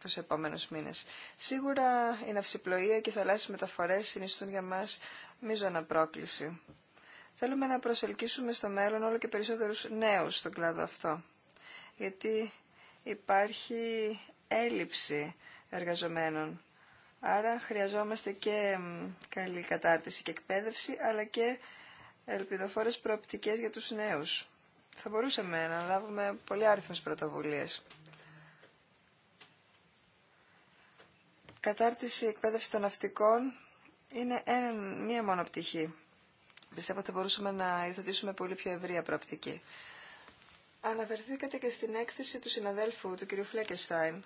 τους επόμενους μήνες. Σίγουρα η ναυσιπλοεία και οι θαλάσσιες μεταφορές συνιστούν για μας μίζωνα πρόκληση. Θέλουμε να προσελκύσουμε στο μέλλον όλο και περισσότερους νέους στον κλάδο αυτό. Γιατί υπάρχει έλλειψη εργαζομένων Άρα χρειαζόμαστε και καλή κατάρτιση και εκπαίδευση, αλλά και ελπιδοφόρες προοπτικές για τους νέους. Θα μπορούσαμε να λάβουμε πολύ άριθμες πρωτοβουλίες. Κατάρτιση εκπαίδευση των ναυτικών είναι ένα, μία μόνο πτυχή. Πιστεύω ότι μπορούσαμε να υιοθετήσουμε πολύ πιο ευρεία προοπτική. Αναφερθήκατε και στην έκθεση του συναδέλφου του κ. Φλέκεστάιν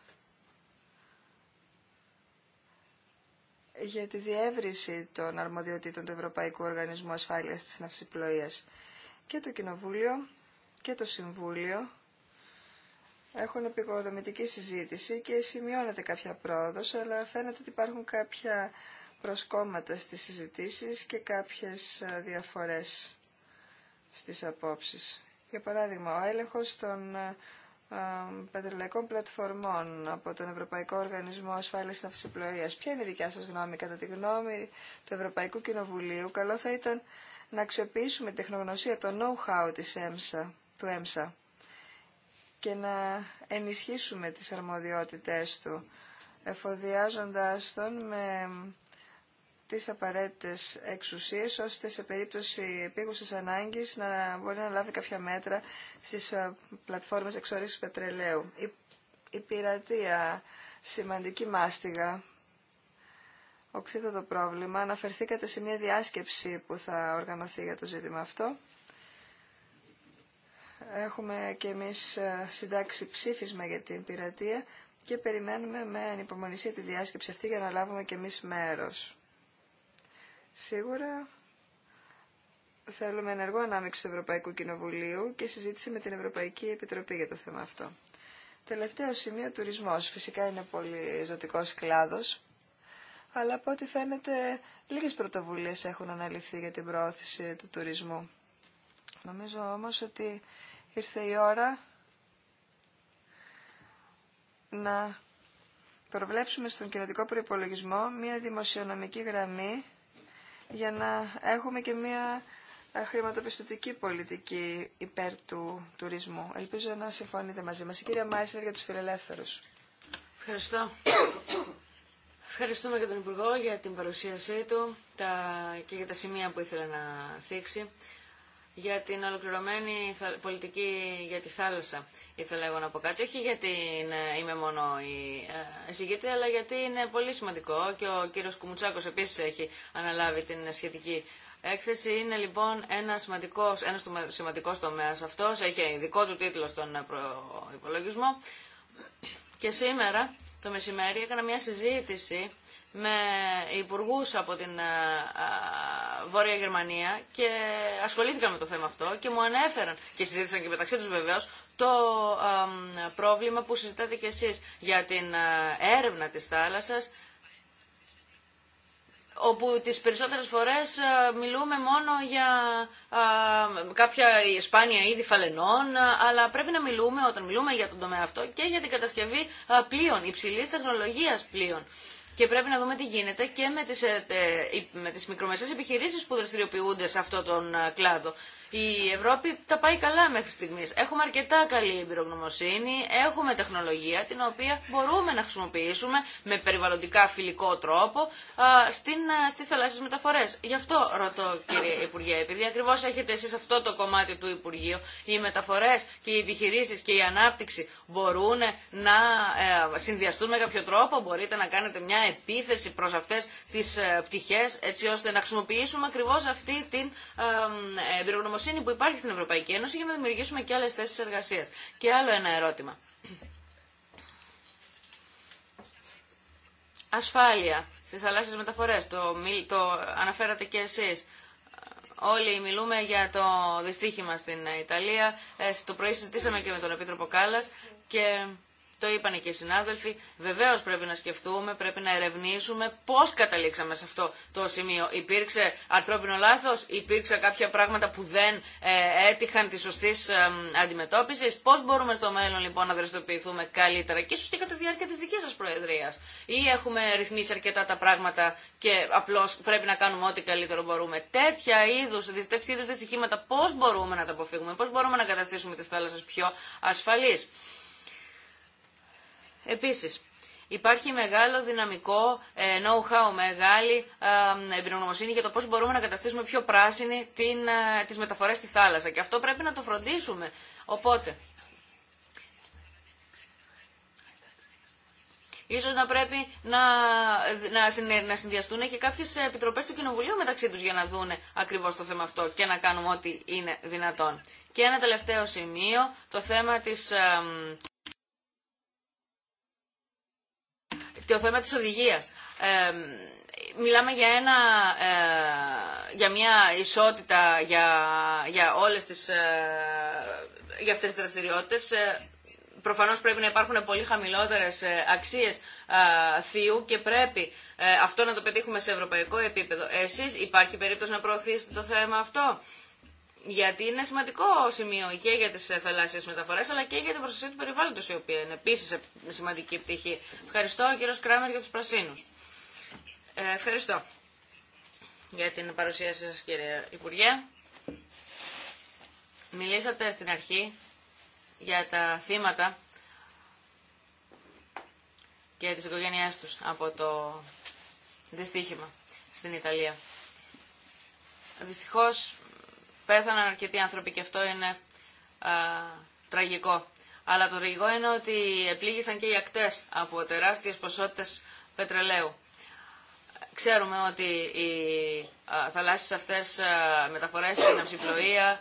για τη διεύρυνση των αρμοδιοτήτων του Ευρωπαϊκού Οργανισμού Ασφάλειας της Ναυσιπλοείας. Και το Κοινοβούλιο και το Συμβούλιο έχουν επικοδομητική συζήτηση και σημειώνεται κάποια πρόοδος, αλλά φαίνεται ότι υπάρχουν κάποια προσκόμματα στις συζητήσεις και κάποιες ε, διαφορές στις απόψεις. Για παράδειγμα, ο έλεγχος των ε, πετρελαϊκών πλατφορμών από τον Ευρωπαϊκό Οργανισμό Ασφάλειας Ναυσιπλοείας. Ποια είναι η δικιά σας γνώμη κατά τη γνώμη του Ευρωπαϊκού Κοινοβουλίου. Καλό θα ήταν να αξιοποιήσουμε τη τεχνογνωσία, το know-how της ΕΜΣΑ, του ΕΜΣΑ και να ενισχύσουμε τις αρμοδιότητές του εφοδιάζοντας τον με τις απαραίτητες εξουσίες ώστε σε περίπτωση επίγουσης ανάγκης να μπορεί να λάβει κάποια μέτρα στις ε, πλατφόρμες εξορίσεως πετρελαίου. Η, πειρατεία, σημαντική μάστιγα, οξύτατο πρόβλημα. Αναφερθήκατε σε μια διάσκεψη που θα οργανωθεί για το ζήτημα αυτό. Έχουμε και εμείς ε, συντάξει ψήφισμα για την πειρατεία και περιμένουμε με ανυπομονησία τη διάσκεψη αυτή για να λάβουμε και εμείς μέρος. Σίγουρα θέλουμε ενεργό ανάμειξη του Ευρωπαϊκού Κοινοβουλίου και συζήτηση με την Ευρωπαϊκή Επιτροπή για το θέμα αυτό. Τελευταίο σημείο, τουρισμός. Φυσικά είναι πολύ ζωτικός κλάδος, αλλά από ό,τι φαίνεται λίγες πρωτοβουλίες έχουν αναλυθεί για την προώθηση του τουρισμού. Νομίζω όμως ότι ήρθε η ώρα να προβλέψουμε στον κοινοτικό προϋπολογισμό μια δημοσιονομική γραμμή για να έχουμε και μια ε, χρηματοπιστωτική πολιτική υπέρ του τουρισμού. Ελπίζω να συμφωνείτε μαζί μας. Η κυρία Μάισνερ για τους φιλελεύθερους. Ευχαριστώ. Ευχαριστούμε και τον Υπουργό για την παρουσίασή του τα... και για τα σημεία που ήθελα να θίξει για την ολοκληρωμένη πολιτική για τη θάλασσα. Ήθελα εγώ να πω κάτι, όχι γιατί είμαι μόνο η ε, αλλά γιατί είναι πολύ σημαντικό και ο κύριος Κουμουτσάκος επίσης έχει αναλάβει την σχετική έκθεση. Είναι λοιπόν ένα σημαντικό ένας σημαντικός τομέας αυτός, έχει δικό του τίτλο στον υπολογισμό. Και σήμερα το μεσημέρι έκανα μια συζήτηση με υπουργού από την ε, ε, Βόρεια Γερμανία και ασχολήθηκαν με το θέμα αυτό και μου ανέφεραν και συζήτησαν και μεταξύ τους βεβαίως το πρόβλημα που συζητάτε και εσείς για την ε, έρευνα της θάλασσας όπου τις περισσότερες φορές μιλούμε μόνο για κάποια σπάνια είδη φαλενών, αλλά πρέπει να μιλούμε όταν μιλούμε για τον τομέα αυτό και για την κατασκευή πλοίων, υψηλής τεχνολογίας πλοίων και πρέπει να δούμε τι γίνεται και με τις, ε, ε, με τις μικρομεσαίες επιχειρήσεις που δραστηριοποιούνται σε αυτό τον ε, κλάδο. Η Ευρώπη τα πάει καλά μέχρι στιγμή. Έχουμε αρκετά καλή εμπειρογνωμοσύνη, έχουμε τεχνολογία την οποία μπορούμε να χρησιμοποιήσουμε με περιβαλλοντικά φιλικό τρόπο στι στις μεταφορέ. Γι' αυτό ρωτώ κύριε Υπουργέ, επειδή ακριβώ έχετε εσεί αυτό το κομμάτι του Υπουργείου, οι μεταφορέ και οι επιχειρήσει και η ανάπτυξη μπορούν να ε, συνδυαστούν με κάποιο τρόπο, μπορείτε να κάνετε μια επίθεση προς αυτές τις ε, πτυχέ, έτσι ώστε να χρησιμοποιήσουμε ακριβώ αυτή την ε, εμπειρογνωμοσύνη εμπειρογνωμοσύνη που υπάρχει στην Ευρωπαϊκή Ένωση για να δημιουργήσουμε και άλλε θέσει εργασία. Και άλλο ένα ερώτημα. Ασφάλεια στι θαλάσσιε μεταφορέ. το, το αναφέρατε και εσεί. Όλοι μιλούμε για το δυστύχημα στην Ιταλία. Ε, το πρωί συζητήσαμε και με τον Επίτροπο Κάλλα. και το είπαν και οι συνάδελφοι, βεβαίως πρέπει να σκεφτούμε, πρέπει να ερευνήσουμε πώς καταλήξαμε σε αυτό το σημείο. Υπήρξε ανθρώπινο λάθος, υπήρξε κάποια πράγματα που δεν ε, έτυχαν τη σωστή ε, αντιμετώπιση. Πώς μπορούμε στο μέλλον λοιπόν να δραστηριοποιηθούμε καλύτερα και και κατά τη διάρκεια της δικής σας προεδρίας. Ή έχουμε ρυθμίσει αρκετά τα πράγματα και απλώς πρέπει να κάνουμε ό,τι καλύτερο μπορούμε. Τέτοια είδους, τέτοιου είδους δυστυχήματα πώς μπορούμε να τα αποφύγουμε, πώς μπορούμε να καταστήσουμε τις θάλασσες πιο ασφαλείς. Επίσης, Υπάρχει μεγάλο δυναμικό ε, know-how, μεγάλη ε, εμπειρογνωμοσύνη για το πώς μπορούμε να καταστήσουμε πιο πράσινη την, ε, τις μεταφορές στη θάλασσα. Και αυτό πρέπει να το φροντίσουμε. Οπότε, ίσως να πρέπει να, να, να συνδυαστούν και κάποιες επιτροπές του Κοινοβουλίου μεταξύ τους για να δουν ακριβώς το θέμα αυτό και να κάνουμε ό,τι είναι δυνατόν. Και ένα τελευταίο σημείο, το θέμα της... το θέμα της οδηγίας. μιλάμε για, ένα, ε, για μια ισότητα για, για όλες τις, ε, για αυτές τις δραστηριότητες. Ε, προφανώς πρέπει να υπάρχουν πολύ χαμηλότερες ε, αξίες θείου και πρέπει αυτό να το πετύχουμε σε ευρωπαϊκό επίπεδο. Εσείς υπάρχει περίπτωση να προωθήσετε το θέμα αυτό γιατί είναι σημαντικό σημείο και για τις ε, θαλάσσιες μεταφορές αλλά και για την προστασία του περιβάλλοντος η οποία είναι επίσης σημαντική πτυχή. Ευχαριστώ κύριο Κράμερ για τους πρασίνους. Ε, ευχαριστώ για την παρουσίασή σας κύριε Υπουργέ. Μιλήσατε στην αρχή για τα θύματα και τις οικογένειές τους από το δυστύχημα στην Ιταλία. Δυστυχώς πέθαναν αρκετοί άνθρωποι και αυτό είναι τραγικό. Αλλά το τραγικό είναι ότι επλήγησαν και οι ακτές από τεράστιες ποσότητες πετρελαίου. Ξέρουμε ότι οι α, θαλάσσιες αυτές μεταφορές στην αυσυπλοεία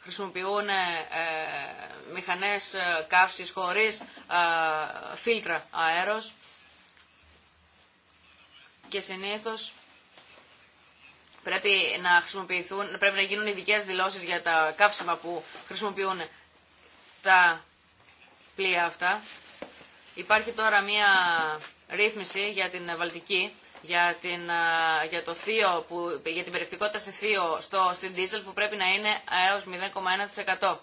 χρησιμοποιούν ε, ε, μηχανές ε, καύσης χωρίς φίλτρα αέρος και συνήθως Πρέπει να, χρησιμοποιηθούν, πρέπει να γίνουν ειδικέ δηλώσει για τα καύσιμα που χρησιμοποιούν τα πλοία αυτά. Υπάρχει τώρα μία ρύθμιση για την Βαλτική, για, την, για, το θείο που, για την περιεκτικότητα σε θείο στο, στην δίζελ που πρέπει να είναι έως 0,1%.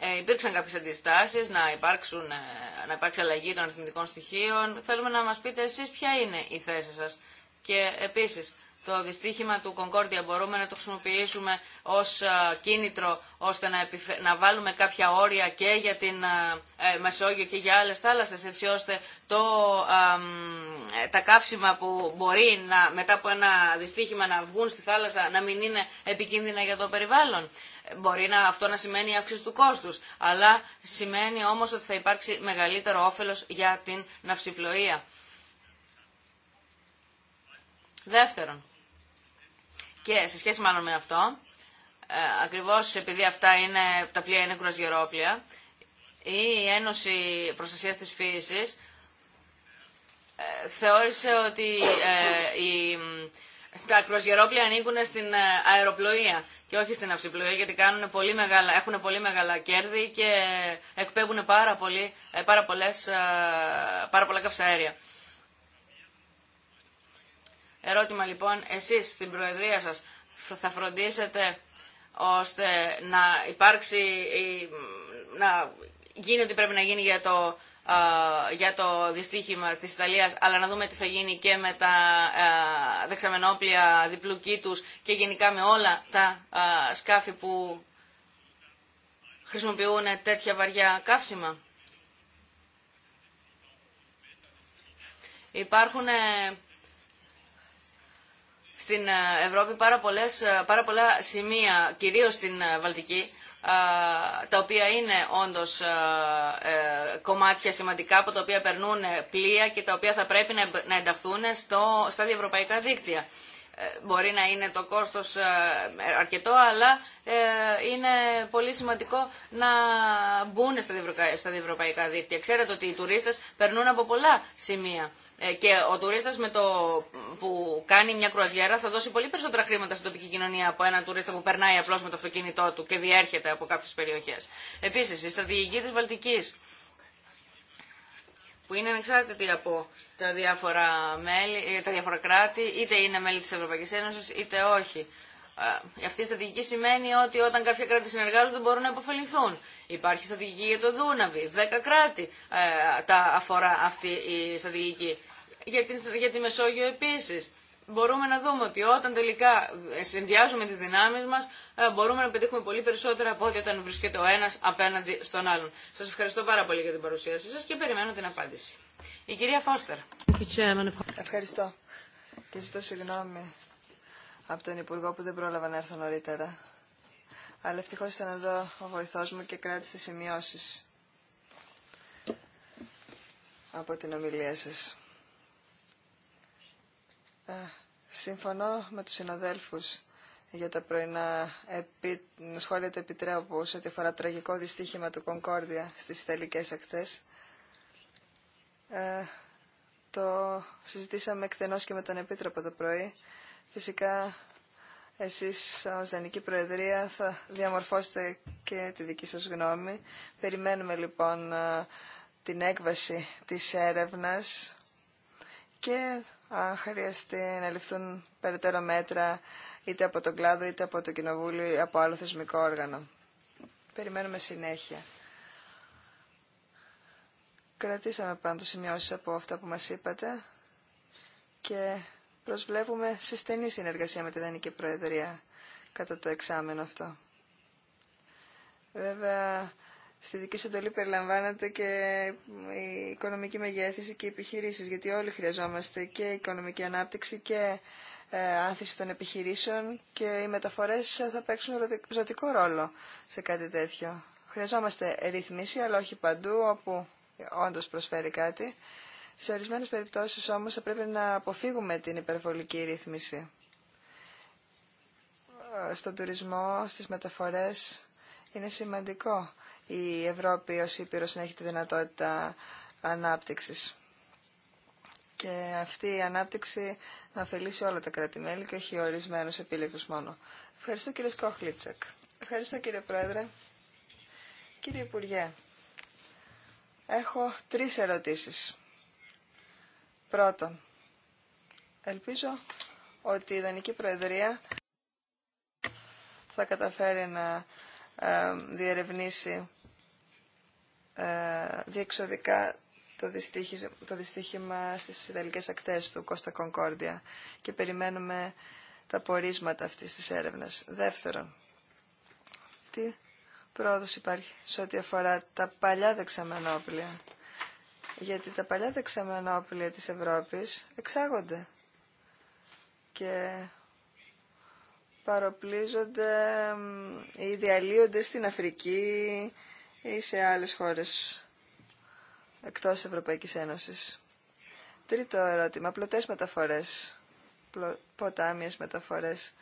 Ε, υπήρξαν κάποιες αντιστάσεις, να, υπάρξουν, ε, να υπάρξει αλλαγή των αριθμητικών στοιχείων. Θέλουμε να μας πείτε εσείς ποια είναι η θέση σας. Και επίσης, το δυστύχημα του Κονκόρντια μπορούμε να το χρησιμοποιήσουμε ως ε, κίνητρο ώστε να, επιφε... να βάλουμε κάποια όρια και για την ε, ε Μεσόγειο και για άλλες θάλασσες έτσι ώστε το, ε, τα καύσιμα που μπορεί να, μετά από ένα δυστύχημα να βγουν στη θάλασσα να μην είναι επικίνδυνα για το περιβάλλον. Μπορεί να, αυτό να σημαίνει αύξηση του κόστους, αλλά σημαίνει όμως ότι θα υπάρξει μεγαλύτερο όφελος για την ναυσιπλοεία. Δεύτερον, και σε σχέση μάλλον με αυτό, ε, ακριβώς επειδή αυτά είναι, τα πλοία είναι κρουαζιερόπλια, η Ένωση Προστασίας της Φύσης ε, θεώρησε ότι ε, η, τα κρουαζιερόπλια ανήκουν στην αεροπλοεία και όχι στην αυσιπλοεία γιατί κάνουν πολύ μεγάλα, έχουν πολύ μεγάλα κέρδη και εκπέμπουν πάρα, πολύ, πάρα, πολλές, πάρα πολλά καυσαέρια. Ερώτημα λοιπόν, εσείς στην Προεδρία σας θα φροντίσετε ώστε να υπάρξει, να γίνει ό,τι πρέπει να γίνει για το, για το δυστύχημα της Ιταλίας, αλλά να δούμε τι θα γίνει και με τα δεξαμενόπλια διπλού κήτους και γενικά με όλα τα σκάφη που χρησιμοποιούν τέτοια βαριά καύσιμα. Υπάρχουν ε, στην ε, Ευρώπη πάρα, πολλές, ε, πάρα πολλά σημεία, κυρίως στην ε, Βαλτική, τα οποία είναι όντως κομμάτια σημαντικά από τα οποία περνούν πλοία και τα οποία θα πρέπει να ενταχθούν στο, στα διευρωπαϊκά δίκτυα. Ε, μπορεί να είναι το κόστος ε, αρκετό, αλλά ε, είναι πολύ σημαντικό να μπουν στα διευρωπαϊκά δίκτυα. Ξέρετε ότι οι τουρίστες περνούν από πολλά σημεία και ο τουρίστας με το που κάνει μια κρουαζιέρα θα δώσει πολύ περισσότερα χρήματα στην τοπική κοινωνία από έναν τουρίστα που περνάει απλώς με το αυτοκίνητό του και διέρχεται από κάποιες περιοχές. Επίσης, η στρατηγική της Βαλτικής που είναι ανεξάρτητοι από τα διάφορα, μέλη, ε, τα διάφορα κράτη, είτε είναι μέλη της Ευρωπαϊκής Ένωσης, είτε όχι. Αυτή η στρατηγική σημαίνει ότι όταν κάποια κράτη συνεργάζονται μπορούν να υποφεληθούν. Υπάρχει στρατηγική για το Δούναβι. Δέκα κράτη ε, τα αφορά αυτή η στρατηγική. Για τη Μεσόγειο επίσης μπορούμε να δούμε ότι όταν τελικά ε, συνδυάζουμε τις δυνάμεις μας ε, μπορούμε να πετύχουμε πολύ περισσότερα από ό,τι όταν βρίσκεται ο ένας απέναντι στον άλλον. Σας ευχαριστώ πάρα πολύ για την παρουσίασή σας και περιμένω την απάντηση. Η κυρία Φώστερ. Ευχαριστώ και ζητώ συγγνώμη από τον Υπουργό που δεν πρόλαβα να έρθω νωρίτερα. Αλλά ευτυχώ ήταν εδώ ο βοηθός μου και κράτησε σημειώσεις από την ομιλία σας συμφωνώ με τους συναδέλφους για τα πρωινά επί... σχόλια του Επιτρέπου σε ό,τι αφορά τραγικό δυστύχημα του Κονκόρδια στις Ιταλικές ακτές. Ε, το συζητήσαμε εκτενώς και με τον Επίτροπο το πρωί. Φυσικά εσείς ως Δανική Προεδρία θα διαμορφώσετε και τη δική σας γνώμη. Περιμένουμε λοιπόν ε, την έκβαση της έρευνας και αν χρειαστεί να ληφθούν περαιτέρω μέτρα είτε από τον κλάδο είτε από το κοινοβούλιο ή από άλλο θεσμικό όργανο. Περιμένουμε συνέχεια. Κρατήσαμε πάντως σημειώσεις από αυτά που μας είπατε και προσβλέπουμε σε στενή συνεργασία με τη Δανική Προεδρία κατά το εξάμεινο αυτό. Βέβαια, στη δική σου εντολή περιλαμβάνεται και η οικονομική μεγέθηση και οι επιχειρήσεις, γιατί όλοι χρειαζόμαστε και οικονομική ανάπτυξη και ε, άθηση των επιχειρήσεων και οι μεταφορές θα παίξουν ζωτικό ρόλο σε κάτι τέτοιο. Χρειαζόμαστε ρυθμίση, αλλά όχι παντού, όπου όντως προσφέρει κάτι. Σε ορισμένες περιπτώσεις όμως θα πρέπει να αποφύγουμε την υπερβολική ρύθμιση. Ε, στον τουρισμό, στις μεταφορές είναι σημαντικό η Ευρώπη ως Ήπειρος να έχει τη δυνατότητα ανάπτυξης. Και αυτή η ανάπτυξη να ωφελήσει όλα τα κράτη-μέλη και όχι ορισμένους επίλεκτους μόνο. Ευχαριστώ κύριε Σκόχλιτσεκ. Ευχαριστώ κύριε Πρόεδρε. Κύριε Υπουργέ, έχω τρεις ερωτήσεις. Πρώτον, ελπίζω ότι η Ιδανική Προεδρία θα καταφέρει να διερευνήσει ε, διεξοδικά το, το δυστύχημα στις ιταλικές ακτές του Κώστα Κονκόρδια και περιμένουμε τα πορίσματα αυτής της έρευνας. Δεύτερον, τι πρόοδος υπάρχει σε ό,τι αφορά τα παλιά δεξαμενόπλια. Γιατί τα παλιά δεξαμενόπλια της Ευρώπης εξάγονται και παροπλίζονται ή διαλύονται στην Αφρική ή σε άλλες χώρες εκτός Ευρωπαϊκής Ένωσης. Τρίτο ερώτημα, πλωτές μεταφορές, ποτάμιες μεταφορές.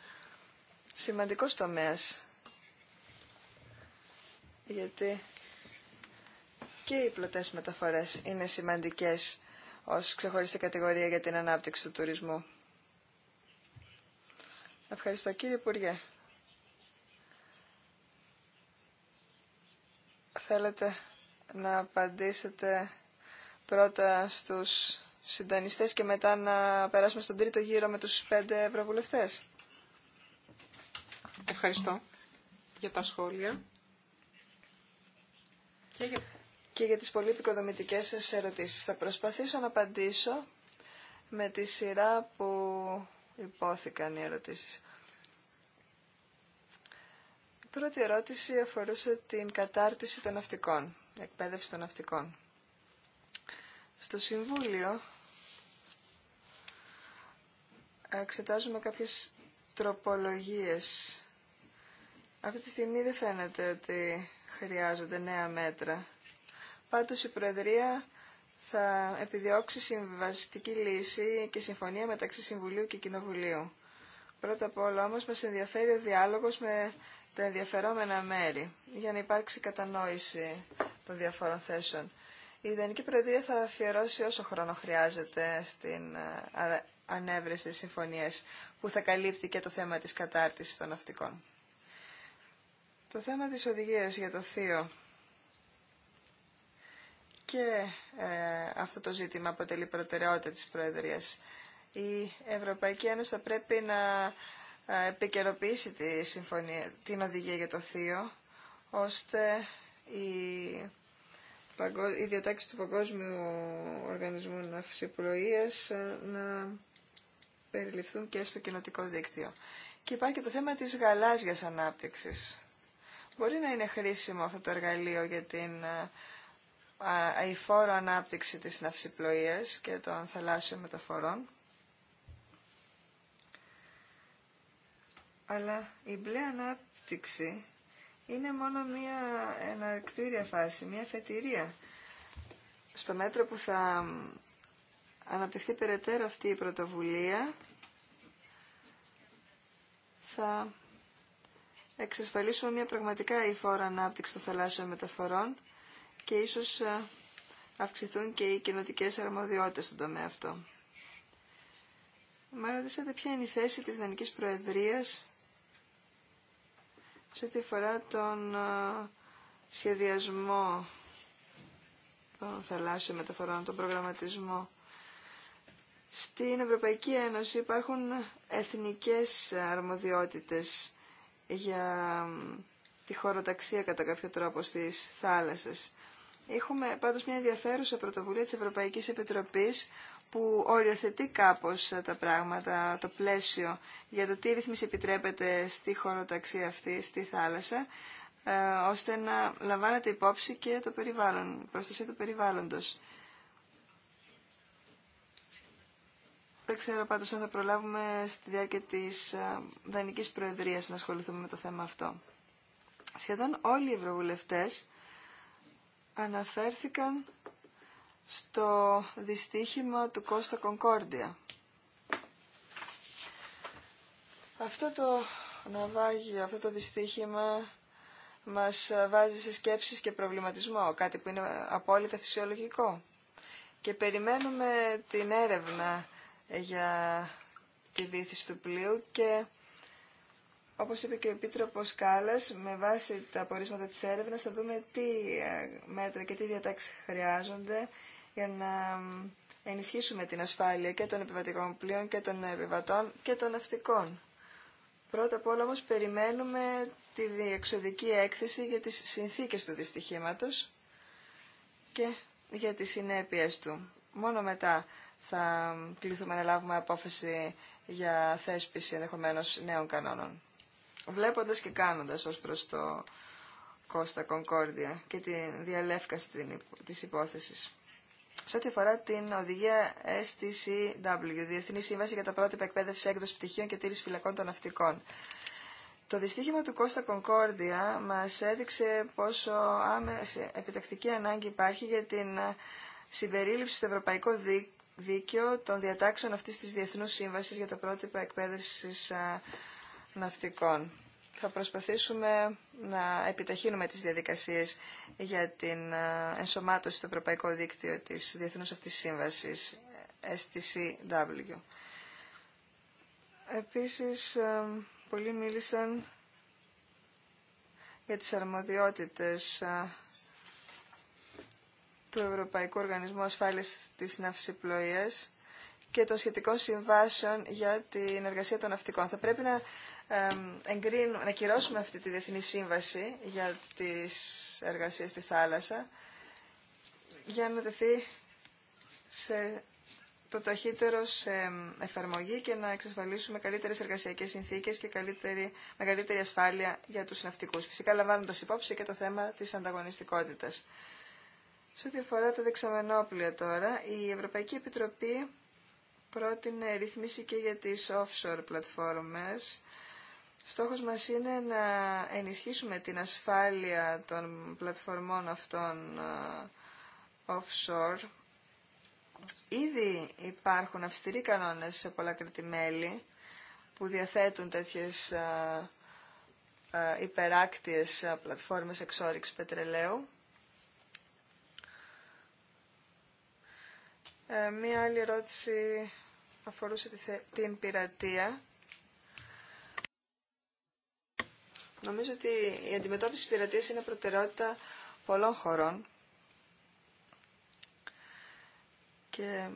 Σημαντικός τομέας, γιατί και οι πλωτές μεταφορές είναι σημαντικές ως ξεχωριστή κατηγορία για την ανάπτυξη του τουρισμού. Ευχαριστώ κύριε Υπουργέ. Θέλετε να απαντήσετε πρώτα στους συντονιστές και μετά να περάσουμε στον τρίτο γύρο με τους πέντε ευρωβουλευτές. Ευχαριστώ για τα σχόλια και για, και τις πολύ επικοδομητικές σας ερωτήσεις. Θα προσπαθήσω να απαντήσω με τη σειρά που υπόθηκαν οι ερωτήσεις. Η πρώτη ερώτηση αφορούσε την κατάρτιση των ναυτικών, εκπαίδευση των ναυτικών. Στο Συμβούλιο εξετάζουμε κάποιες τροπολογίες. Αυτή τη στιγμή δεν φαίνεται ότι χρειάζονται νέα μέτρα. Πάντως η Προεδρία θα επιδιώξει συμβαστική λύση και συμφωνία μεταξύ Συμβουλίου και Κοινοβουλίου. Πρώτα απ' όλα όμως μας ενδιαφέρει ο διάλογος με τα ενδιαφερόμενα μέρη για να υπάρξει κατανόηση των διαφόρων θέσεων. Η Ιδανική Προεδρία θα αφιερώσει όσο χρόνο χρειάζεται στην ε, ανέβρεση συμφωνίας που θα καλύπτει και το θέμα της κατάρτισης των ναυτικών. Το θέμα της οδηγίας για το θείο και ε, αυτό το ζήτημα αποτελεί προτεραιότητα της Προεδρίας. Η Ευρωπαϊκή Ένωση θα πρέπει να ε, επικαιροποιήσει τη συμφωνία, την οδηγία για το θείο, ώστε η, η διατάξη του Παγκόσμιου Οργανισμού Ναυσιπλοείας ε, να περιληφθούν και στο κοινοτικό δίκτυο. Και υπάρχει και το θέμα της γαλάζιας ανάπτυξης. Μπορεί να είναι χρήσιμο αυτό το εργαλείο για την η φόρο ανάπτυξη της ναυσιπλοείας και των θαλάσσιων μεταφορών. Αλλά η μπλε ανάπτυξη είναι μόνο μία εναρκτήρια φάση, μία φετηρία. Στο μέτρο που θα αναπτυχθεί περαιτέρω αυτή η πρωτοβουλία, θα εξασφαλίσουμε μια πραγματικά φόρο ανάπτυξη των θαλάσσιων μεταφορών και ίσως ε, αυξηθούν και οι κοινοτικέ αρμοδιότητες στον τομέα αυτό. Μα ρωτήσατε ποια είναι η θέση της Δανικής Προεδρίας σε ό,τι αφορά τον ε, σχεδιασμό των θαλάσσιων μεταφορών, τον προγραμματισμό. Στην Ευρωπαϊκή Ένωση υπάρχουν εθνικές αρμοδιότητες για τη χωροταξία κατά κάποιο τρόπο στις θάλασσες. Έχουμε πάντως μια ενδιαφέρουσα πρωτοβουλία τη ευρωπαϊκή Επιτροπή που οριοθετεί κάπως ε, τα πράγματα, το πλαίσιο για το τι ρύθμιση επιτρέπεται στη χωροταξία αυτή, στη θάλασσα, ε, ώστε να λαμβάνεται υπόψη και το περιβάλλον, η προστασία του περιβάλλοντος. Δεν ξέρω πάντως αν θα προλάβουμε στη διάρκεια της ε, Δανικής Προεδρίας να ασχοληθούμε με το θέμα αυτό. Σχεδόν όλοι οι ευρωβουλευτές αναφέρθηκαν στο δυστύχημα του Κώστα Κονκόρντια. Αυτό το ναυάγιο, αυτό το δυστύχημα μας βάζει σε σκέψεις και προβληματισμό, κάτι που είναι απόλυτα φυσιολογικό. Και περιμένουμε την έρευνα για τη βήθηση του πλοίου και όπως είπε και ο Επίτροπος Κάλλας, με βάση τα απορίσματα της έρευνας θα δούμε τι ε, μέτρα και τι διατάξεις χρειάζονται για να ενισχύσουμε την ασφάλεια και των επιβατικών πλοίων και των επιβατών και των ναυτικών. Πρώτα απ' όλα όμως περιμένουμε τη διεξοδική έκθεση για τις συνθήκες του δυστυχήματος και για τις συνέπειες του. Μόνο μετά θα κληθούμε να λάβουμε απόφαση για θέσπιση ενδεχομένω νέων κανόνων βλέποντας και κάνοντας ως προς το Κώστα Κονκόρδια και τη διαλεύκαση της υπόθεσης. Σε ό,τι αφορά την οδηγία STCW, Διεθνή Σύμβαση για τα Πρότυπα Εκπαίδευση Έκδοση Πτυχίων και Τήρηση Φυλακών των Ναυτικών. Το δυστύχημα του Κώστα Κονκόρδια μας έδειξε πόσο άμεση επιτακτική ανάγκη υπάρχει για την συμπερίληψη στο Ευρωπαϊκό Δίκαιο των διατάξεων αυτής της Διεθνούς σύμβαση για τα Πρότυπα εκπαίδευση. Ε, ναυτικών. Θα προσπαθήσουμε να επιταχύνουμε τις διαδικασίες για την ε, ενσωμάτωση στο Ευρωπαϊκό Δίκτυο της Διεθνούς Αυτής Σύμβασης, STCW. Επίσης, ε, πολλοί μίλησαν για τις αρμοδιότητες ε, του Ευρωπαϊκού Οργανισμού Ασφάλειας της Ναυσιπλοείας και των σχετικών συμβάσεων για την εργασία των ναυτικών. Θα πρέπει να εγκρίνουμε, να κυρώσουμε αυτή τη διεθνή σύμβαση για τις εργασίες στη θάλασσα για να τεθεί σε το ταχύτερο σε εφαρμογή και να εξασφαλίσουμε καλύτερες εργασιακές συνθήκες και καλύτερη, μεγαλύτερη ασφάλεια για τους ναυτικούς. Φυσικά λαμβάνοντας υπόψη και το θέμα της ανταγωνιστικότητας. Σε ό,τι αφορά τα δεξαμενόπλια τώρα, η Ευρωπαϊκή Επιτροπή πρότεινε ρυθμίση και για τις offshore πλατφόρμες Στόχος μας είναι να ενισχύσουμε την ασφάλεια των πλατφορμών αυτών ε, offshore. Ήδη υπάρχουν αυστηροί κανόνες σε πολλά κρατημέλη που διαθέτουν τέτοιες ε, ε, υπεράκτιες πλατφόρμες εξόριξης πετρελαίου. Μία άλλη ερώτηση αφορούσε την πειρατεία. Νομίζω ότι η αντιμετώπιση της πειρατείας είναι προτεραιότητα πολλών χωρών και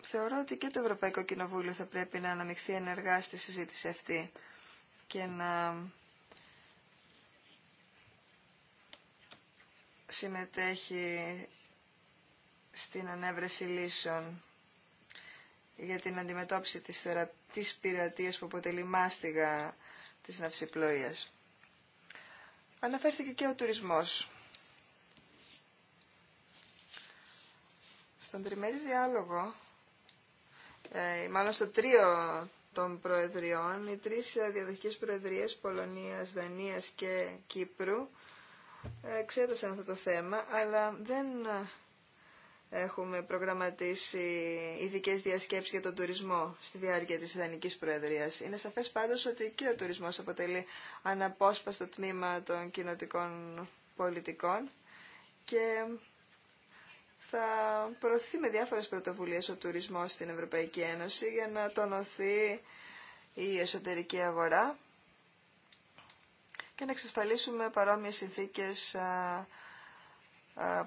θεωρώ ότι και το Ευρωπαϊκό Κοινοβούλιο θα πρέπει να αναμειχθεί ενεργά στη συζήτηση αυτή και να συμμετέχει στην ανέβρεση λύσεων για την αντιμετώπιση της, θερα... της πειρατείας που αποτελεί μάστιγα της ναυσιπλοείας. Αναφέρθηκε και ο τουρισμός. Στον τριμερή διάλογο, ε, μάλλον στο τρίο των προεδριών, οι τρεις διαδοχικές προεδρίες Πολωνίας, Δανίας και Κύπρου ε, εξέτασαν αυτό το θέμα, αλλά δεν ε, έχουμε προγραμματίσει ειδικέ διασκέψεις για τον τουρισμό στη διάρκεια της ιδανική Προεδρία. Είναι σαφές πάντως ότι και ο τουρισμός αποτελεί αναπόσπαστο τμήμα των κοινοτικών πολιτικών και θα προωθεί με διάφορες πρωτοβουλίες ο τουρισμός στην Ευρωπαϊκή Ένωση για να τονωθεί η εσωτερική αγορά και να εξασφαλίσουμε παρόμοιες συνθήκες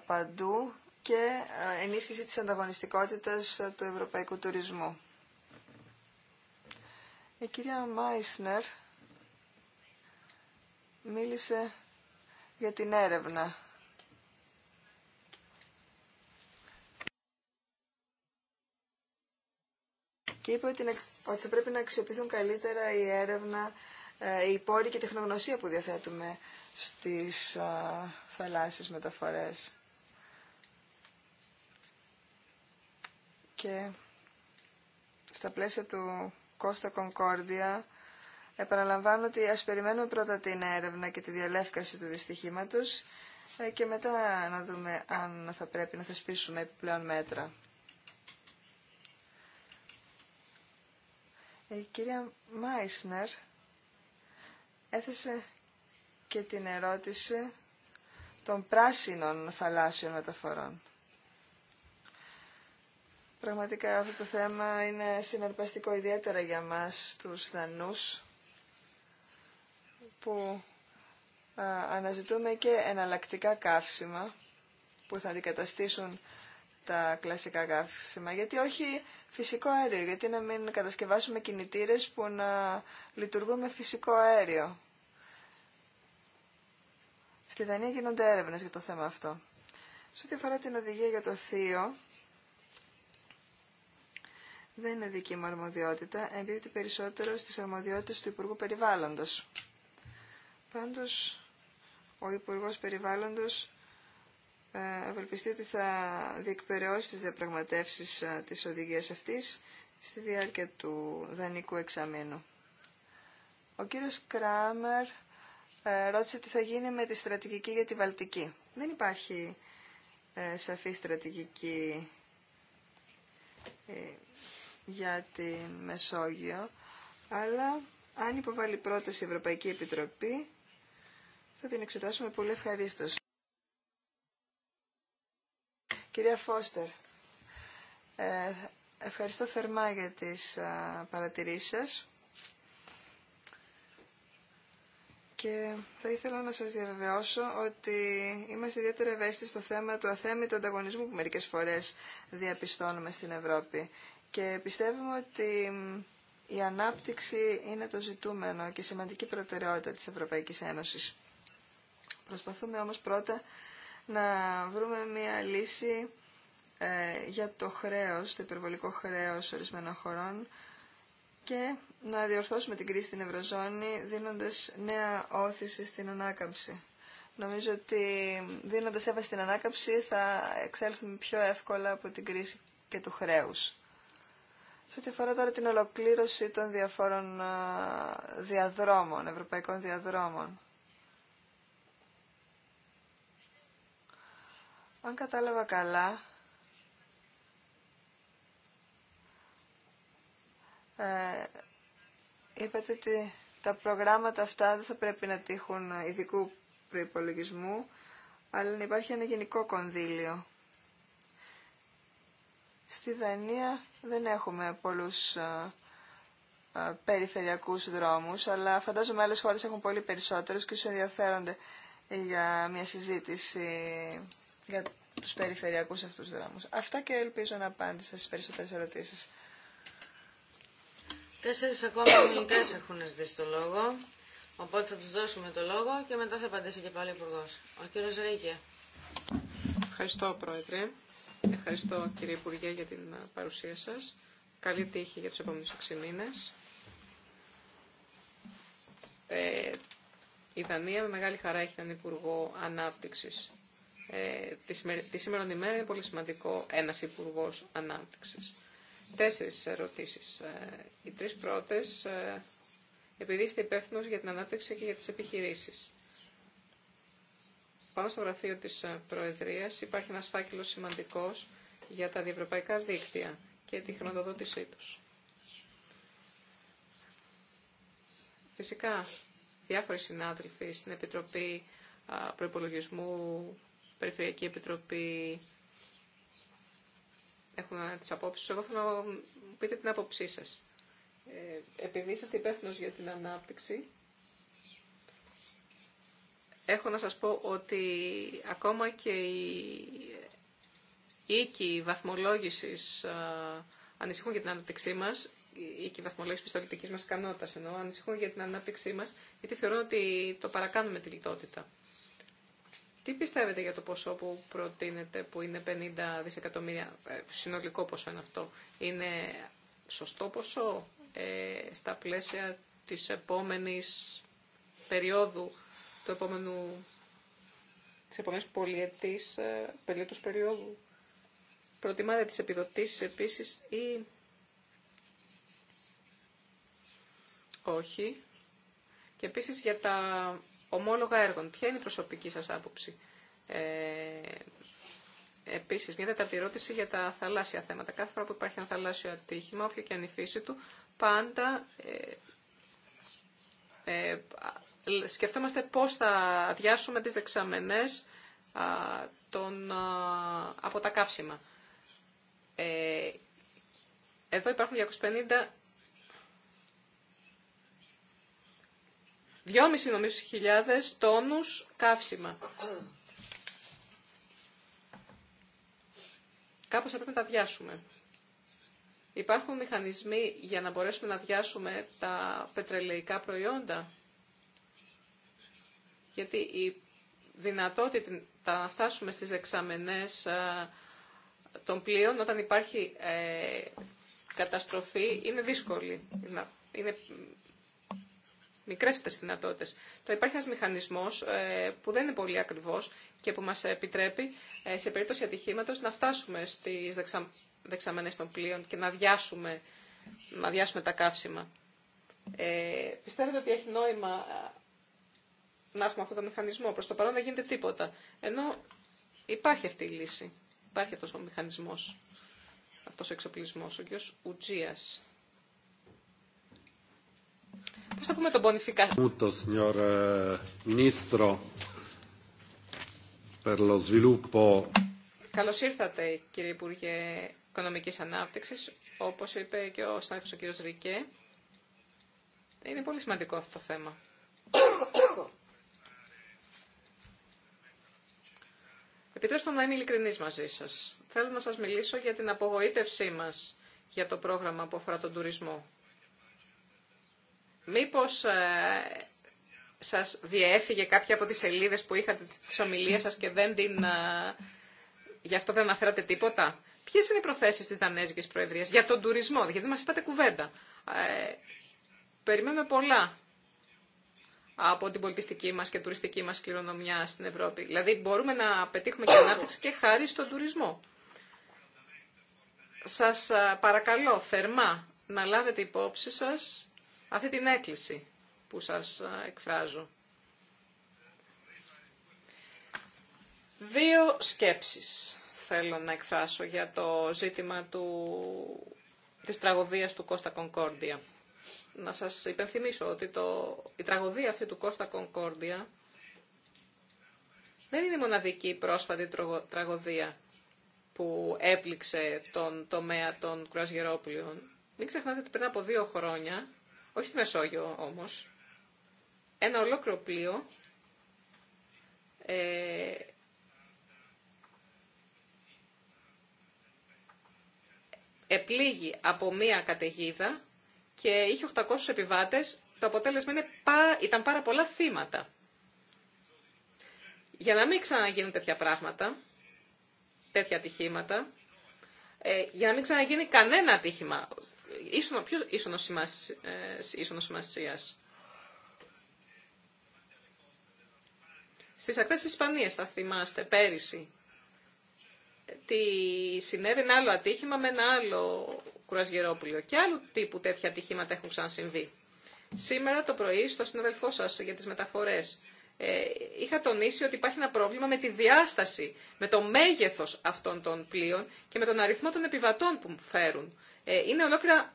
παντού και ε, ενίσχυση της ανταγωνιστικότητας ε, του ευρωπαϊκού τουρισμού. Η κυρία Μάισνερ μίλησε για την έρευνα. Και είπε ότι θα πρέπει να αξιοποιηθούν καλύτερα η έρευνα, η ε, πόρη και η τεχνογνωσία που διαθέτουμε στις θαλάσσιες μεταφορές. και στα πλαίσια του Κώστα Κονκόρδια επαναλαμβάνω ότι ας περιμένουμε πρώτα την έρευνα και τη διαλεύκαση του δυστυχήματος ε, και μετά να δούμε αν θα πρέπει να θεσπίσουμε επιπλέον μέτρα. Η κυρία Μάισνερ έθεσε και την ερώτηση των πράσινων θαλάσσιων μεταφορών. Πραγματικά αυτό το θέμα είναι συναρπαστικό ιδιαίτερα για μας τους Δανούς που αναζητούμε και εναλλακτικά καύσιμα που θα αντικαταστήσουν τα κλασικά καύσιμα. Γιατί όχι φυσικό αέριο, γιατί να μην κατασκευάσουμε κινητήρες που να λειτουργούν με φυσικό αέριο. Στη Δανία γίνονται έρευνες για το θέμα αυτό. Σε ό,τι αφορά την οδηγία για το θείο, δεν είναι δική μου αρμοδιότητα, εμπίπτει περισσότερο στις αρμοδιότητες του Υπουργού Περιβάλλοντος. Πάντως, ο Υπουργός Περιβάλλοντος ε, ευελπιστεί ότι θα διεκπαιρεώσει τις διαπραγματεύσεις ε, της οδηγίας αυτής στη διάρκεια του δανεικού εξαμήνου. Ο κύριος Κράμερ ε, ρώτησε τι θα γίνει με τη στρατηγική για τη Βαλτική. Δεν υπάρχει σαφή στρατηγική για τη Μεσόγειο, αλλά αν υποβάλει πρόταση η Ευρωπαϊκή Επιτροπή, θα την εξετάσουμε πολύ ευχαρίστως. Κυρία Φώστερ, ε, ευχαριστώ θερμά για τις ε, παρατηρήσεις σας και θα ήθελα να σας διαβεβαιώσω ότι είμαστε ιδιαίτερα ευαίσθητοι στο θέμα του αθέμητου ανταγωνισμού που μερικές φορές διαπιστώνουμε στην Ευρώπη. Και πιστεύουμε ότι η ανάπτυξη είναι το ζητούμενο και σημαντική προτεραιότητα της Ευρωπαϊκής Ένωσης. Προσπαθούμε όμως πρώτα να βρούμε μια λύση ε, για το χρέος, το υπερβολικό χρέος ορισμένων χωρών και να διορθώσουμε την κρίση στην Ευρωζώνη δίνοντας νέα όθηση στην ανάκαμψη. Νομίζω ότι δίνοντας έβαση στην ανάκαμψη θα εξέλθουμε πιο εύκολα από την κρίση και του χρέους. Σε ό,τι αφορά τώρα την ολοκλήρωση των διαφόρων διαδρόμων, ευρωπαϊκών διαδρόμων. Αν κατάλαβα καλά, ε, είπατε ότι τα προγράμματα αυτά δεν θα πρέπει να τύχουν ειδικού προϋπολογισμού, αλλά να υπάρχει ένα γενικό κονδύλιο. Στη Δανία δεν έχουμε πολλούς ε, ε, περιφερειακούς δρόμους, αλλά φαντάζομαι άλλες χώρες έχουν πολύ περισσότερους και τους ενδιαφέρονται για μια συζήτηση για τους περιφερειακούς αυτούς δρόμους. Αυτά και ελπίζω να απάντησα στις περισσότερες ερωτήσεις. Τέσσερις ακόμα μιλητές έχουν ζητήσει το λόγο, οπότε θα τους δώσουμε το λόγο και μετά θα απαντήσει και πάλι ο Υπουργός. Ο κύριος Ρίκε. Ευχαριστώ, Πρόεδρε. Ευχαριστώ κύριε Υπουργέ για την ε, παρουσία σας. Καλή τύχη για τους επόμενους 6 μήνες. Ε, η Δανία με μεγάλη χαρά έχει έναν Υπουργό Ανάπτυξης. Ε, τη, σήμερα ημέρα είναι πολύ σημαντικό ένας Υπουργός Ανάπτυξης. Τέσσερις ερωτήσεις. Ε, οι τρεις πρώτες, ε, επειδή είστε υπεύθυνο για την ανάπτυξη και για τις επιχειρήσεις. Πάνω στο γραφείο της ε, Προεδρίας υπάρχει ένας φάκελος σημαντικός για τα διευρωπαϊκά δίκτυα και τη χρηματοδότησή τους. Φυσικά, διάφοροι συνάδελφοι στην Επιτροπή Προϋπολογισμού, Περιφερειακή Επιτροπή, έχουν ε, τις απόψεις. Εγώ θέλω να πείτε την άποψή σας. Ε, επειδή είστε υπεύθυνο για την ανάπτυξη, έχω να σας πω ότι ακόμα και οι οίκοι βαθμολόγησης ε, ανησυχούν για την ανάπτυξή μας, οι οίκοι βαθμολόγησης πιστολιτικής μας ικανότητας εννοώ, ανησυχούν για την ανάπτυξή μας, γιατί θεωρούν ότι το παρακάνουμε τη λιτότητα. Τι πιστεύετε για το ποσό που προτείνετε, που είναι 50 δισεκατομμύρια, ε, συνολικό ποσό είναι αυτό, είναι σωστό ποσό ε, στα πλαίσια της επόμενης περίοδου του επόμενου, της επόμενης πολιετής ε, περίοδου περίοδου. Προτιμάτε τις επιδοτήσεις επίσης ή όχι. Και επίσης για τα ομόλογα έργων. Ποια είναι η προσωπική σας άποψη. Ε, Επίση, μια τέταρτη ερώτηση για τα θαλάσσια θέματα. Κάθε φορά που υπάρχει ένα θαλάσσιο ατύχημα, όποιο και αν η φύση του, πάντα ε, ε, σκεφτόμαστε πώς θα αδειάσουμε τις δεξαμενές των, από τα καύσιμα. Ε, εδώ υπάρχουν 250... 2,5 νομίζω χιλιάδες τόνους καύσιμα. Κάπως θα πρέπει να τα αδειάσουμε. Υπάρχουν μηχανισμοί για να μπορέσουμε να διάσουμε τα πετρελαϊκά προϊόντα γιατί η δυνατότητα να φτάσουμε στις δεξαμενές ε, των πλοίων όταν υπάρχει ε, καταστροφή είναι δύσκολη. Είναι μικρές αυτές οι δυνατότητες. Το υπάρχει ένας μηχανισμός ε, που δεν είναι πολύ ακριβώς και που μας επιτρέπει σε περίπτωση ατυχήματος να φτάσουμε στις δεξα... δεξαμενές των πλοίων και να διάσουμε, να διάσουμε τα καύσιμα. Ε, πιστεύετε ότι έχει νόημα να έχουμε αυτόν το μηχανισμό. Προς το παρόν δεν γίνεται τίποτα. Ενώ υπάρχει αυτή η λύση. Υπάρχει αυτός ο μηχανισμός. Αυτός ο εξοπλισμός. Ο κ. Ουτζίας. Πώς θα πούμε τον Πονηφικά. Καλώς ήρθατε κύριε Υπουργέ Οικονομικής Ανάπτυξης. Όπως είπε και ο συνάδελφος ο κ. Ρικέ, είναι πολύ σημαντικό αυτό το θέμα. Επιτρέψτε να είμαι ειλικρινή μαζί σα. Θέλω να σας μιλήσω για την απογοήτευσή μας για το πρόγραμμα που αφορά τον τουρισμό. Μήπως ε, σας διέφυγε κάποια από τις σελίδε που είχατε τις ομιλία σας και δεν την... Ε, γι' αυτό δεν αναφέρατε τίποτα. Ποιε είναι οι προθέσει τη Δανέζικη Προεδρία για τον τουρισμό, γιατί μα είπατε κουβέντα. Ε, περιμένουμε πολλά από την πολιτιστική μας και τουριστική μας κληρονομιά στην Ευρώπη. Δηλαδή μπορούμε να πετύχουμε και ανάπτυξη και χάρη στον τουρισμό. Σας παρακαλώ θερμά να λάβετε υπόψη σας αυτή την έκκληση που σας εκφράζω. Δύο σκέψεις θέλω να εκφράσω για το ζήτημα του, της τραγωδίας του Κώστα Κονκόρντια να σας υπενθυμίσω ότι το, η τραγωδία αυτή του Κώστα Κονκόρντια δεν είναι η μοναδική πρόσφατη τραγωδία που έπληξε τον τομέα των κρουαζιερόπλοιων. Μην ξεχνάτε ότι πριν από δύο χρόνια, όχι στη Μεσόγειο όμως, ένα ολόκληρο πλοίο ε, επλήγει από μία καταιγίδα και είχε 800 επιβάτες, το αποτέλεσμα είναι, ήταν πάρα πολλά θύματα. Για να μην ξαναγίνουν τέτοια πράγματα, τέτοια ατυχήματα, ε, για να μην ξαναγίνει κανένα ατύχημα, ίσονο, πιο ίσονο ε, σημασίας. Στις ακτές της Ισπανίας, θα θυμάστε, πέρυσι, ε, τι συνέβη ένα άλλο ατύχημα με ένα άλλο Κουρασγερόπουλιο. Και άλλου τύπου τέτοια ατυχήματα έχουν ξανασυμβεί. Σήμερα το πρωί, στο συναδελφό σα για τι μεταφορέ, ε, είχα τονίσει ότι υπάρχει ένα πρόβλημα με τη διάσταση, με το μέγεθο αυτών των πλοίων και με τον αριθμό των επιβατών που φέρουν. Ε, είναι ολόκληρα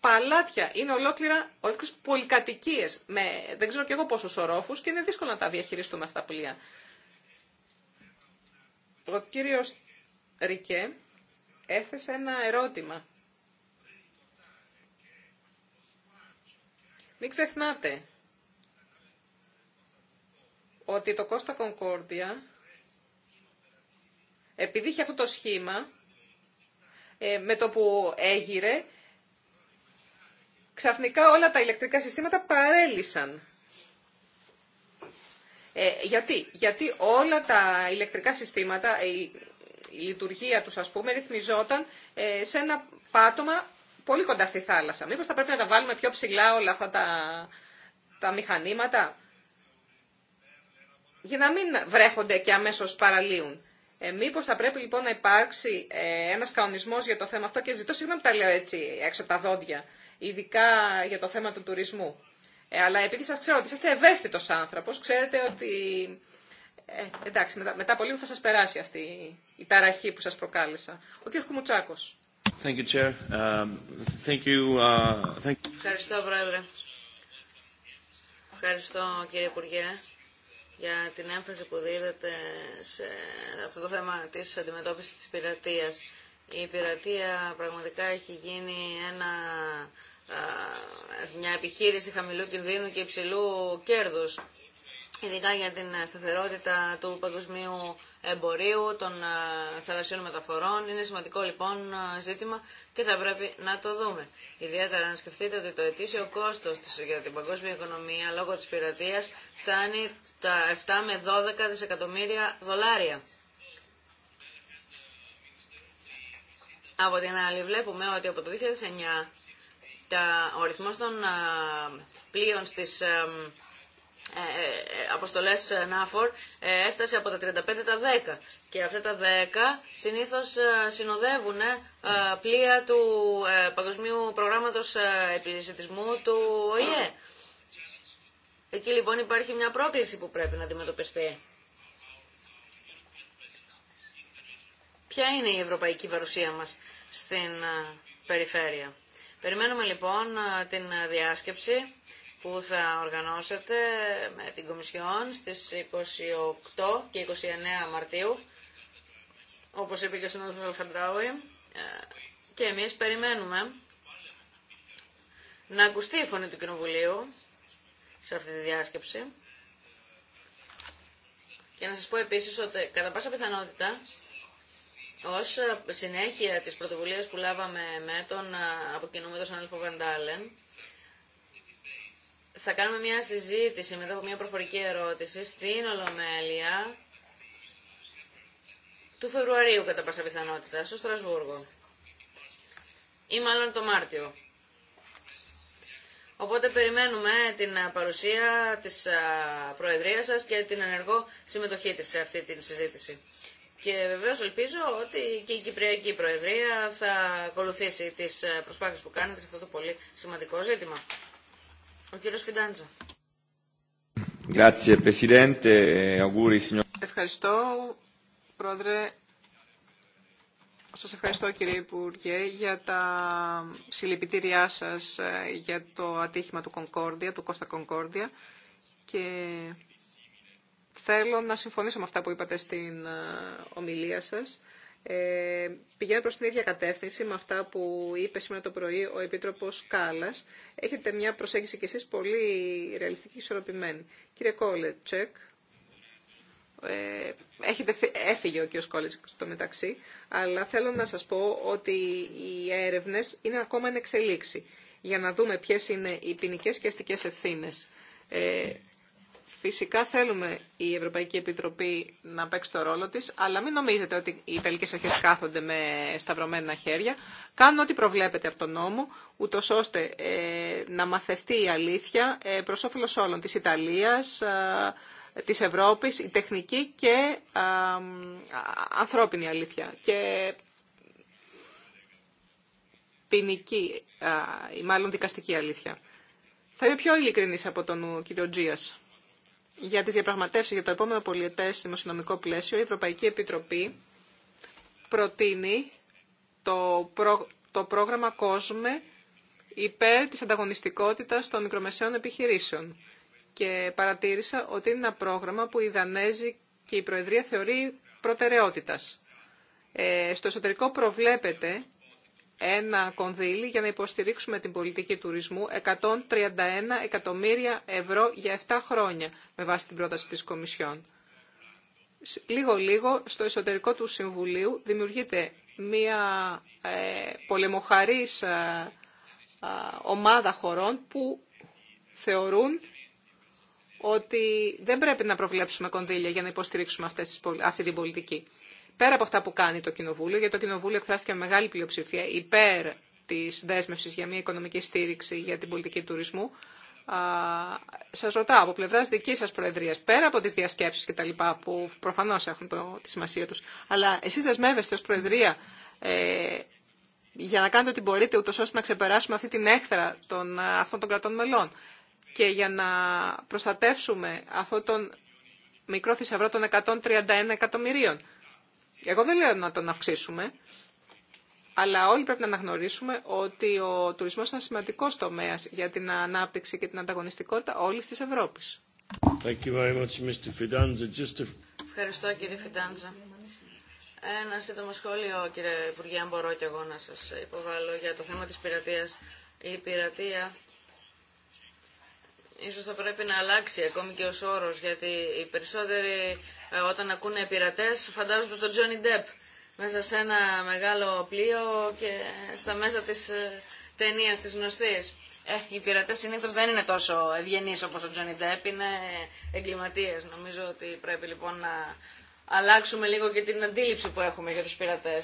παλάτια, είναι ολόκληρα ολόκληρε πολυκατοικίε με δεν ξέρω και εγώ πόσου ορόφου και είναι δύσκολο να τα διαχειριστούμε αυτά τα πλοία. Ο κύριο Ρικέ έθεσε ένα ερώτημα Μην ξεχνάτε ότι το Κώστα Κονκόρδια, επειδή είχε αυτό το σχήμα, ε, με το που έγειρε, ξαφνικά όλα τα ηλεκτρικά συστήματα παρέλυσαν. Ε, γιατί? γιατί όλα τα ηλεκτρικά συστήματα, η, λειτουργία τους ας πούμε, ρυθμιζόταν ε, σε ένα πάτωμα πολύ κοντά στη θάλασσα. Μήπως θα πρέπει να τα βάλουμε πιο ψηλά όλα αυτά τα, τα μηχανήματα για να μην βρέχονται και αμέσως παραλύουν. Ε, Μήπω θα πρέπει λοιπόν να υπάρξει ε, ένα κανονισμό για το θέμα αυτό και ζητώ συγγνώμη που τα λέω έτσι έξω τα δόντια, ειδικά για το θέμα του τουρισμού. Ε, αλλά επειδή σας ξέρω ότι είστε ευαίσθητος άνθρωπος, ξέρετε ότι. Ε, εντάξει, μετά, μετά από λίγο θα σας περάσει αυτή η ταραχή που σας προκάλεσα. Ο κ. Κουμουτσάκος. Thank you, Chair. Um, thank you, uh, thank Ευχαριστώ, κύριε Υπουργέ, για την έμφαση που δίδατε σε αυτό το θέμα της αντιμετώπισης της πειρατείας. Η πειρατεία πραγματικά έχει γίνει ένα μια επιχείρηση χαμηλού κινδύνου και υψηλού κέρδους ειδικά για την ε, σταθερότητα του παγκοσμίου εμπορίου, των ε, θαλασσιών μεταφορών. Είναι σημαντικό λοιπόν ε, ζήτημα και θα πρέπει να το δούμε. Ιδιαίτερα να σκεφτείτε ότι το ετήσιο κόστος για την παγκόσμια οικονομία λόγω της πειρατείας φτάνει τα 7 με 12 δισεκατομμύρια δολάρια. Από την άλλη βλέπουμε ότι από το 2009 ο ρυθμός των πλοίων στις ε, ε, αποστολές ε, ΝΑΦΟΡ έφτασε από τα 35 τα 10 και αυτά τα 10 συνήθως συνοδεύουν πλοία του Παγκοσμίου Προγράμματος Επιζητισμού του ΟΗΕ. Εκεί λοιπόν υπάρχει μια πρόκληση που πρέπει να αντιμετωπιστεί. Ποια είναι η ευρωπαϊκή παρουσία μας στην περιφέρεια. Περιμένουμε λοιπόν την διάσκεψη που θα οργανώσετε με την Κομισιόν στις 28 και 29 Μαρτίου, όπως είπε και ο συνάδελφος Αλχαντράουι, ε, και εμείς περιμένουμε να ακουστεί η φωνή του Κοινοβουλίου σε αυτή τη διάσκεψη. Και να σας πω επίσης ότι κατά πάσα πιθανότητα ως συνέχεια της πρωτοβουλίας που λάβαμε με τον, ε, αποκοινούμενο Βαντάλεν, θα κάνουμε μια συζήτηση μετά από μια προφορική ερώτηση στην Ολομέλεια του Φεβρουαρίου κατά πάσα πιθανότητα, στο Στρασβούργο. Ή μάλλον το Μάρτιο. Οπότε περιμένουμε την παρουσία της Προεδρίας σας και την ενεργό συμμετοχή της σε αυτή τη συζήτηση. Και βεβαίως ελπίζω ότι και η Κυπριακή Προεδρία θα ακολουθήσει τις ε, προσπάθειες που κάνετε σε αυτό το πολύ σημαντικό ζήτημα. Ευχαριστώ, Πρόεδρε. Σας ευχαριστώ, κύριε Υπουργέ, για τα συλληπιτήριά σας ε, για το ατύχημα του Κονκόρδια, του Κώστα Κονκόρδια. Και θέλω να συμφωνήσω με αυτά που είπατε στην ε, ομιλία σας. Ε, πηγαίνω προ προς την ίδια κατεύθυνση με αυτά που είπε σήμερα το πρωί ο Επίτροπος Κάλλας. Έχετε μια προσέγγιση κι εσείς πολύ ρεαλιστική και ισορροπημένη. Κύριε Κόλετσεκ, ε, έχετε, έφυγε ο κ. Κόλετσεκ στο μεταξύ, αλλά θέλω να σας πω ότι οι έρευνες είναι ακόμα εν εξελίξη για να δούμε ποιες είναι οι ποινικέ και αστικές ευθύνες. Ε, Φυσικά θέλουμε η Ευρωπαϊκή Επιτροπή να παίξει το ρόλο της, αλλά μην νομίζετε ότι οι Ιταλικές Αρχές κάθονται με σταυρωμένα χέρια. Κάνουν ό,τι προβλέπεται από τον νόμο, ούτω ώστε ε, να μαθευτεί η αλήθεια ε, προς όφελος όλων της Ιταλίας, ε, της Ευρώπης, η τεχνική και ε, ανθρώπινη αλήθεια. Και ποινική, ε, ή μάλλον δικαστική αλήθεια. Θα είμαι πιο ειλικρινής από τον κύριο Τζίας για τις διαπραγματεύσεις για το επόμενο πολιετές δημοσιονομικό πλαίσιο, η Ευρωπαϊκή Επιτροπή προτείνει το, το πρόγραμμα COSME υπέρ της ανταγωνιστικότητας των μικρομεσαίων επιχειρήσεων. Και παρατήρησα ότι είναι ένα πρόγραμμα που η Δανέζη και η Προεδρία θεωρεί προτεραιότητας. Ε, στο εσωτερικό προβλέπεται ένα κονδύλι για να υποστηρίξουμε την πολιτική τουρισμού 131 εκατομμύρια ευρώ για 7 χρόνια με βάση την πρόταση της Κομισιόν. Λίγο-λίγο στο εσωτερικό του Συμβουλίου δημιουργείται μια ε, πολεμοχαρής ε, ε, ομάδα χωρών που θεωρούν ότι δεν πρέπει να προβλέψουμε κονδύλια για να υποστηρίξουμε αυτές τις, αυτή την πολιτική πέρα από αυτά που κάνει το Κοινοβούλιο, γιατί το Κοινοβούλιο εκφράστηκε με μεγάλη πλειοψηφία υπέρ τη δέσμευση για μια οικονομική στήριξη για την πολιτική τουρισμού, σα ρωτάω από πλευρά δική σα Προεδρία, πέρα από τι διασκέψει λοιπά που προφανώ έχουν το, τη σημασία του, αλλά εσεί δεσμεύεστε ω Προεδρία ε, για να κάνετε ό,τι μπορείτε, ούτω ώστε να ξεπεράσουμε αυτή την έχθρα των, αυτών των κρατών μελών και για να προστατεύσουμε αυτόν τον μικρό θησαυρό των 131 εκατομμυρίων. Εγώ δεν λέω να τον αυξήσουμε, αλλά όλοι πρέπει να αναγνωρίσουμε ότι ο τουρισμός είναι σημαντικό τομέα για την ανάπτυξη και την ανταγωνιστικότητα όλη τη Ευρώπης. Ευχαριστώ κύριε Φιντάντζα. Ένα σύντομο σχόλιο, κύριε Υπουργέ, αν μπορώ και εγώ να σας υποβάλω για το θέμα της πειρατεία. Η πειρατεία ίσως θα πρέπει να αλλάξει ακόμη και ως όρος, γιατί οι περισσότεροι ε, όταν ακούνε πειρατέ, φαντάζονται τον Τζόνι Ντεπ μέσα σε ένα μεγάλο πλοίο και στα μέσα της ε, ταινία τη γνωστή. Ε, οι πειρατέ συνήθω δεν είναι τόσο ευγενεί όπω ο Τζόνι Ντεπ, είναι εγκληματίε. Νομίζω ότι πρέπει λοιπόν να αλλάξουμε λίγο και την αντίληψη που έχουμε για τους πειρατέ.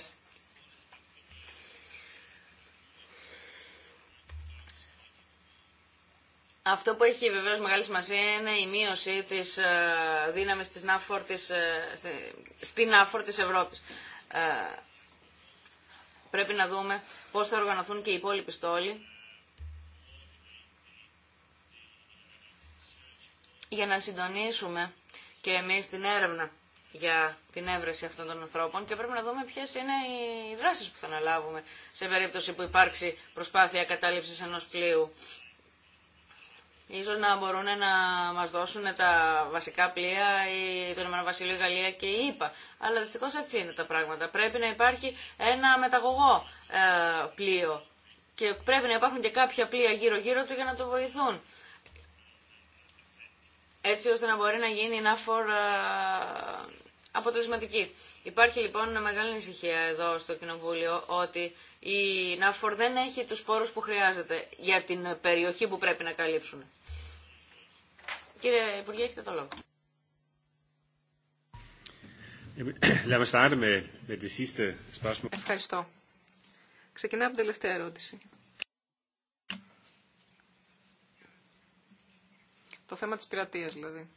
Αυτό που έχει βεβαίω μεγάλη σημασία είναι η μείωση τη ε, δύναμη τη ΝΑΦΟΡ στην ΝΑΦΟΡ τη ε, Ευρώπη. Ε, πρέπει να δούμε πώς θα οργανωθούν και οι υπόλοιποι στόλοι για να συντονίσουμε και εμείς την έρευνα για την έβρεση αυτών των ανθρώπων και πρέπει να δούμε ποιε είναι οι δράσει που θα αναλάβουμε σε περίπτωση που υπάρξει προσπάθεια κατάληψης ενό πλοίου Ίσως να μπορούν να μας δώσουν τα βασικά πλοία η Ηνωμένο Βασιλείο, Γαλλία και η ΕΠΑ. Αλλά δυστυχώ έτσι είναι τα πράγματα. Πρέπει να υπάρχει ένα μεταγωγό ε, πλοίο και πρέπει να υπάρχουν και κάποια πλοία γύρω-γύρω του για να το βοηθούν. Έτσι ώστε να μπορεί να γίνει η ΝΑΦΟΡ ε, αποτελεσματική. Υπάρχει λοιπόν μεγάλη ανησυχία εδώ στο Κοινοβούλιο ότι η ΝΑΦΟΡ δεν έχει τους πόρους που χρειάζεται για την περιοχή που πρέπει να καλύψουν. Κύριε Υπουργέ, έχετε το λόγο. Ευχαριστώ. Ξεκινάμε από την τελευταία ερώτηση. Το θέμα της πειρατείας δηλαδή.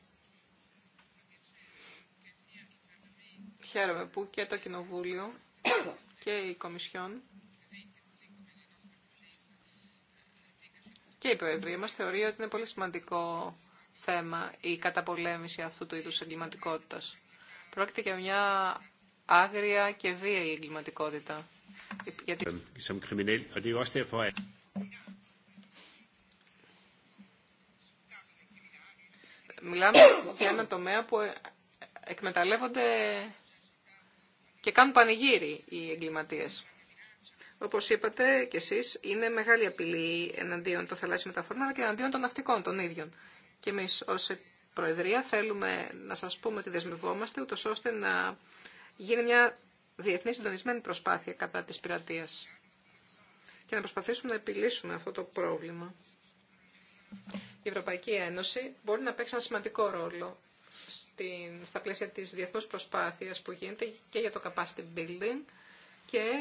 Χαίρομαι που και το Κοινοβούλιο και η Κομισιόν και η Προεδρία μα θεωρεί ότι είναι πολύ σημαντικό θέμα η καταπολέμηση αυτού του είδους εγκληματικότητα. Πρόκειται για μια άγρια και βίαιη εγκληματικότητα. Γιατί... Μιλάμε για ένα τομέα που ε- εκμεταλλεύονται και κάνουν πανηγύρι οι εγκληματίες. Όπω είπατε κι εσεί είναι μεγάλη απειλή εναντίον των θαλάσσιων μεταφορών, αλλά και εναντίον των ναυτικών των ίδιων. Και εμείς ως Προεδρία θέλουμε να σα πούμε ότι δεσμευόμαστε, ούτω ώστε να γίνει μια διεθνή συντονισμένη προσπάθεια κατά τη πειρατεία και να προσπαθήσουμε να επιλύσουμε αυτό το πρόβλημα. Η Ευρωπαϊκή Ένωση μπορεί να παίξει ένα σημαντικό ρόλο στην, στα πλαίσια της διεθνούς προσπάθειας που γίνεται και για το capacity building, και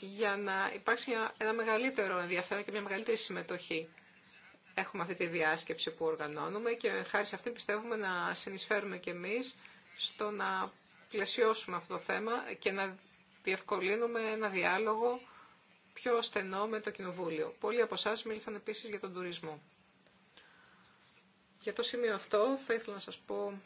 για να υπάρξει ένα μεγαλύτερο ενδιαφέρον και μια μεγαλύτερη συμμετοχή. Έχουμε αυτή τη διάσκεψη που οργανώνουμε και χάρη σε αυτή πιστεύουμε να συνεισφέρουμε κι εμείς στο να πλαισιώσουμε αυτό το θέμα και να διευκολύνουμε ένα διάλογο πιο στενό με το Κοινοβούλιο. Πολλοί από εσά μίλησαν επίσης για τον τουρισμό. Για το σημείο αυτό θα ήθελα να σας πω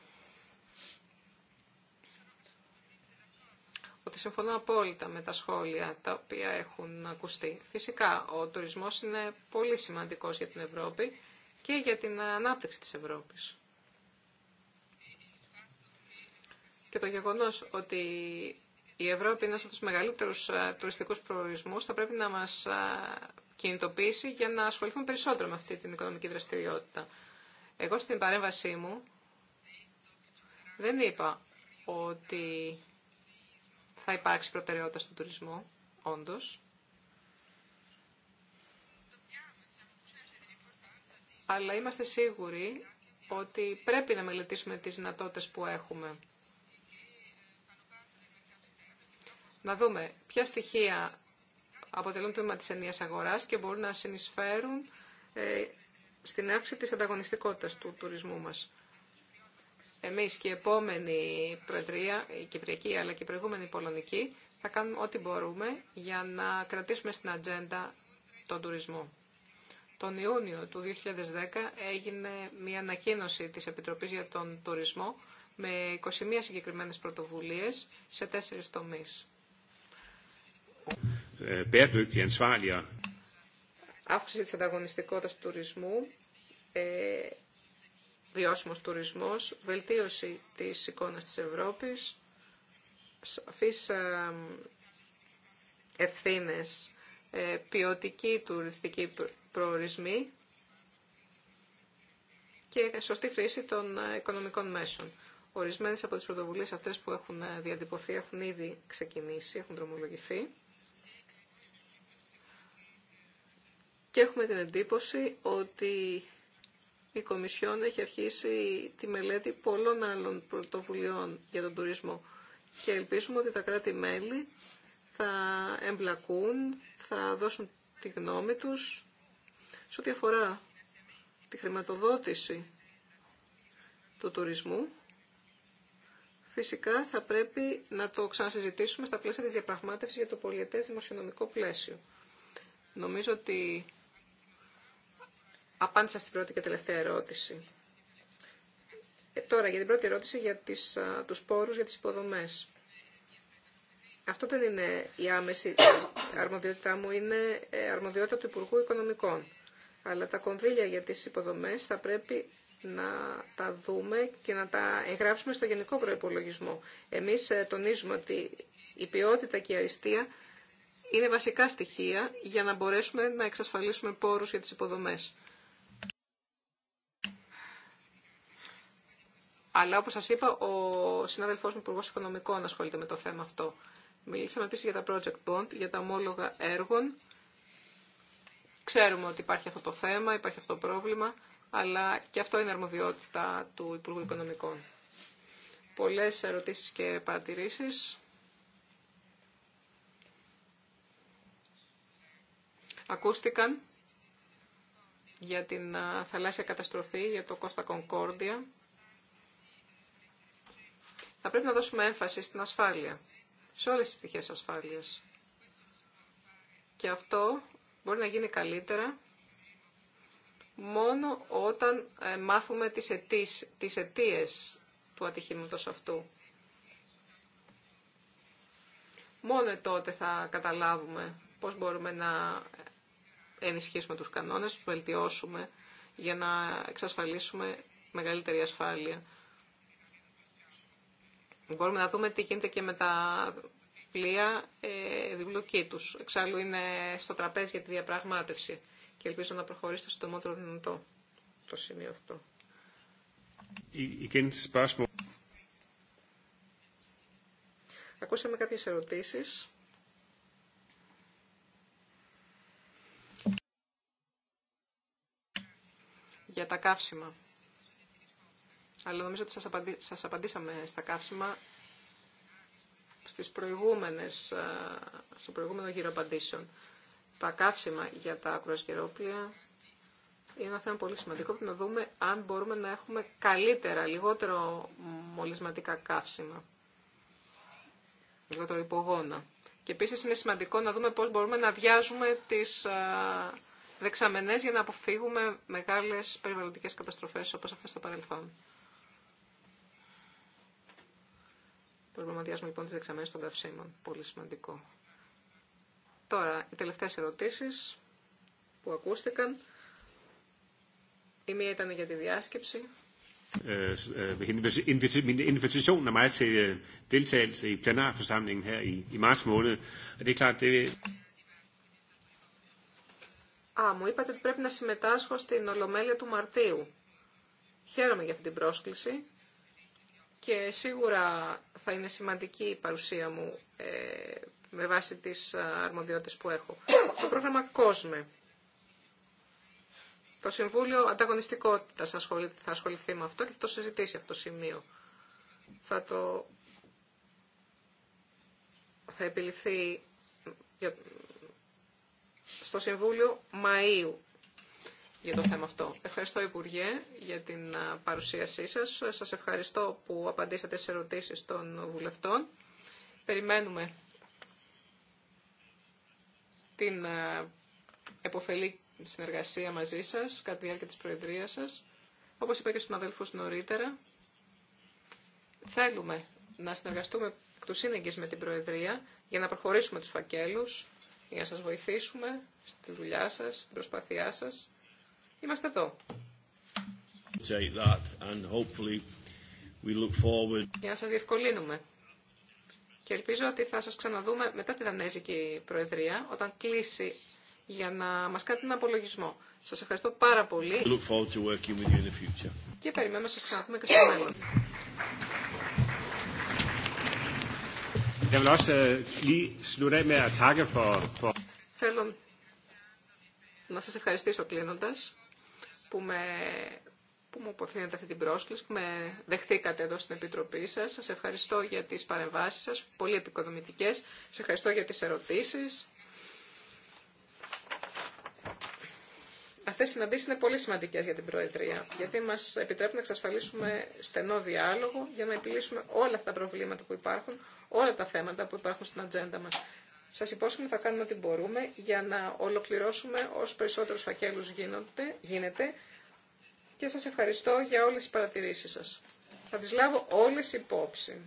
ότι συμφωνώ απόλυτα με τα σχόλια τα οποία έχουν ακουστεί. Φυσικά, ο τουρισμός είναι πολύ σημαντικός για την Ευρώπη και για την ανάπτυξη της Ευρώπης. Και το γεγονός ότι η Ευρώπη είναι ένας από τους μεγαλύτερους ε, τουριστικούς προορισμούς θα πρέπει να μας ε, κινητοποιήσει για να ασχοληθούμε περισσότερο με αυτή την οικονομική δραστηριότητα. Εγώ στην παρέμβασή μου δεν είπα ότι θα υπάρξει προτεραιότητα στον τουρισμό, όντως. Αλλά είμαστε σίγουροι ότι πρέπει να μελετήσουμε τις δυνατότητες που έχουμε. Να δούμε ποια στοιχεία αποτελούν τμήμα της ενίας αγοράς και μπορούν να συνεισφέρουν ε, στην αύξηση της ανταγωνιστικότητας του τουρισμού μας εμείς και η επόμενη Προεδρία, η Κυπριακή αλλά και η προηγούμενη Πολωνική, θα κάνουμε ό,τι μπορούμε για να κρατήσουμε στην ατζέντα τον τουρισμό. Τον Ιούνιο του 2010 έγινε μια ανακοίνωση της Επιτροπής για τον Τουρισμό με 21 συγκεκριμένες πρωτοβουλίες σε τέσσερις τομείς. Ε, Αύξηση της ανταγωνιστικότητας του τουρισμού, ε, βιώσιμος τουρισμός, βελτίωση της εικόνας της Ευρώπης, σαφείς ε, ευθύνες, ε, ποιοτική τουριστική προορισμή και σωστή χρήση των ε, οικονομικών μέσων. Ορισμένες από τις πρωτοβουλίες αυτές που έχουν διατυπωθεί έχουν ήδη ξεκινήσει, έχουν δρομολογηθεί. Και έχουμε την εντύπωση ότι η Κομισιόν έχει αρχίσει τη μελέτη πολλών άλλων πρωτοβουλειών για τον τουρισμό και ελπίζουμε ότι τα κράτη-μέλη θα εμπλακούν, θα δώσουν τη γνώμη τους σε ό,τι αφορά τη χρηματοδότηση του τουρισμού. Φυσικά θα πρέπει να το ξανασυζητήσουμε στα πλαίσια της διαπραγμάτευσης για το πολιετές δημοσιονομικό πλαίσιο. Νομίζω ότι Απάντησα στην πρώτη και τελευταία ερώτηση. Ε, τώρα, για την πρώτη ερώτηση για τις, α, τους πόρους για τις υποδομές. Αυτό δεν είναι η άμεση αρμοδιότητά μου, είναι ε, αρμοδιότητα του Υπουργού Οικονομικών. Αλλά τα κονδύλια για τις υποδομές θα πρέπει να τα δούμε και να τα εγγράψουμε στο γενικό προϋπολογισμό. Εμείς ε, τονίζουμε ότι η ποιότητα και η αριστεία είναι βασικά στοιχεία για να μπορέσουμε να εξασφαλίσουμε πόρους για τις υποδομές. Αλλά όπως σα είπα, ο συνάδελφός μου Υπουργό Οικονομικών ασχολείται με το θέμα αυτό. Μιλήσαμε επίση για τα project bond, για τα ομόλογα έργων. Ξέρουμε ότι υπάρχει αυτό το θέμα, υπάρχει αυτό το πρόβλημα, αλλά και αυτό είναι αρμοδιότητα του Υπουργού Οικονομικών. Πολλέ ερωτήσεις και παρατηρήσει. Ακούστηκαν για την θαλάσσια καταστροφή, για το Κώστα Κονκόρδια. Θα πρέπει να δώσουμε έμφαση στην ασφάλεια, σε όλες τις πτυχές ασφάλειας. Και αυτό μπορεί να γίνει καλύτερα μόνο όταν ε, μάθουμε τις, αιτίες, τις αιτίες του ατυχήματος αυτού. Μόνο τότε θα καταλάβουμε πώς μπορούμε να ενισχύσουμε τους κανόνες, τους βελτιώσουμε για να εξασφαλίσουμε μεγαλύτερη ασφάλεια Μπορούμε να δούμε τι γίνεται και με τα πλοία ε, διπλοκή του. Εξάλλου είναι στο τραπέζι για τη διαπραγμάτευση και ελπίζω να προχωρήσει το συντομότερο δυνατό το σημείο αυτό. Ακούσαμε κάποιες ερωτήσεις. Για τα καύσιμα αλλά νομίζω ότι σας, απαντήσαμε στα καύσιμα στις προηγούμενες, ε, στο προηγούμενο γύρο απαντήσεων. Τα καύσιμα για τα ακροασγερόπλια είναι ένα θέμα πολύ σημαντικό που να δούμε αν μπορούμε να έχουμε καλύτερα, λιγότερο μολυσματικά καύσιμα. Λιγότερο υπογόνα. Και επίσης είναι σημαντικό να δούμε πώς μπορούμε να διάζουμε τις ε, δεξαμενές για να αποφύγουμε μεγάλες περιβαλλοντικές καταστροφές όπως αυτές στο παρελθόν. προγραμματιάσμα λοιπόν τη δεξαμενή των καυσίμων. Πολύ σημαντικό. Τώρα, οι τελευταίε ερωτήσει που ακούστηκαν. Η μία ήταν για τη διάσκεψη. Α, μου είπατε ότι πρέπει να συμμετάσχω στην Ολομέλεια του Μαρτίου. Χαίρομαι για αυτή την πρόσκληση και σίγουρα θα είναι σημαντική η παρουσία μου ε, με βάση τις ε, αρμοδιότητες που έχω. Το πρόγραμμα COSME. Το Συμβούλιο Ανταγωνιστικότητας θα ασχοληθεί με αυτό και θα το συζητήσει αυτό το σημείο. Θα το θα επιληφθεί στο Συμβούλιο Μαΐου για το θέμα αυτό. Ευχαριστώ, Υπουργέ, για την παρουσίασή σας. Σας ευχαριστώ που απαντήσατε σε ερωτήσεις των βουλευτών. Περιμένουμε την εποφελή συνεργασία μαζί σας κατά τη διάρκεια της Προεδρίας σας. Όπως είπα και στους αδέλφους νωρίτερα, θέλουμε να συνεργαστούμε εκ του με την Προεδρία για να προχωρήσουμε τους φακέλους, για να σας βοηθήσουμε στη δουλειά σας, στην προσπάθειά σας είμαστε εδώ. Για να σας διευκολύνουμε. Και ελπίζω ότι θα σας ξαναδούμε μετά τη Δανέζικη Προεδρία, όταν κλείσει για να μας κάνει ένα απολογισμό. Σας ευχαριστώ πάρα πολύ. Και περιμένουμε να σας ξαναδούμε και στο μέλλον. Θέλω να σας ευχαριστήσω κλείνοντας που, μου αποθύνετε αυτή την πρόσκληση, που με δεχτήκατε εδώ στην Επιτροπή σας. Σας ευχαριστώ για τις παρεμβάσεις σας, πολύ επικοδομητικές. Σας ευχαριστώ για τις ερωτήσεις. Αυτές οι συναντήσεις είναι πολύ σημαντικές για την Προεδρία, γιατί μας επιτρέπουν να εξασφαλίσουμε στενό διάλογο για να επιλύσουμε όλα αυτά τα προβλήματα που υπάρχουν, όλα τα θέματα που υπάρχουν στην ατζέντα μας. Σας υπόσχομαι θα κάνουμε ό,τι μπορούμε για να ολοκληρώσουμε όσο περισσότερους φακέλους γίνεται και σας ευχαριστώ για όλες τις παρατηρήσεις σας. Θα τις λάβω όλες υπόψη.